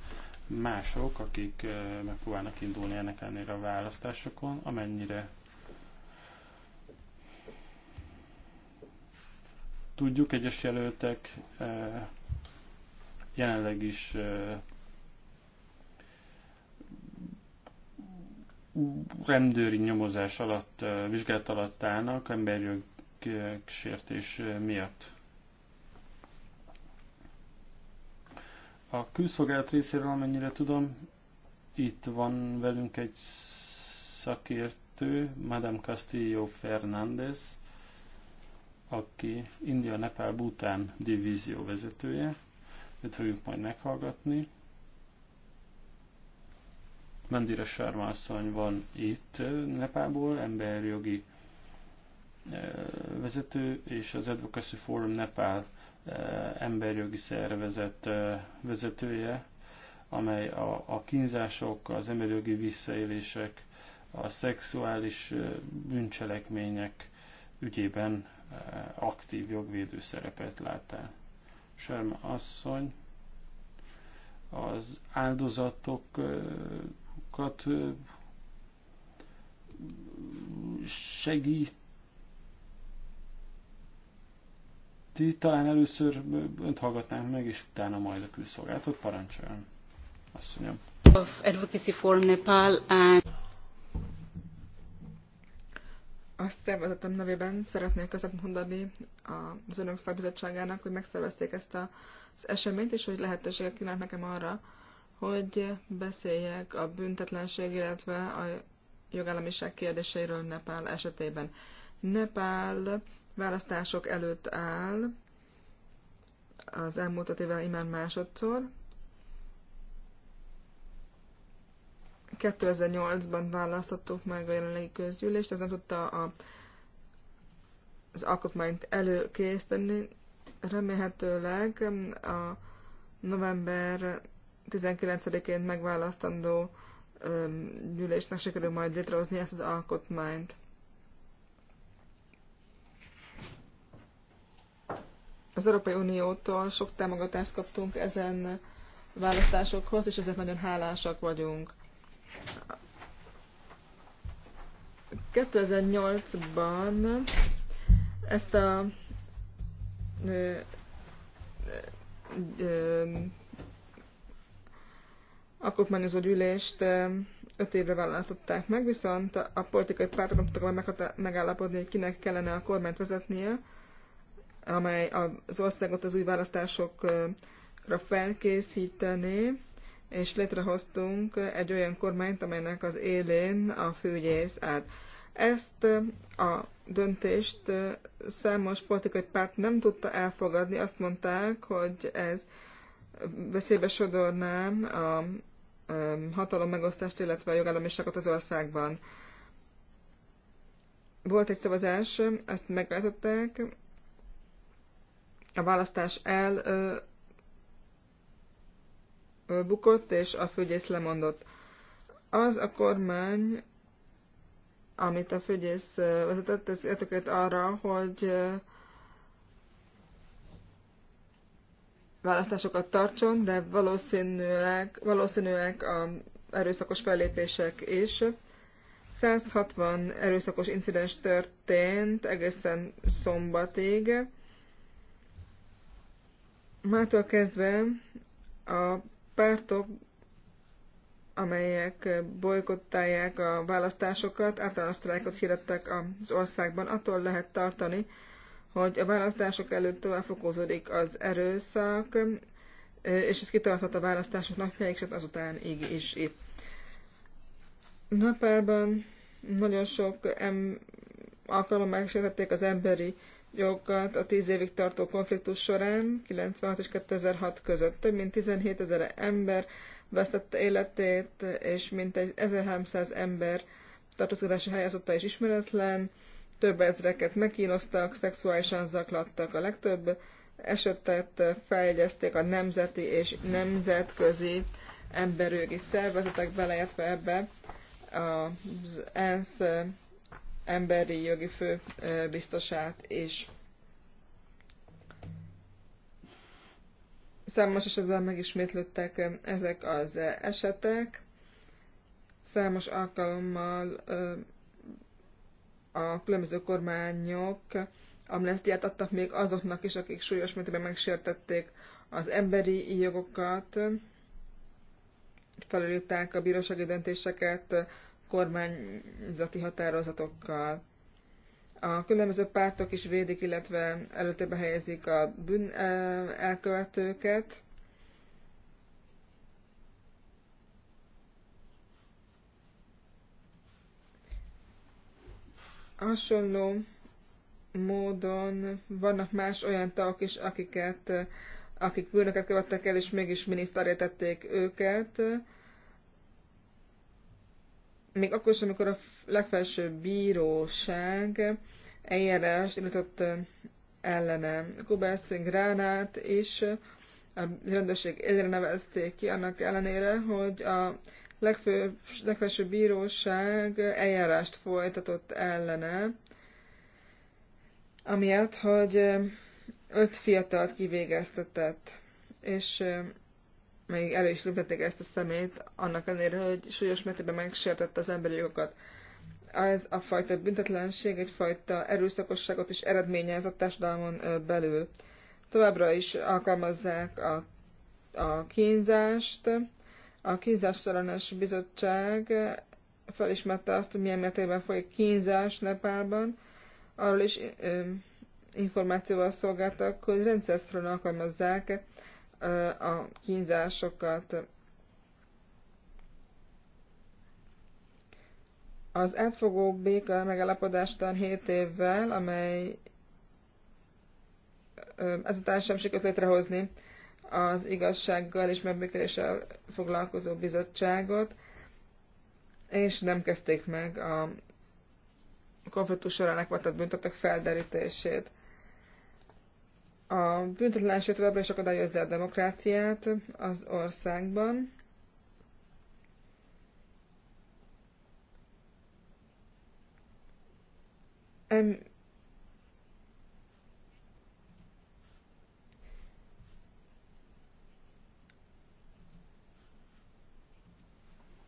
S4: mások, akik eh, megpróbálnak indulni ennek ellenére a választásokon, amennyire tudjuk, egyes jelöltek eh, jelenleg is eh, rendőri nyomozás alatt, vizsgált alatt állnak emberjog sértés miatt. A külszolgálat részéről, amennyire tudom, itt van velünk egy szakértő, Madame Castillo Fernández, aki India Nepal Bután divízió vezetője. Őt fogjuk majd meghallgatni. Mandira Sármászony asszony van itt Nepából, emberjogi vezető, és az Advocacy Forum Nepál Eh, emberjogi szervezet eh, vezetője, amely a, a kínzások, az emberjogi visszaélések, a szexuális eh, bűncselekmények ügyében aktív jogvédő szerepet lát el. Sörm asszony az áldozatokat segít Ti talán először önt hallgatnánk meg, és utána majd a külszolgálatot parancsoljon. Asszonyom. Of
S1: Advocacy for Nepal and...
S2: A szervezetem nevében szeretnék köszönet mondani az Önök Szakbizottságának, hogy megszervezték ezt az eseményt, és hogy lehetőséget kínált nekem arra, hogy beszéljek a büntetlenség, illetve a jogállamiság kérdéseiről Nepál esetében. Nepál választások előtt áll, az elmúlt öt évvel imán másodszor. 2008-ban választottuk meg a jelenlegi közgyűlést, ez nem tudta a, az alkotmányt előkészíteni. Remélhetőleg a november 19-én megválasztandó gyűlésnek sikerül majd létrehozni ezt az alkotmányt. az Európai Uniótól sok támogatást kaptunk ezen választásokhoz, és ezért nagyon hálásak vagyunk. 2008-ban ezt a ö, gyűlést öt évre választották meg, viszont a politikai pártok nem tudtak megállapodni, hogy kinek kellene a kormányt vezetnie, amely az országot az új választásokra felkészítené, és létrehoztunk egy olyan kormányt, amelynek az élén a főügyész állt. Ezt a döntést számos politikai párt nem tudta elfogadni, azt mondták, hogy ez veszélybe sodorná a hatalom megosztást, illetve a jogállamiságot az országban. Volt egy szavazás, ezt meglátották, a választás el ö, ö, bukott, és a főgyész lemondott. Az a kormány, amit a főgyész vezetett, ez értekült arra, hogy választásokat tartson, de valószínűleg, valószínűleg a erőszakos fellépések is. 160 erőszakos incidens történt egészen szombatig. Mától kezdve a pártok, amelyek bolykottálják a választásokat, általános sztrájkot hirdettek az országban, attól lehet tartani, hogy a választások előtt tovább fokozódik az erőszak, és ez kitarthat a választások napjáig, sőt azután így is épp. Napában nagyon sok em- alkalommal megsértették az emberi jogat a 10 évig tartó konfliktus során, 96 és 2006 között. Több mint 17 ezer ember vesztette életét, és mintegy 1300 ember tartózkodási helyezotta is ismeretlen, több ezreket megkínoztak, szexuálisan zaklattak a legtöbb esetet feljegyezték a nemzeti és nemzetközi emberjogi szervezetek, beleértve ebbe az ENSZ emberi jogi főbiztosát is. Számos esetben megismétlődtek ezek az esetek. Számos alkalommal a különböző kormányok amnestiát adtak még azoknak is, akik súlyos mértékben megsértették az emberi jogokat, felülírták a bírósági döntéseket, kormányzati határozatokkal. A különböző pártok is védik, illetve előtérbe helyezik a bűn elkövetőket. Hasonló módon vannak más olyan tagok is, akiket, akik bűnöket követtek el, és mégis miniszterre tették őket még akkor is, amikor a legfelső bíróság eljárást indított ellene. Kubászin Gránát és a rendőrség egyre nevezték ki, annak ellenére, hogy a legfő, legfelső bíróság eljárást folytatott ellene, amiatt, hogy öt fiatalt kivégeztetett, és még elő is léptették ezt a szemét, annak ellenére, hogy súlyos mértékben megsértette az emberi jogokat. Ez a fajta büntetlenség egyfajta erőszakosságot is eredményez a társadalmon belül. Továbbra is alkalmazzák a, a kínzást. A kínzástelenes bizottság felismerte azt, hogy milyen mértékben folyik kínzás Nepálban. Arról is ö, információval szolgáltak, hogy rendszerszerűen alkalmazzák a kínzásokat. Az átfogó béka megállapodástan 7 évvel, amely ezután sem sikerült létrehozni az igazsággal és megbékéléssel foglalkozó bizottságot, és nem kezdték meg a konfliktus során megvatott büntetek felderítését. A büntetlenség továbbra is akadályozza a demokráciát az országban. Em,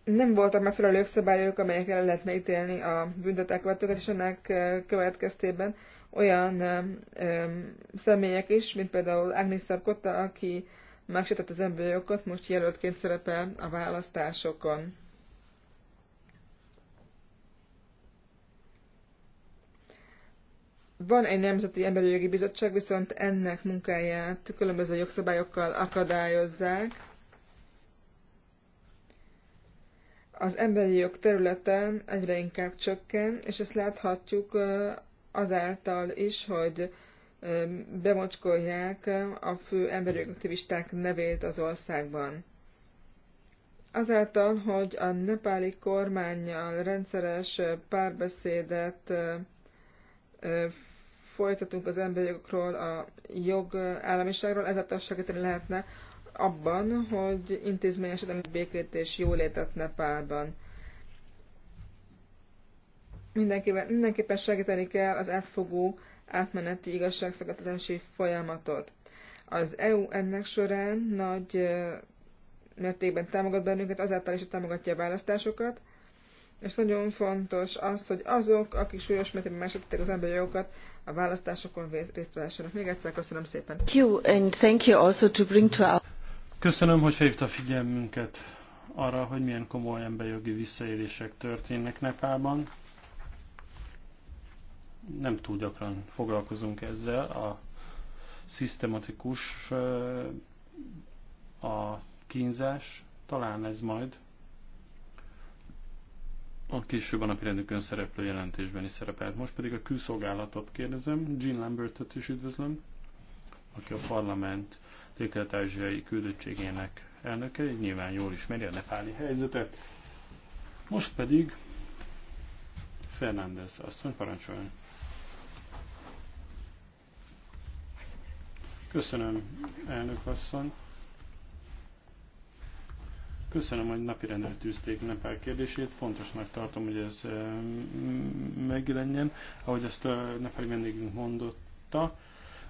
S2: nem voltak megfelelő jogszabályok, amelyekkel lehetne ítélni a büntetelkövetőket, és ennek eh, következtében olyan ö, személyek is, mint például Agnes Szabkotta, aki megsértett az emberi most jelöltként szerepel a választásokon. Van egy Nemzeti Emberi Jogi Bizottság, viszont ennek munkáját különböző jogszabályokkal akadályozzák. Az emberi jog területen egyre inkább csökken, és ezt láthatjuk azáltal is, hogy bemocskolják a fő emberi aktivisták nevét az országban. Azáltal, hogy a nepáli kormányjal rendszeres párbeszédet folytatunk az jogokról, a jogállamiságról, ezáltal segíteni lehetne abban, hogy intézményesítenek békét és jólétet Nepálban mindenképpen, mindenképpen segíteni kell az átfogó átmeneti igazságszolgáltatási folyamatot. Az EU ennek során nagy mértékben támogat bennünket, azáltal is, hogy támogatja a választásokat, és nagyon fontos az, hogy azok, akik súlyos mértékben megsértették az emberi jogokat, a választásokon részt vehessenek. Még egyszer köszönöm szépen. Thank
S1: you, and thank you also to bring to our...
S4: Köszönöm, hogy felhívta a figyelmünket arra, hogy milyen komoly emberi jogi visszaélések történnek Nepában nem túl gyakran foglalkozunk ezzel, a szisztematikus a kínzás, talán ez majd a később a rendőkön szereplő jelentésben is szerepelt. Most pedig a külszolgálatot kérdezem, Jean Lambertot is üdvözlöm, aki a parlament délkelet-ázsiai küldöttségének elnöke, így nyilván jól ismeri a nepáli helyzetet. Most pedig Fernández asszony parancsoljon. Köszönöm, elnök asszony. Köszönöm, hogy napirendre tűzték Nepál kérdését. Fontosnak tartom, hogy ez eh, megjelenjen. Ahogy ezt a nepáli vendégünk mondotta,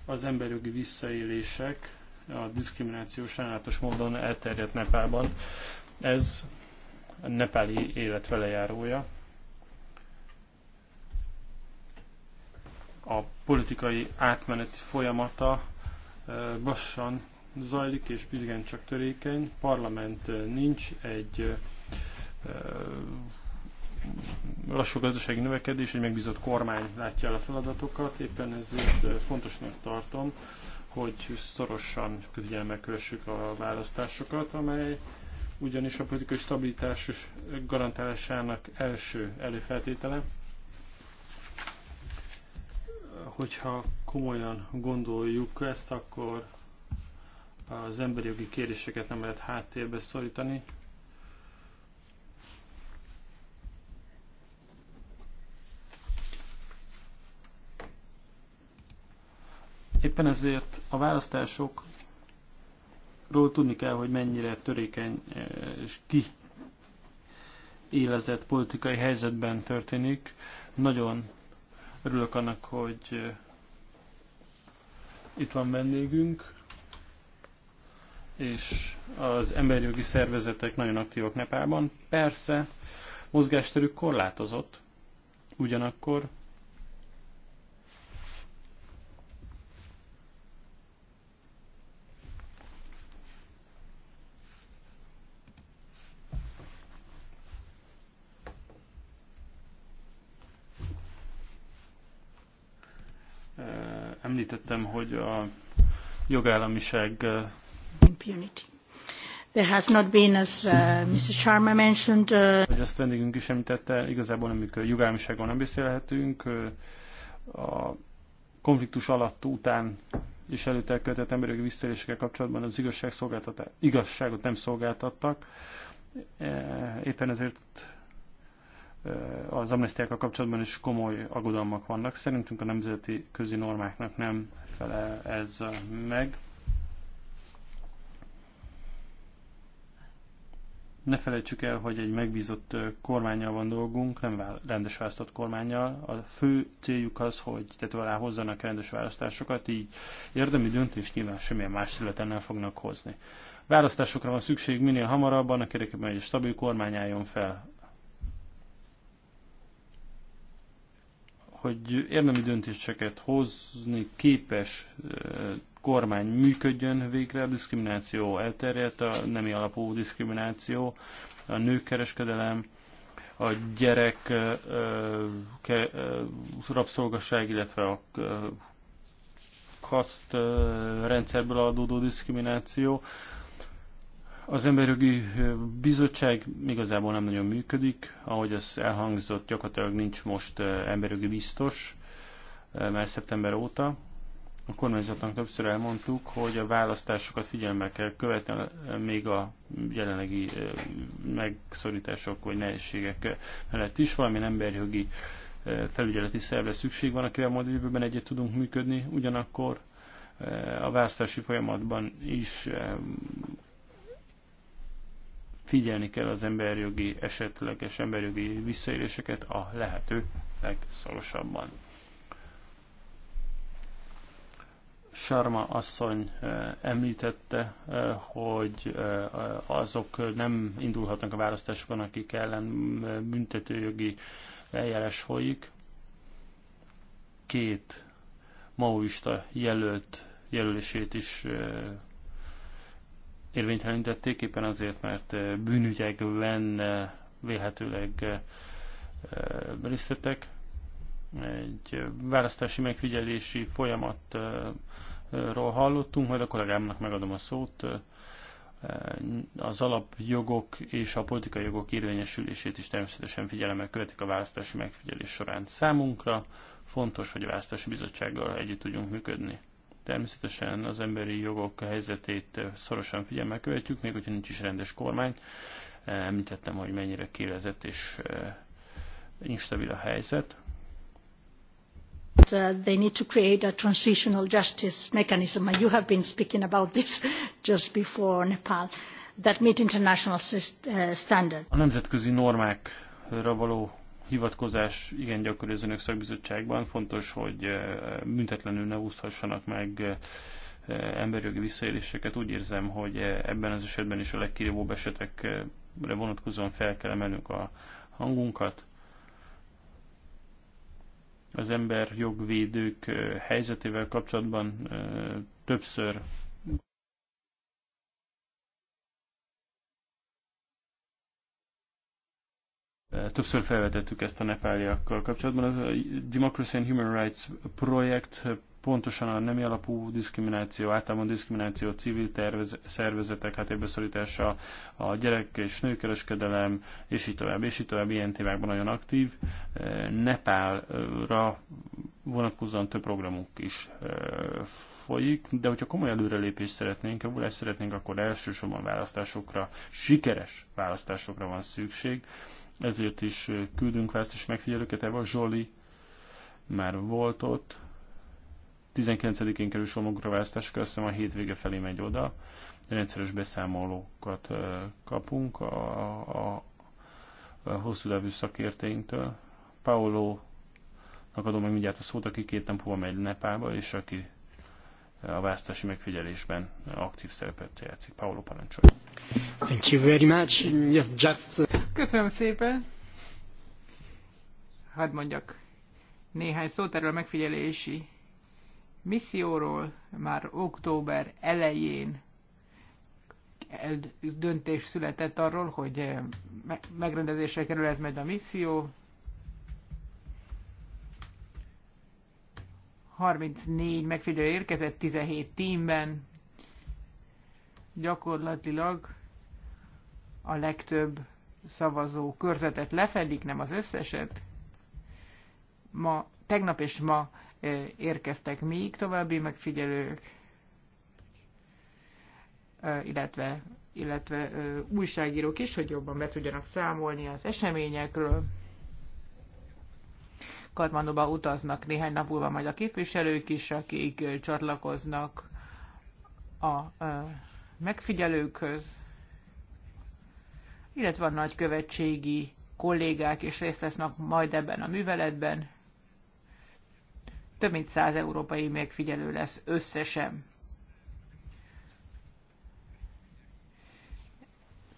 S4: az emberjogi visszaélések a diszkrimináció sajnálatos módon elterjedt Nepálban. Ez a nepáli élet velejárója. A politikai átmeneti folyamata lassan zajlik és bizgen csak törékeny. Parlament nincs, egy lassú gazdasági növekedés, egy megbízott kormány látja el a feladatokat, éppen ezért fontosnak tartom, hogy szorosan figyelemmel kövessük a választásokat, amely ugyanis a politikai stabilitás garantálásának első előfeltétele. Hogyha komolyan gondoljuk ezt, akkor az emberi jogi kérdéseket nem lehet háttérbe szorítani. Éppen ezért a választásokról tudni kell, hogy mennyire törékeny eh, és ki élezett politikai helyzetben történik. Nagyon Örülök annak, hogy itt van vendégünk, és az emberjogi szervezetek nagyon aktívak Nepában. Persze, mozgásterük korlátozott, ugyanakkor hogy a jogállamiság
S1: impunity. There has not been, as uh, Mr. Sharma mentioned,
S4: uh, hogy azt vendégünk is említette, igazából amikor jogállamiságon nem beszélhetünk, a konfliktus alatt után és előtt elkövetett emberi visszaélésekkel kapcsolatban az igazságszolgáltatá... igazságot nem szolgáltattak. E, éppen ezért az amnestiákkal kapcsolatban is komoly aggodalmak vannak. Szerintünk a nemzeti közi normáknak nem fele ez meg. Ne felejtsük el, hogy egy megbízott kormányjal van dolgunk, nem rendes választott kormányjal. A fő céljuk az, hogy tető alá hozzanak rendes választásokat, így érdemi döntést nyilván semmilyen más területen nem fognak hozni. Választásokra van szükség minél hamarabb, annak érdekében, hogy egy stabil kormány álljon fel. hogy érdemi döntéseket hozni képes kormány működjön végre, a diszkrimináció elterjedt, a nemi alapú diszkrimináció, a nőkereskedelem, a gyerek rabszolgasság, illetve a kaszt rendszerből adódó diszkrimináció, az emberjogi bizottság igazából nem nagyon működik, ahogy az elhangzott, gyakorlatilag nincs most emberjogi biztos, már szeptember óta. A kormányzatnak többször elmondtuk, hogy a választásokat figyelme kell követni, még a jelenlegi megszorítások vagy nehézségek mellett is valamilyen emberjogi felügyeleti szervre szükség van, akivel majd jövőben egyet tudunk működni, ugyanakkor a választási folyamatban is figyelni kell az emberjogi, esetleges emberjogi visszaéléseket a lehető legszorosabban. Sharma asszony eh, említette, eh, hogy eh, azok nem indulhatnak a választásokon, akik ellen büntetőjogi eljárás folyik. Két maoista jelölt jelölését is érvénytelenítették, éppen azért, mert eh, bűnügyekben eh, véhetőleg eh, részletek. Egy választási megfigyelési folyamatról hallottunk, majd a kollégámnak megadom a szót. Az alapjogok és a politikai jogok érvényesülését is természetesen figyelemmel követik a választási megfigyelés során számunkra. Fontos, hogy a választási bizottsággal együtt tudjunk működni. Természetesen az emberi jogok helyzetét eh, szorosan figyelemmel követjük, még hogyha nincs is rendes kormány. Eh, Említettem, hogy mennyire kérezett és eh, instabil a helyzet.
S1: Uh, they need to create a transitional justice mechanism, and you have been speaking about this just before Nepal, that meet international standard. A
S4: nemzetközi normákra való hivatkozás igen gyakori az önök szakbizottságban. Fontos, hogy eh, büntetlenül ne úszhassanak meg eh, emberjogi visszaéléseket. Úgy érzem, hogy eh, ebben az esetben is a legkirívóbb esetekre vonatkozóan fel kell emelnünk a hangunkat. Az emberjogvédők helyzetével kapcsolatban többször Eh, többször felvetettük ezt a nepáliakkal kapcsolatban. Az a eh, Democracy and Human Rights projekt eh, pontosan a nemi alapú diszkrimináció, általában diszkrimináció, civil tervez, szervezetek háttérbeszorítása, a gyerek és nőkereskedelem, és így tovább, és így tovább ilyen témákban nagyon aktív. Nepálra vonatkozóan több programunk is folyik, de hogyha komoly előrelépést szeretnénk, ezt szeretnénk, akkor elsősorban választásokra, sikeres választásokra van szükség. Ezért is küldünk és megfigyelőket, Eva Zsoli már volt ott, 19-én kerül Somogra választás, köszönöm, a hétvége felé megy oda, de rendszeres beszámolókat kapunk a, a, a hosszú levű szakértéinktől. Paolo adom meg mindjárt a szót, aki két nap múlva megy Nepába, és aki a választási megfigyelésben aktív szerepet játszik. Paolo parancsolja. Thank you very much. Yes, just... Uh,
S3: Köszönöm szépen. Hadd mondjak néhány szót erről a megfigyelési misszióról. Már október elején döntés született arról, hogy eh, megrendezésre kerül ez majd a misszió. 34 megfigyelő érkezett 17 tímben. Gyakorlatilag a legtöbb szavazó körzetet lefedik, nem az összeset. Ma, tegnap és ma e, érkeztek még további megfigyelők, e, illetve, illetve e, újságírók is, hogy jobban be tudjanak számolni az eseményekről. Katmanóba utaznak néhány nap múlva majd a képviselők is, akik csatlakoznak a megfigyelőkhöz, illetve a nagykövetségi kollégák is részt vesznek majd ebben a műveletben. Több mint száz európai megfigyelő lesz összesen.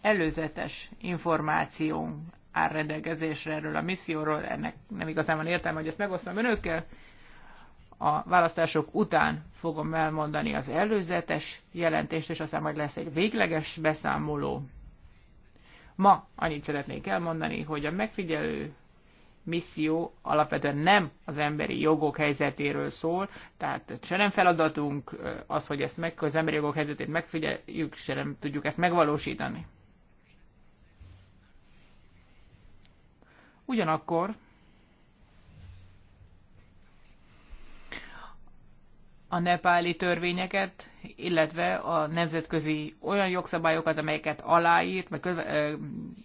S3: Előzetes információ áll rendelkezésre erről a misszióról, ennek nem igazán van értelme, hogy ezt megosztom önökkel. A választások után fogom elmondani az előzetes jelentést, és aztán majd lesz egy végleges beszámoló. Ma annyit szeretnék elmondani, hogy a megfigyelő misszió alapvetően nem az emberi jogok helyzetéről szól, tehát se nem feladatunk az, hogy ezt meg, az emberi jogok helyzetét megfigyeljük, se nem tudjuk ezt megvalósítani. Ugyanakkor a nepáli törvényeket, illetve a nemzetközi olyan jogszabályokat, amelyeket aláírt, meg ö,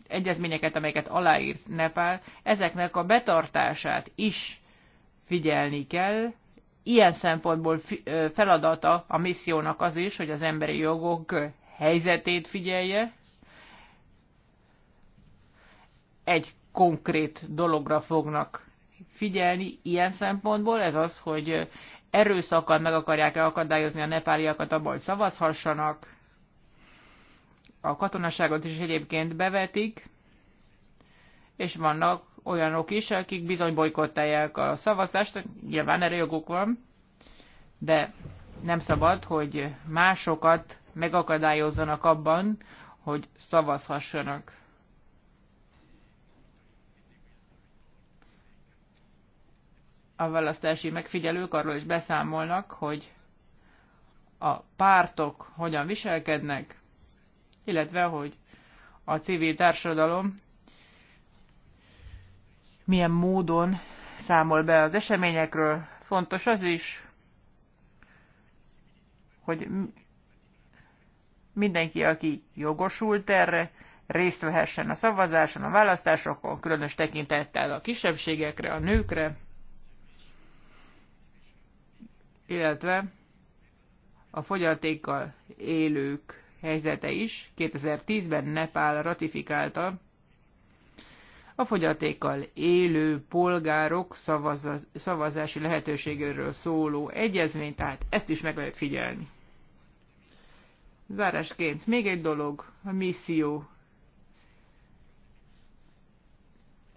S3: egyezményeket, amelyeket aláírt Nepál, ezeknek a betartását is figyelni kell. Ilyen szempontból feladata a missziónak az is, hogy az emberi jogok helyzetét figyelje. Egy konkrét dologra fognak figyelni ilyen szempontból, ez az, hogy erőszakkal meg akarják-e akadályozni a nepáliakat abban, hogy szavazhassanak, a katonaságot is egyébként bevetik, és vannak olyanok is, akik bizony bolykottálják a szavazást, nyilván erre joguk van, de nem szabad, hogy másokat megakadályozzanak abban, hogy szavazhassanak. a választási megfigyelők arról is beszámolnak, hogy a pártok hogyan viselkednek, illetve hogy a civil társadalom milyen módon számol be az eseményekről. Fontos az is, hogy mindenki, aki jogosult erre, részt vehessen a szavazáson, a választásokon, különös tekintettel a kisebbségekre, a nőkre, illetve a fogyatékkal élők helyzete is. 2010-ben Nepál ratifikálta a fogyatékkal élő polgárok szavazási lehetőségéről szóló egyezményt, tehát ezt is meg lehet figyelni. Zárásként még egy dolog, a misszió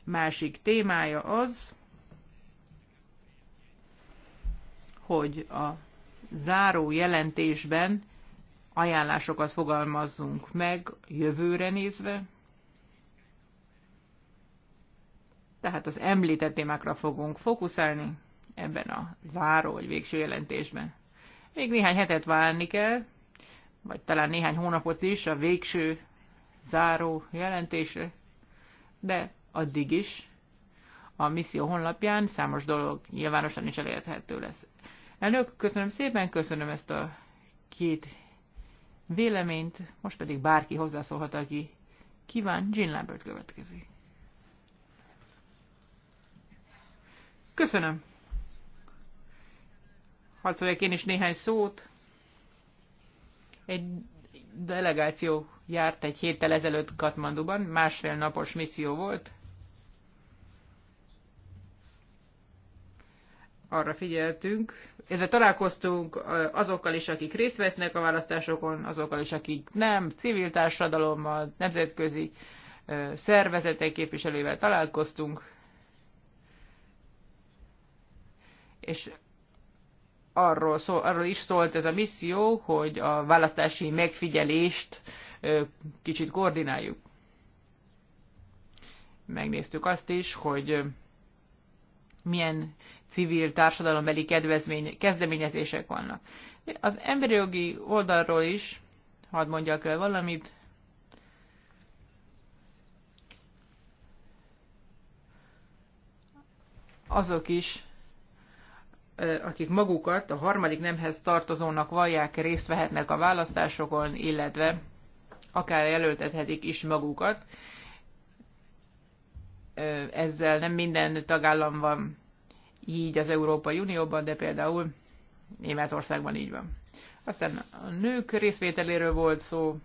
S3: másik témája az, hogy a záró jelentésben ajánlásokat fogalmazzunk meg jövőre nézve, tehát az említett témákra fogunk fókuszálni ebben a záró vagy végső jelentésben. Még néhány hetet várni kell, vagy talán néhány hónapot is a végső záró jelentésre, de addig is a misszió honlapján számos dolog nyilvánosan is elérhető lesz. Elnök, köszönöm szépen, köszönöm ezt a két véleményt, most pedig bárki hozzászólhat, aki kíván. Jean Lambert következik. Köszönöm. Hadd szóljak én is néhány szót. Egy delegáció járt egy héttel ezelőtt Katmanduban, másfél napos misszió volt. arra figyeltünk, illetve találkoztunk azokkal is, akik részt vesznek a választásokon, azokkal is, akik nem, civil társadalommal, nemzetközi szervezetek képviselővel találkoztunk, és arról, szó, arról is szólt ez a misszió, hogy a választási megfigyelést kicsit koordináljuk. Megnéztük azt is, hogy milyen civil társadalombeli kedvezmény, kezdeményezések vannak. Az emberi jogi oldalról is, hadd mondjak el valamit, azok is, akik magukat a harmadik nemhez tartozónak vallják, részt vehetnek a választásokon, illetve akár jelöltethetik is magukat. Ezzel nem minden tagállamban van így az Európai Unióban, de például Németországban így van. Aztán a nők részvételéről volt szó.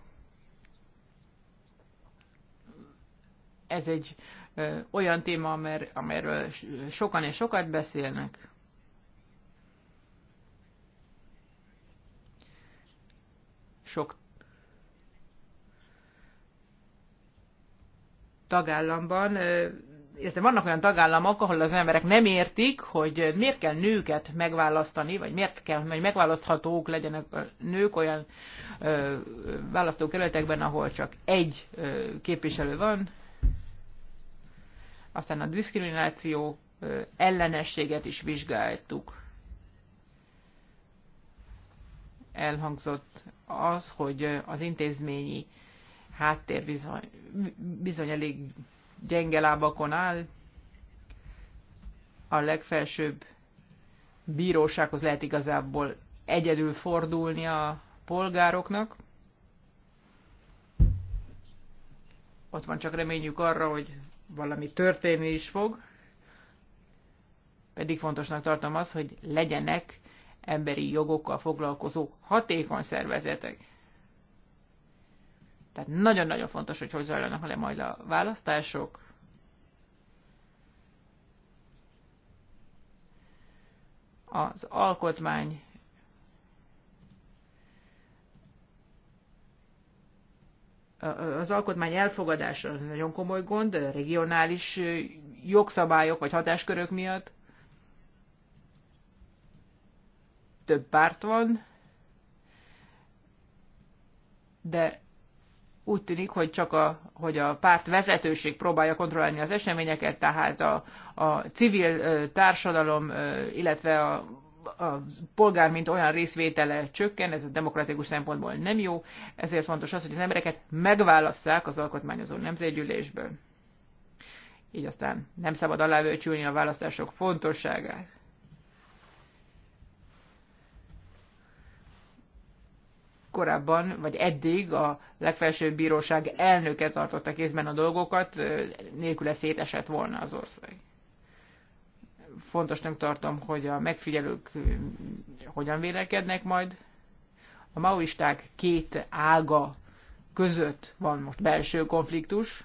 S3: Ez egy ö, olyan téma, amer, amerről sokan és sokat beszélnek. Sok tagállamban illetve vannak olyan tagállamok, ahol az emberek nem értik, hogy miért kell nőket megválasztani, vagy miért kell, hogy megválaszthatók legyenek nők olyan ö, választókerületekben, ahol csak egy ö, képviselő van. Aztán a diszkrimináció ö, ellenességet is vizsgáltuk. Elhangzott az, hogy az intézményi háttér bizony, bizony elég gyenge lábakon áll, a legfelsőbb bírósághoz lehet igazából egyedül fordulni a polgároknak. Ott van csak reményük arra, hogy valami történni is fog. Pedig fontosnak tartom az, hogy legyenek emberi jogokkal foglalkozó hatékony szervezetek. Tehát nagyon-nagyon fontos, hogy hogy zajlanak le majd a választások. Az alkotmány az alkotmány elfogadása nagyon komoly gond, regionális jogszabályok vagy hatáskörök miatt. Több párt van, de úgy tűnik, hogy csak a, hogy a párt vezetőség próbálja kontrollálni az eseményeket, tehát a, a civil társadalom, illetve a, a polgár, mint olyan részvétele csökken, ez a demokratikus szempontból nem jó, ezért fontos az, hogy az embereket megválasszák az alkotmányozó nemzetgyűlésből. Így aztán nem szabad alávőcsülni a választások fontosságát. korábban, vagy eddig a legfelsőbb bíróság elnöke tartotta kézben a dolgokat, nélküle szétesett volna az ország. Fontosnak tartom, hogy a megfigyelők hogyan vélekednek majd. A maoisták két ága között van most belső konfliktus,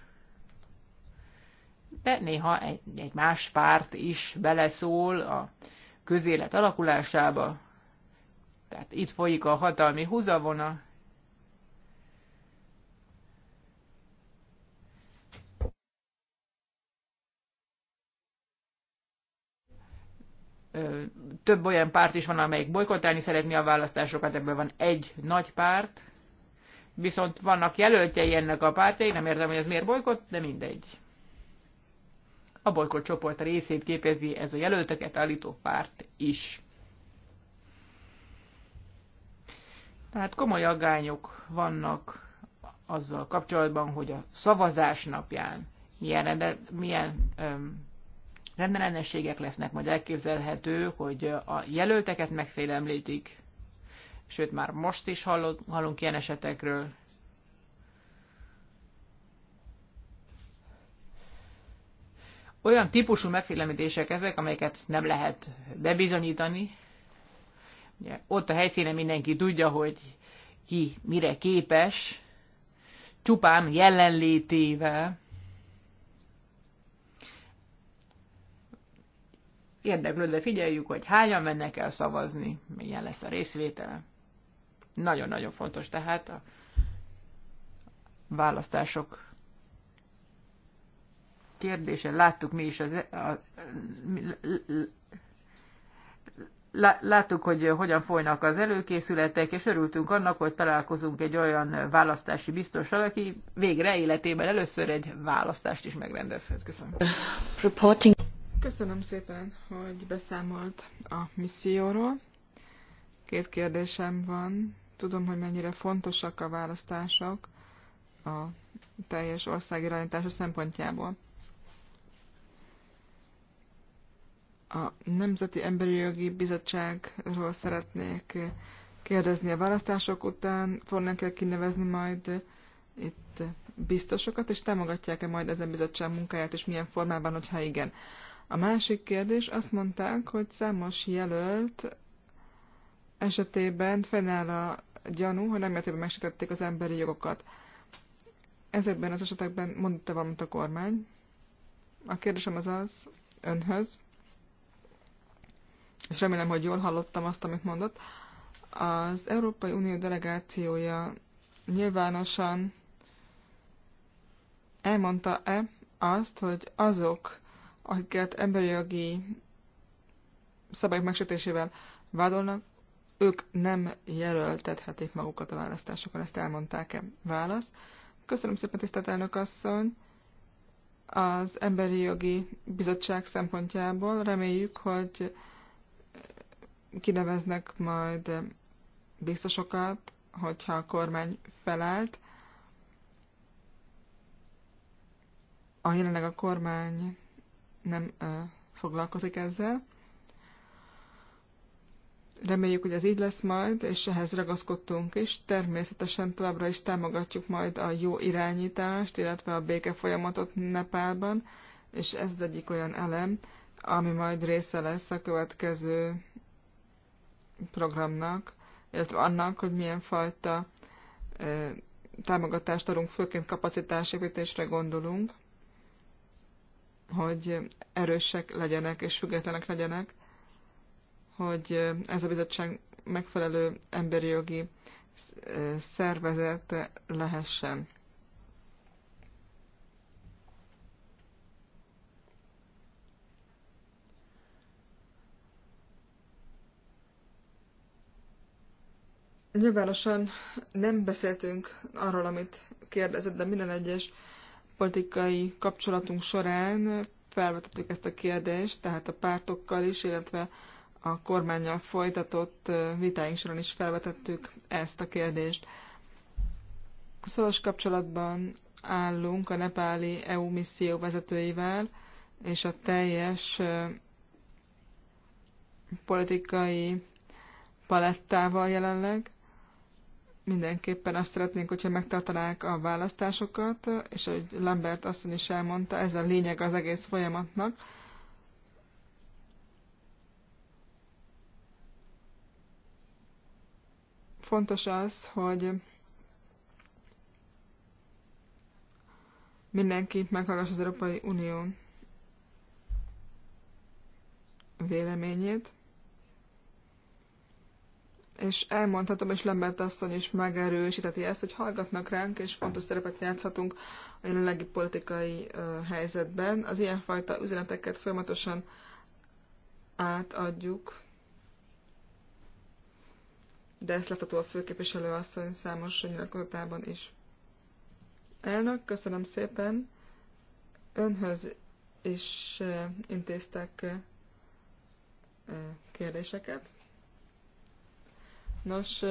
S3: de néha egy, egy más párt is beleszól a közélet alakulásába, tehát itt folyik a hatalmi húzavona. Több olyan párt is van, amelyik bolykotálni szeretné a választásokat, ebből van egy nagy párt, viszont vannak jelöltjei ennek a pártjai, nem értem, hogy ez miért bolykott, de mindegy. A bolykott csoport részét képezi ez a jelölteket állító párt is. Tehát komoly aggányok vannak azzal kapcsolatban, hogy a szavazás napján milyen, rende, milyen öm, rendellenességek lesznek, majd elképzelhető, hogy a jelölteket megfélemlítik, sőt már most is hallott, hallunk ilyen esetekről. Olyan típusú megfélemlítések ezek, amelyeket nem lehet bebizonyítani, Ugye, ott a helyszínen mindenki tudja, hogy ki mire képes, csupán jelenlétével érdeklődve figyeljük, hogy hányan mennek el szavazni, milyen lesz a részvétele. Nagyon-nagyon fontos tehát a választások kérdése. Láttuk mi is az, e- a, Láttuk, hogy hogyan folynak az előkészületek, és örültünk annak, hogy találkozunk egy olyan választási biztossal, aki végre életében először egy választást is megrendezhet. Köszönöm.
S1: Reporting.
S2: Köszönöm szépen, hogy beszámolt a misszióról. Két kérdésem van. Tudom, hogy mennyire fontosak a választások a teljes ország irányítása szempontjából. A Nemzeti Emberi Jogi Bizottságról szeretnék kérdezni a választások után. Fognak kell kinevezni majd itt biztosokat, és támogatják-e majd ezen bizottság munkáját, és milyen formában, hogyha igen. A másik kérdés, azt mondták, hogy számos jelölt esetében fennáll a gyanú, hogy nem értében megsítették az emberi jogokat. Ezekben az esetekben mondta valamit a kormány. A kérdésem az az önhöz, és remélem, hogy jól hallottam azt, amit mondott, az Európai Unió delegációja nyilvánosan elmondta-e azt, hogy azok, akiket emberi jogi szabályok megsértésével vádolnak, ők nem jelöltethetik magukat a választásokon, ezt elmondták-e? Válasz. Köszönöm szépen, tisztelt elnök asszony! Az Emberi Jogi Bizottság szempontjából reméljük, hogy kineveznek majd biztosokat, hogyha a kormány felállt. A jelenleg a kormány nem ö, foglalkozik ezzel. Reméljük, hogy ez így lesz majd, és ehhez ragaszkodtunk is. Természetesen továbbra is támogatjuk majd a jó irányítást, illetve a béke folyamatot Nepálban, és ez az egyik olyan elem, ami majd része lesz a következő programnak, illetve annak, hogy milyen fajta támogatást adunk, főként kapacitásépítésre gondolunk, hogy erősek legyenek és függetlenek legyenek, hogy ez a bizottság megfelelő emberi jogi szervezet lehessen. Nyilvánosan nem beszéltünk arról, amit kérdezett, de minden egyes politikai kapcsolatunk során felvetettük ezt a kérdést, tehát a pártokkal is, illetve a kormányjal folytatott vitáink során is felvetettük ezt a kérdést. Szoros kapcsolatban állunk a nepáli EU misszió vezetőivel, és a teljes politikai palettával jelenleg mindenképpen azt szeretnénk, hogyha megtartanák a választásokat, és ahogy Lambert asszony is elmondta, ez a lényeg az egész folyamatnak. Fontos az, hogy mindenki meghallgass az Európai Unió véleményét és elmondhatom, és Lembert asszony is megerősíteti ezt, hogy hallgatnak ránk, és fontos szerepet játszhatunk a jelenlegi politikai uh, helyzetben. Az ilyenfajta üzeneteket folyamatosan átadjuk, de ezt látható a főképviselő asszony számos nyilatkozatában is. Elnök, köszönöm szépen. Önhöz is intéztek kérdéseket. Nos,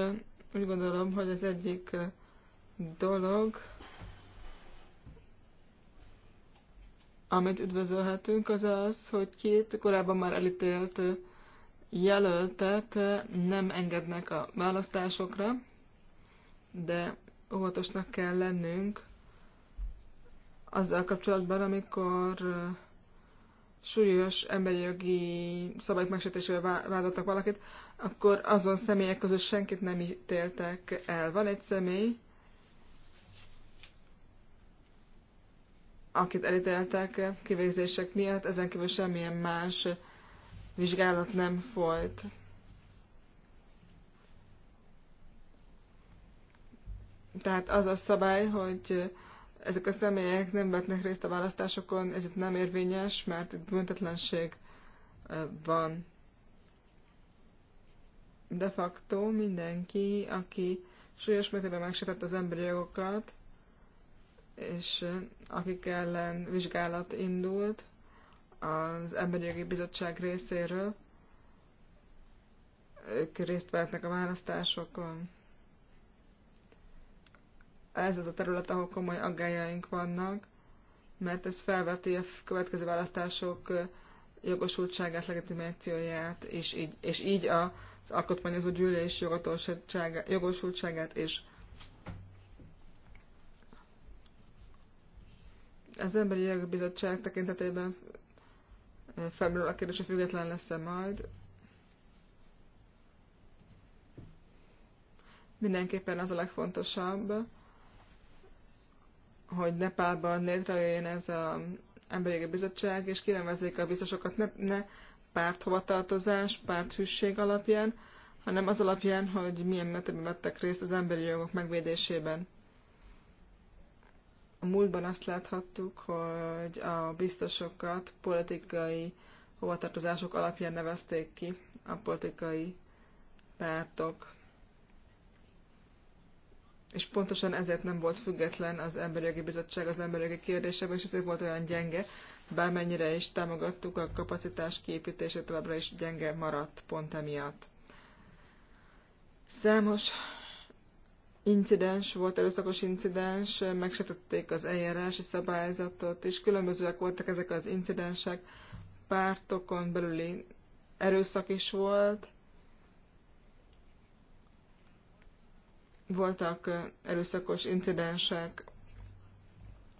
S2: úgy gondolom, hogy az egyik dolog, amit üdvözölhetünk, az az, hogy két korábban már elítélt jelöltet nem engednek a választásokra, de óvatosnak kell lennünk azzal kapcsolatban, amikor súlyos emberi jogi szabályok megsértésével vádoltak valakit, akkor azon személyek között senkit nem ítéltek el. Van egy személy, akit elítéltek kivégzések miatt, ezen kívül semmilyen más vizsgálat nem folyt. Tehát az a szabály, hogy ezek a személyek nem vetnek részt a választásokon, ez itt nem érvényes, mert itt büntetlenség van. De facto mindenki, aki súlyos mértékben megsértett az emberi jogokat, és akik ellen vizsgálat indult az Emberi Jogi Bizottság részéről, ők részt vehetnek a választásokon ez az a terület, ahol komoly aggájaink vannak, mert ez felveti a következő választások jogosultságát, legitimációját, és így, és így az alkotmányozó gyűlés jogosultságát és Az Emberi jogbizottság tekintetében felmerül a kérdés, hogy független lesz-e majd. Mindenképpen az a legfontosabb, hogy Nepálban létrejöjjön ez az emberi bizottság, és kinevezzék a biztosokat ne, ne párthovatartozás, párthűség alapján, hanem az alapján, hogy milyen mértékben vettek részt az emberi jogok megvédésében. A múltban azt láthattuk, hogy a biztosokat politikai hovatartozások alapján nevezték ki a politikai pártok és pontosan ezért nem volt független az Emberi Jogi Bizottság az emberi jogi kérdésekben, és ezért volt olyan gyenge, bármennyire is támogattuk, a kapacitás kiépítése továbbra is gyenge maradt pont emiatt. Számos incidens volt, erőszakos incidens, megsetették az eljárási szabályzatot, és különbözőek voltak ezek az incidensek, pártokon belüli erőszak is volt, Voltak erőszakos incidensek,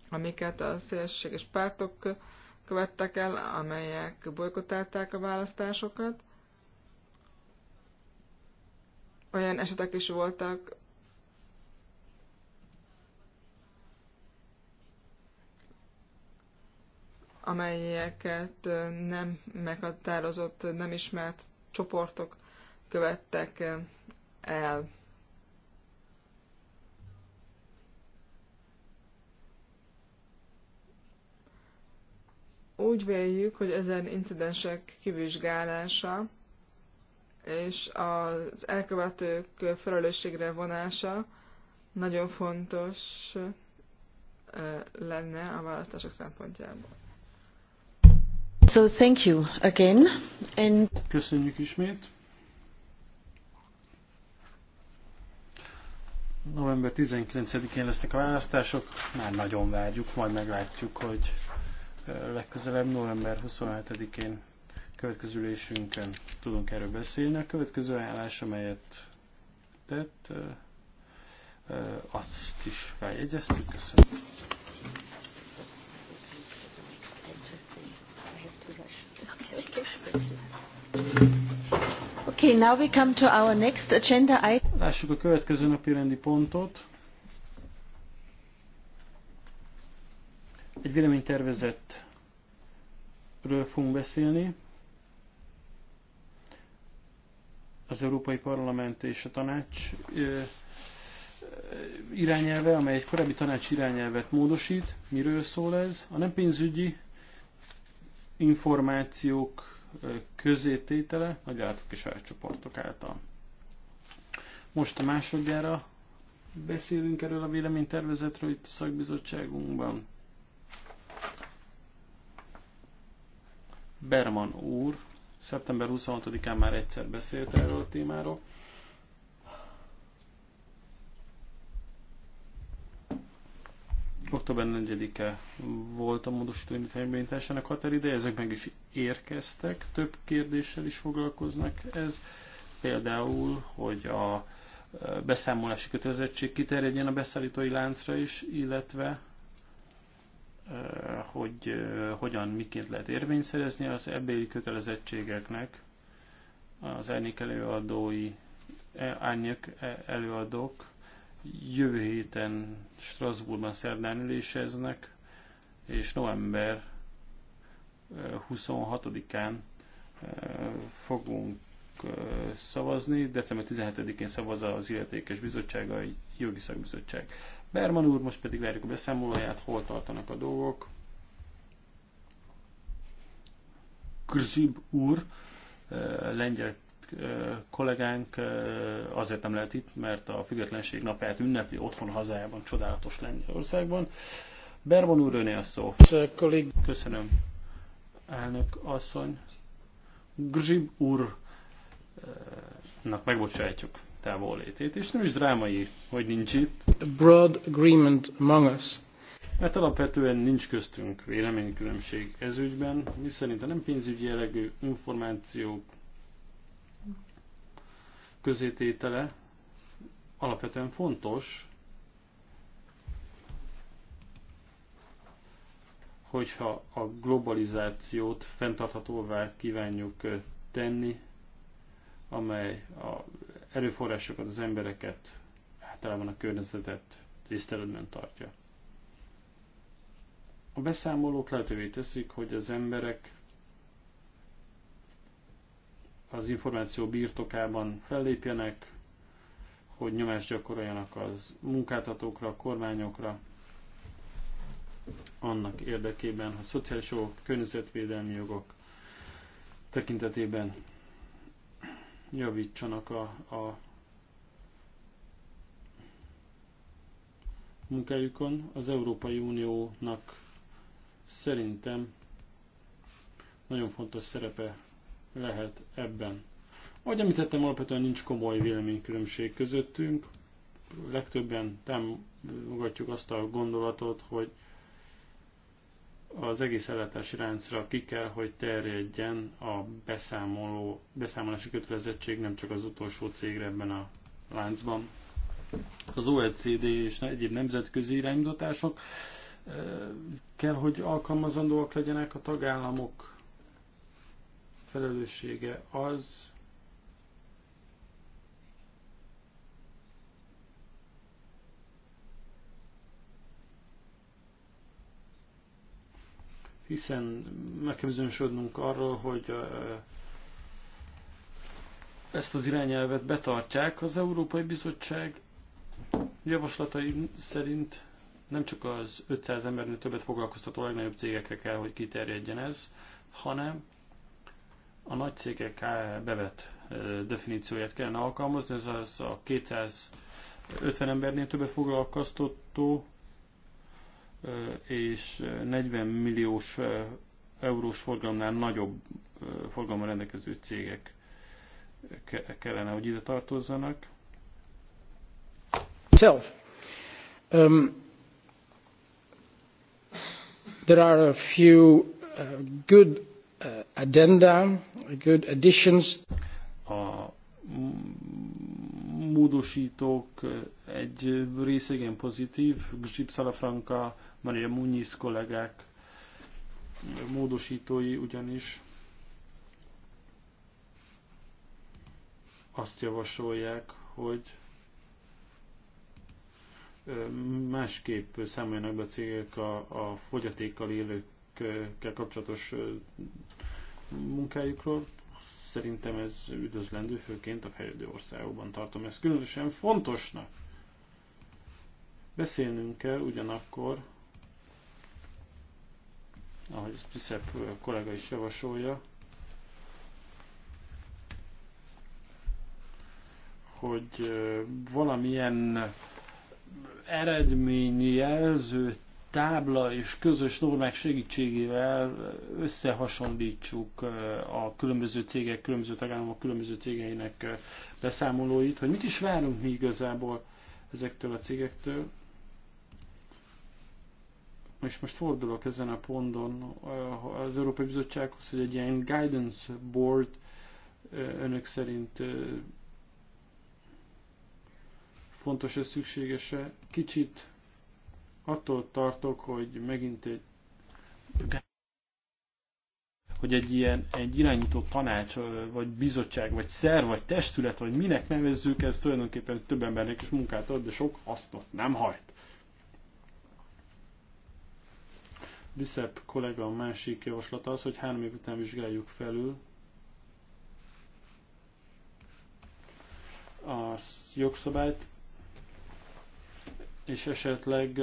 S2: amiket a szélsőséges pártok követtek el, amelyek bolykotálták a választásokat. Olyan esetek is voltak, amelyeket nem meghatározott, nem ismert csoportok követtek el. Úgy véljük, hogy ezen incidensek kivizsgálása és az elkövetők felelősségre vonása nagyon fontos lenne a választások szempontjából.
S1: So thank you again. And...
S4: Köszönjük ismét. November 19-én lesznek a választások, már nagyon várjuk, majd meglátjuk, hogy legközelebb november 27-én következő ülésünkön tudunk erről beszélni. A következő ajánlás, amelyet tett, azt is feljegyeztük. Köszönöm.
S1: Okay, now we come to our next agenda.
S4: Lássuk a következő napi rendi pontot. Egy véleménytervezetről fogunk beszélni. Az Európai Parlament és a Tanács irányelve, amely egy korábbi tanács irányelvet módosít. Miről szól ez? A nem pénzügyi információk közététele a gyártók és csoportok által. Most a másodjára beszélünk erről a véleménytervezetről itt a szakbizottságunkban. Berman úr szeptember 26-án már egyszer beszélt erről a témáról. Október 4-e volt a módosító a határideje, ezek meg is érkeztek, több kérdéssel is foglalkoznak ez. Például, hogy a e, beszámolási kötelezettség kiterjedjen a beszállítói láncra is, illetve Eh, hogy eh, hogyan, miként lehet érvényt szerezni az ebbéli kötelezettségeknek, az árnyék előadói, eh, árnyék előadók jövő héten Strasbourgban szerdán üléseznek, és november 26-án fogunk szavazni, december 17-én szavaz az illetékes bizottság, a jogi szakbizottság. Berman úr, most pedig várjuk a beszámolóját, hol tartanak a dolgok. Grzib úr, eh, lengyel eh, kollégánk eh, azért nem lehet itt, mert a függetlenség napját ünnepli otthon hazájában, csodálatos Lengyelországban. Berman úr, öné a szó. Köszönöm, elnök asszony. Grzib úrnak megbocsájtjuk távollétét, és nem is drámai, hogy nincs itt. A broad
S5: agreement among us.
S4: Mert alapvetően nincs köztünk véleménykülönbség ez ügyben, mi szerint a nem pénzügyi jellegű információk közététele alapvetően fontos, hogyha a globalizációt fenntarthatóvá kívánjuk tenni, amely a erőforrásokat, az embereket, általában a környezetet tiszteletben tartja. A beszámolók lehetővé teszik, hogy az emberek az információ birtokában fellépjenek, hogy nyomást gyakoroljanak az munkáltatókra, a kormányokra, annak érdekében, hogy szociális jogok, környezetvédelmi jogok tekintetében javítsanak a, a munkájukon. Az Európai Uniónak szerintem nagyon fontos szerepe lehet ebben. Ahogy említettem, alapvetően nincs komoly véleménykülönbség közöttünk. Legtöbben támogatjuk azt a gondolatot, hogy az egész ellátási ráncra ki kell, hogy terjedjen a beszámoló, beszámolási kötelezettség nem csak az utolsó cégre ebben a láncban. Az OECD és egyéb nemzetközi iránymutatások kell, hogy alkalmazandóak legyenek a tagállamok felelőssége az, hiszen meg kell bizonyosodnunk arról, hogy ezt az irányelvet betartják. Az Európai Bizottság javaslatai szerint nem csak az 500 embernél többet foglalkoztató legnagyobb cégekre kell, hogy kiterjedjen ez, hanem a nagy cégek bevet definícióját kellene alkalmazni, ez az a 250 embernél többet foglalkoztató és 40 milliós eurós forgalomnál nagyobb forgalma rendelkező cégek kellene, hogy ide tartozzanak. Self. Um, there are a few uh, good uh, addenda, good additions. A módosítók egy része igen pozitív. Gzsip Salafranca Maria Munyiz kollégák módosítói ugyanis azt javasolják, hogy másképp számoljanak be a cégek a, a fogyatékkal élőkkel kapcsolatos munkájukról. Szerintem ez üdvözlendő, főként a fejlődő országokban tartom ezt különösen fontosnak. Beszélnünk kell ugyanakkor ahogy ezt Piszep kollega is javasolja, hogy valamilyen eredményjelző tábla és közös normák segítségével összehasonlítsuk a különböző cégek, különböző tagállamok különböző cégeinek beszámolóit, hogy mit is várunk mi igazából ezektől a cégektől, és most fordulok ezen a ponton az Európai Bizottsághoz, hogy egy ilyen guidance board önök szerint fontos és szükséges-e. Kicsit attól tartok, hogy megint egy hogy egy ilyen egy irányító tanács, vagy bizottság, vagy szerv, vagy testület, vagy minek nevezzük, ez tulajdonképpen több embernek is munkát ad, de sok hasznot nem hajt. Biszep kollega a másik javaslata az, hogy három év után vizsgáljuk felül a jogszabályt, és esetleg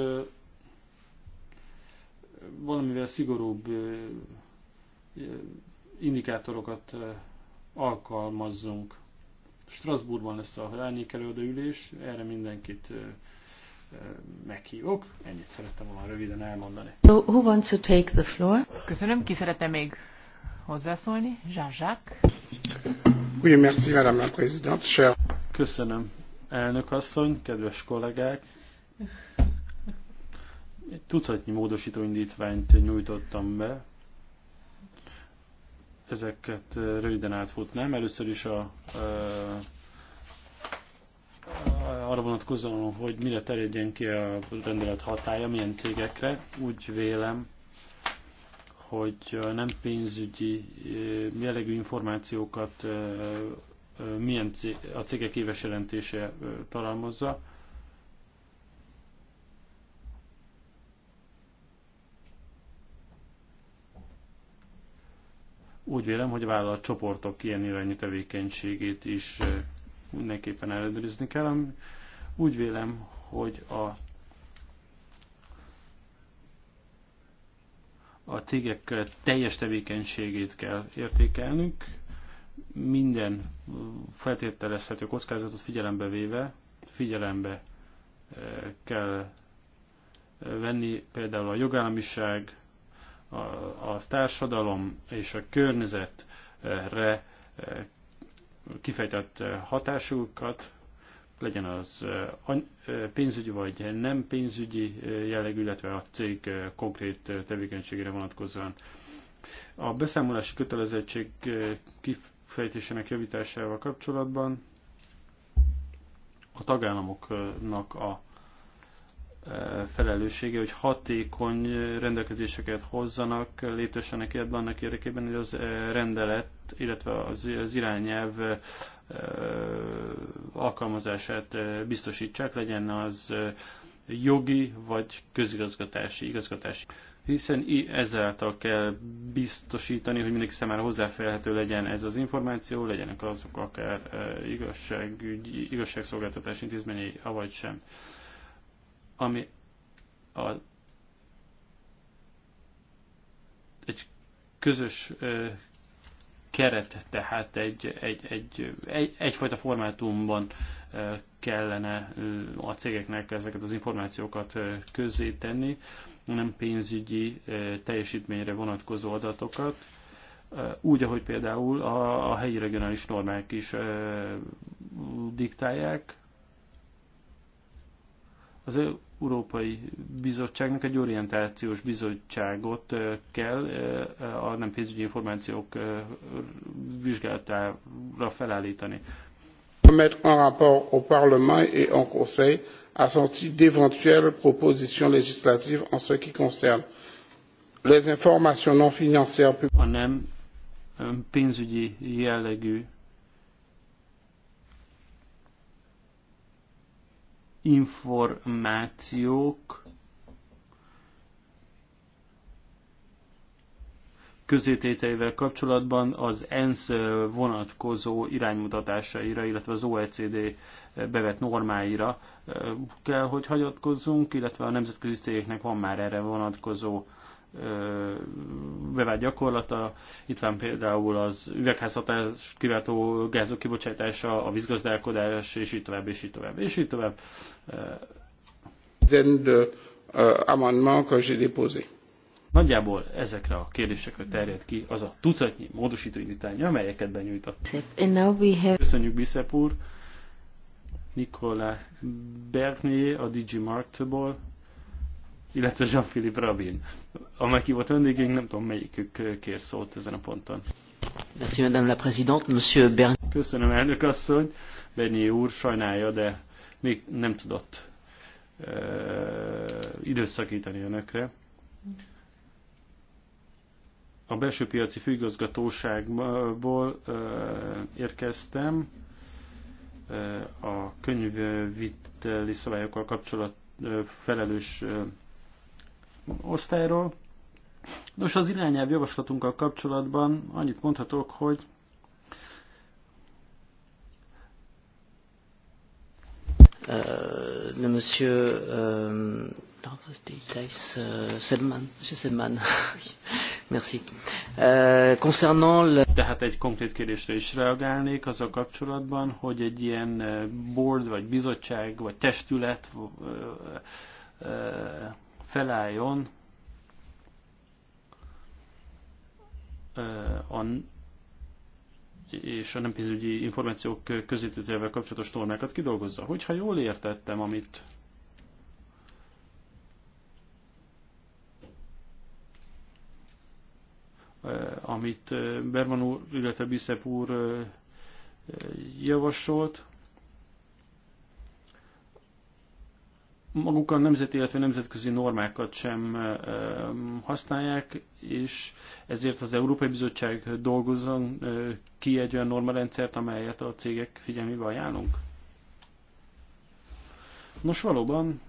S4: valamivel szigorúbb indikátorokat alkalmazzunk. Strasbourgban lesz a lányék ülés, erre mindenkit meghívok. Ennyit szerettem volna röviden elmondani.
S3: So, who wants to take the floor? Köszönöm. Ki szeretne még hozzászólni? Jean-Jacques. Oui, merci,
S4: madame la présidente. Cher, Köszönöm, elnök asszony, kedves kollégák. Egy tucatnyi módosító indítványt nyújtottam be. Ezeket röviden átfutnám. Először is a, a arra vonatkozóan, hogy mire terjedjen ki a rendelet hatája, milyen cégekre, úgy vélem, hogy nem pénzügyi jellegű információkat milyen cég, a cégek éves jelentése tartalmazza. Úgy vélem, hogy a csoportok ilyen irányú tevékenységét is mindenképpen ellenőrizni kell. Úgy vélem, hogy a a cégek teljes tevékenységét kell értékelnünk, minden feltételezhető kockázatot figyelembe véve, figyelembe eh, kell eh, venni például a jogállamiság, a, a társadalom és a környezetre eh, kifejtett hatásukat, legyen az eh, eh, pénzügyi vagy nem pénzügyi eh, jellegű, illetve a cég konkrét tevékenységére vonatkozóan. A beszámolási kötelezettség kifejtésének javításával kapcsolatban a tagállamoknak a felelőssége, hogy hatékony rendelkezéseket hozzanak, léptessenek ebben annak érdekében, hogy az eh, rendelet, illetve az, az irányelv eh, alkalmazását eh, biztosítsák, legyen az jogi vagy közigazgatási, igazgatási. Hiszen ezáltal kell biztosítani, hogy mindenki számára hozzáférhető legyen ez az információ, legyenek azok akár igazságügyi, igazságszolgáltatás intézményei, avagy sem ami a, egy közös ö, keret, tehát egy, egy, egy, egy, egyfajta formátumban kellene a cégeknek ezeket az információkat közzé tenni, nem pénzügyi teljesítményre vonatkozó adatokat, úgy, ahogy például a, a helyi regionális normák is diktálják. Az Európai Bizottságnak egy orientációs bizottságot kell a nem pénzügyi információk vizsgálatára felállítani. Remettre un rapport au Parlement et au Conseil assorti d'éventuelles propositions législatives en ce qui concerne les informations non financières publiques. A nem pénzügyi jellegű információk közétételével kapcsolatban az ENSZ vonatkozó iránymutatásaira, illetve az OECD bevett normáira kell, hogy hagyatkozzunk, illetve a nemzetközi cégeknek van már erre vonatkozó bevált gyakorlata. Itt van például az üvegházhatás kiváltó gázok kibocsátása, a vízgazdálkodás, és így tovább, és így tovább, és így tovább. De Nagyjából ezekre a kérdésekre terjed ki az a tucatnyi módosító indítány, amelyeket benyújtott. Köszönjük, Bicep úr! Nicola Bernier a DigiMarkt-ból, illetve Jean-Philippe Rabin, amely ki volt vendégünk, nem tudom melyikük kér szót ezen a ponton. Merci,
S1: Madame la Présidente, Monsieur Bernier.
S4: Köszönöm, elnök asszony. Bernier úr sajnálja, de még nem tudott ö, időszakítani önökre. A belső piaci főigazgatóságból ö, érkeztem. Ö, a könyvviteli szabályokkal kapcsolat felelős osztályról. Nos, az irányelv javaslatunkkal kapcsolatban annyit mondhatok, hogy
S1: de euh, Monsieur euh,
S4: Sedman, Monsieur Sedman. Merci. Euh, concernant le... Tehát egy konkrét kérdésre is reagálnék azzal kapcsolatban, hogy egy ilyen euh, board, vagy bizottság, vagy testület euh, euh, felálljon a és a nem pénzügyi információk közvetítővel kapcsolatos normákat kidolgozza. Hogyha jól értettem, amit amit Berman úr, illetve Bicep úr javasolt, maguk a nemzeti, illetve nemzetközi normákat sem használják, és ezért az Európai Bizottság dolgozzon ki egy olyan normarendszert, amelyet a cégek figyelmébe ajánlunk? Nos, valóban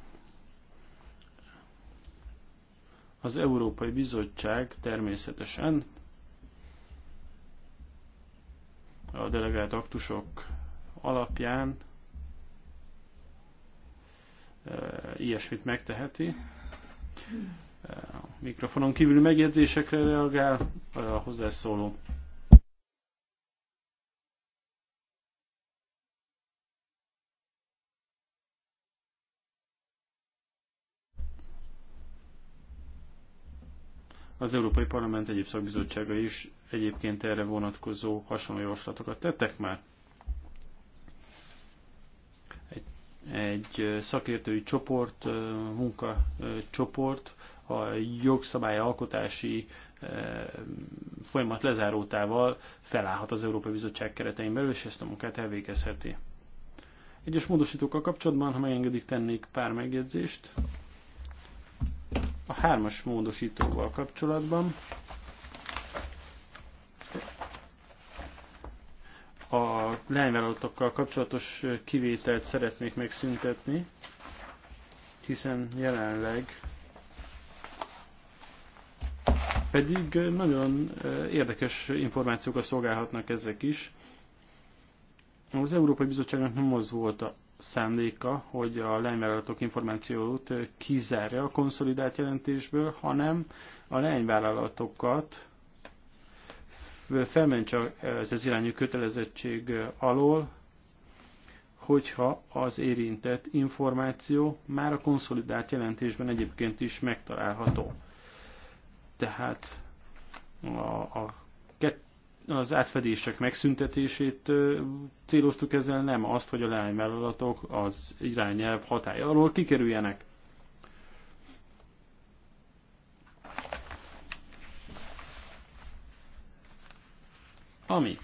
S4: az Európai Bizottság természetesen a delegált aktusok alapján ilyesmit megteheti. A mikrofonon kívül megjegyzésekre reagál a hozzászóló. Az Európai Parlament egyéb szakbizottsága is egyébként erre vonatkozó hasonló javaslatokat tettek már. egy szakértői csoport, munkacsoport a jogszabály alkotási folyamat lezárótával felállhat az Európai Bizottság keretein belül, és ezt a munkát elvégezheti. Egyes módosítókkal kapcsolatban, ha megengedik, tennék pár megjegyzést. A hármas módosítóval kapcsolatban leányvállalatokkal kapcsolatos kivételt szeretnék megszüntetni, hiszen jelenleg pedig nagyon érdekes információkat szolgálhatnak ezek is. Az Európai Bizottságnak nem az volt a szándéka, hogy a leányvállalatok információt kizárja a konszolidált jelentésből, hanem a leányvállalatokat felment csak ez az irányú kötelezettség alól, hogyha az érintett információ már a konszolidált jelentésben egyébként is megtalálható. Tehát a, a az átfedések megszüntetését céloztuk ezzel, nem azt, hogy a leányvállalatok az irányelv hatája alól kikerüljenek. Ami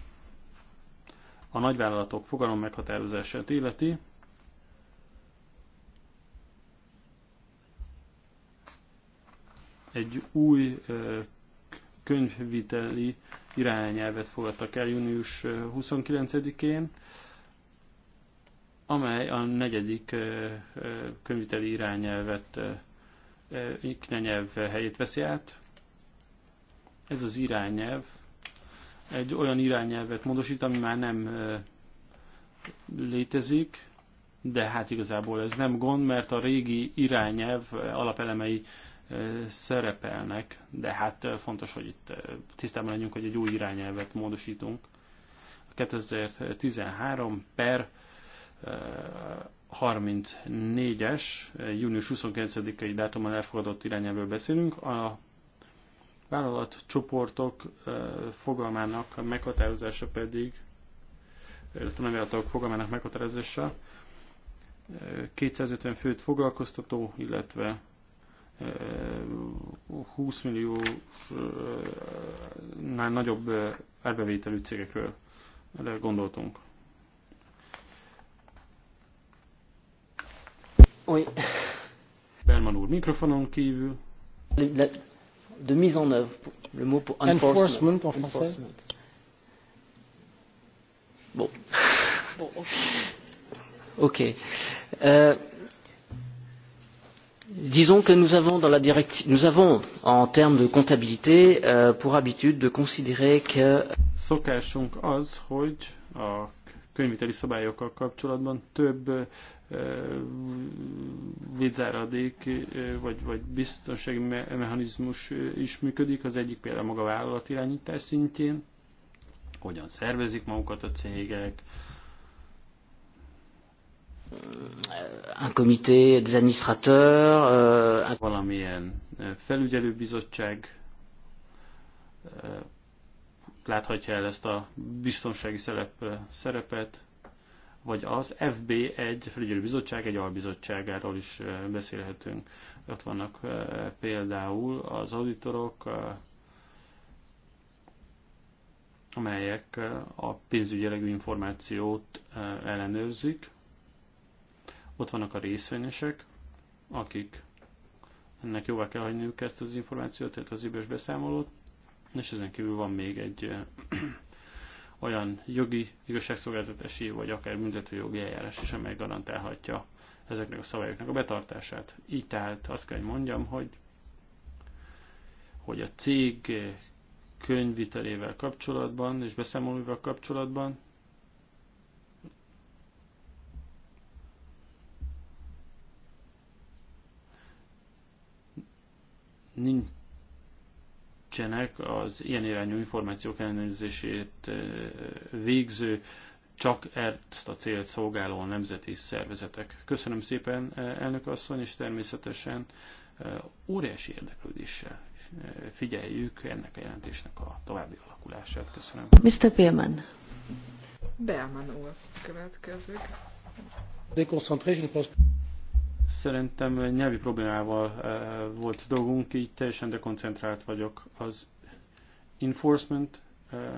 S4: a nagyvállalatok fogalom meghatározását illeti, egy új könyvviteli irányelvet fogadtak el június 29-én, amely a negyedik könyvviteli irányelvet iknenyelv helyét veszi át. Ez az irányelv egy olyan irányelvet módosít, ami már nem létezik, de hát igazából ez nem gond, mert a régi irányelv alapelemei szerepelnek, de hát fontos, hogy itt tisztában legyünk, hogy egy új irányelvet módosítunk. 2013 per 34-es, június 29-i dátumon elfogadott irányelvről beszélünk. A vállalatcsoportok fogalmának a meghatározása pedig, illetve nem vállalatok fogalmának meghatározása 250 főt foglalkoztató, illetve 20 milliónál nagyobb elbevételű cégekről gondoltunk. Oly. Berman úr mikrofonon kívül. Le, de mise en œuvre, le mot pour enforcement, enforcement en français. Enforcement. Bon.
S1: bon
S3: ok. okay. Euh, disons que nous avons, dans la directive, nous avons en termes de comptabilité euh, pour habitude de
S4: considérer que. Szokásunk az, hogy a könyviteli szabályokkal kapcsolatban több védzáradék vagy, vagy biztonsági mechanizmus is működik, az egyik például maga irányítás szintjén, hogyan szervezik magukat a cégek, un comité des administrateurs, euh, un... valamilyen felügyelőbizottság láthatja el ezt a biztonsági szerep, szerepet, vagy az FB egy bizottság egy albizottságáról is beszélhetünk. Ott vannak például az auditorok, amelyek a pénzügyelegű információt ellenőrzik. Ott vannak a részvényesek, akik ennek jóvá kell hagyniuk ezt az információt, tehát az idős beszámolót, és ezen kívül van még egy olyan jogi, igazságszolgáltatási vagy akár büntetőjogi eljárás is, amely garantálhatja ezeknek a szabályoknak a betartását. Így tehát azt kell, hogy mondjam, hogy, hogy a cég könyvvitelével kapcsolatban és beszámolóval kapcsolatban nincs segítsenek az ilyen irányú információk ellenőrzését végző, csak ezt a célt szolgáló nemzeti szervezetek. Köszönöm szépen, elnök asszony, és természetesen óriási érdeklődéssel figyeljük ennek a jelentésnek a további alakulását. Köszönöm. Mr. Pillman. Bierman úr következik. Szerintem nyelvi problémával eh, volt dolgunk, így teljesen dekoncentrált vagyok. Az enforcement eh,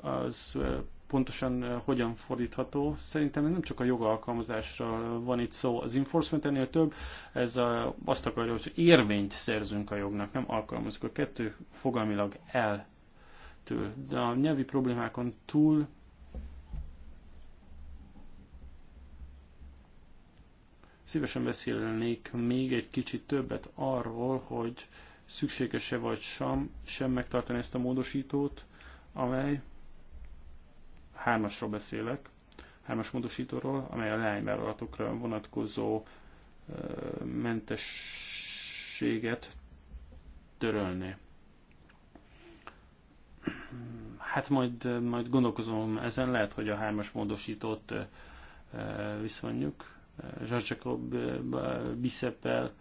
S4: az eh, pontosan hogyan fordítható. Szerintem nem csak a jogalkalmazásra van itt szó. Az enforcement ennél több, ez a, azt akarja, hogy érvényt szerzünk a jognak, nem alkalmazunk. A kettő fogalmilag el től. De a nyelvi problémákon túl Szívesen beszélnék még egy kicsit többet arról, hogy szükséges-e vagy sem, sem megtartani ezt a módosítót, amely hármasról beszélek, hármas módosítóról, amely a leányvállalatokra vonatkozó mentességet törölni. Hát majd, majd gondolkozom ezen, lehet, hogy a hármas módosítót viszonyjuk. Jean-Jacob eh, Bisseppel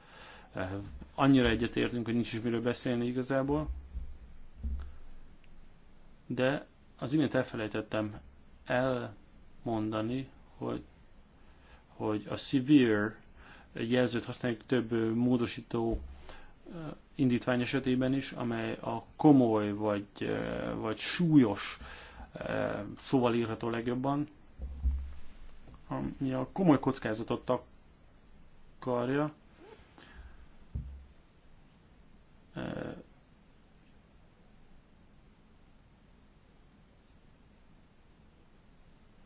S4: eh, annyira egyetértünk, hogy nincs is miről beszélni igazából. De az imént elfelejtettem elmondani, hogy, hogy a severe jelzőt használjuk több eh, módosító indítvány esetében is, amely a komoly vagy, vagy súlyos szóval írható legjobban, ami a komoly kockázatot akarja, e,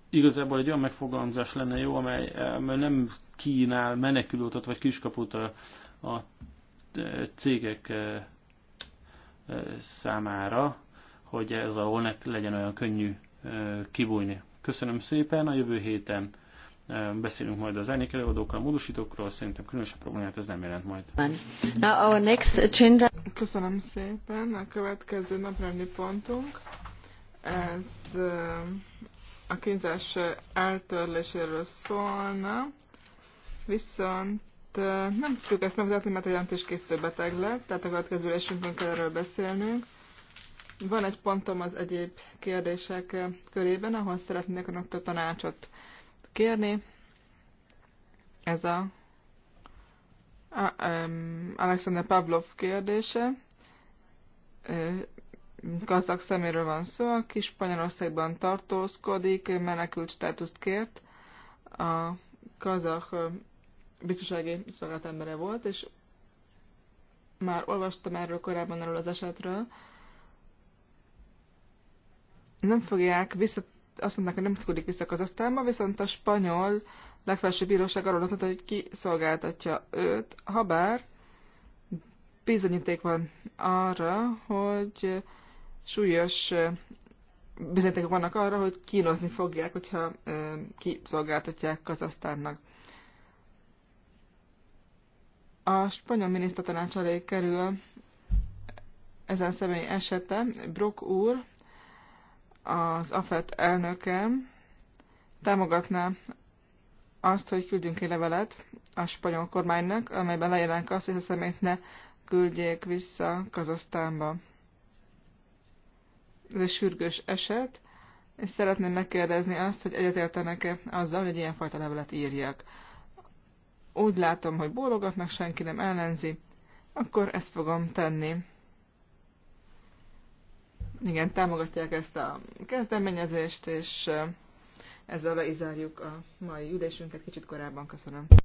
S4: igazából egy olyan megfogalmazás lenne jó, amely, e, amely nem kínál menekülőtet vagy kiskaput a, a e, cégek számára, hogy ez a legyen olyan könnyű kibújni. Köszönöm szépen, a jövő héten beszélünk majd az elnék előadókkal, a módosítókról, szerintem különösebb problémát ez nem jelent majd.
S1: our next agenda. Köszönöm szépen.
S2: A következő naprendi pontunk, ez eh, a kínzás eltörléséről szólna, viszont eh, nem tudjuk ezt megmutatni, mert a jelentéskészítő beteg lett, tehát a következő ülésünkön kell erről beszélnünk. Van egy pontom az egyéb kérdések eh, körében, ahol szeretnék önöktől tanácsot kérni. Ez a, a um, Alexander Pavlov kérdése. Gazdag szeméről van szó, aki Spanyolországban tartózkodik, menekült státuszt kért. A kazak biztonsági szolgált embere volt, és már olvastam erről korábban erről az esetről. Nem fogják visszatérni azt mondták, hogy nem tudkodik vissza Kazasztánba, viszont a spanyol legfelsőbb bíróság arról adott, hogy ki szolgáltatja őt, habár bizonyíték van arra, hogy súlyos bizonyíték vannak arra, hogy kínozni fogják, hogyha kiszolgáltatják Kazasztánnak. A spanyol minisztertanács alé kerül ezen személy esete. Brock úr az AFET elnöke támogatná azt, hogy küldjünk egy levelet a spanyol kormánynak, amelyben leírnánk azt, hogy a szemét ne küldjék vissza Kazasztánba. Ez egy sürgős eset, és szeretném megkérdezni azt, hogy egyetértenek-e azzal, hogy egy ilyenfajta levelet írjak. Úgy látom, hogy bólogatnak, senki nem ellenzi, akkor ezt fogom tenni igen, támogatják ezt a kezdeményezést, és ezzel le a mai ülésünket kicsit korábban. Köszönöm.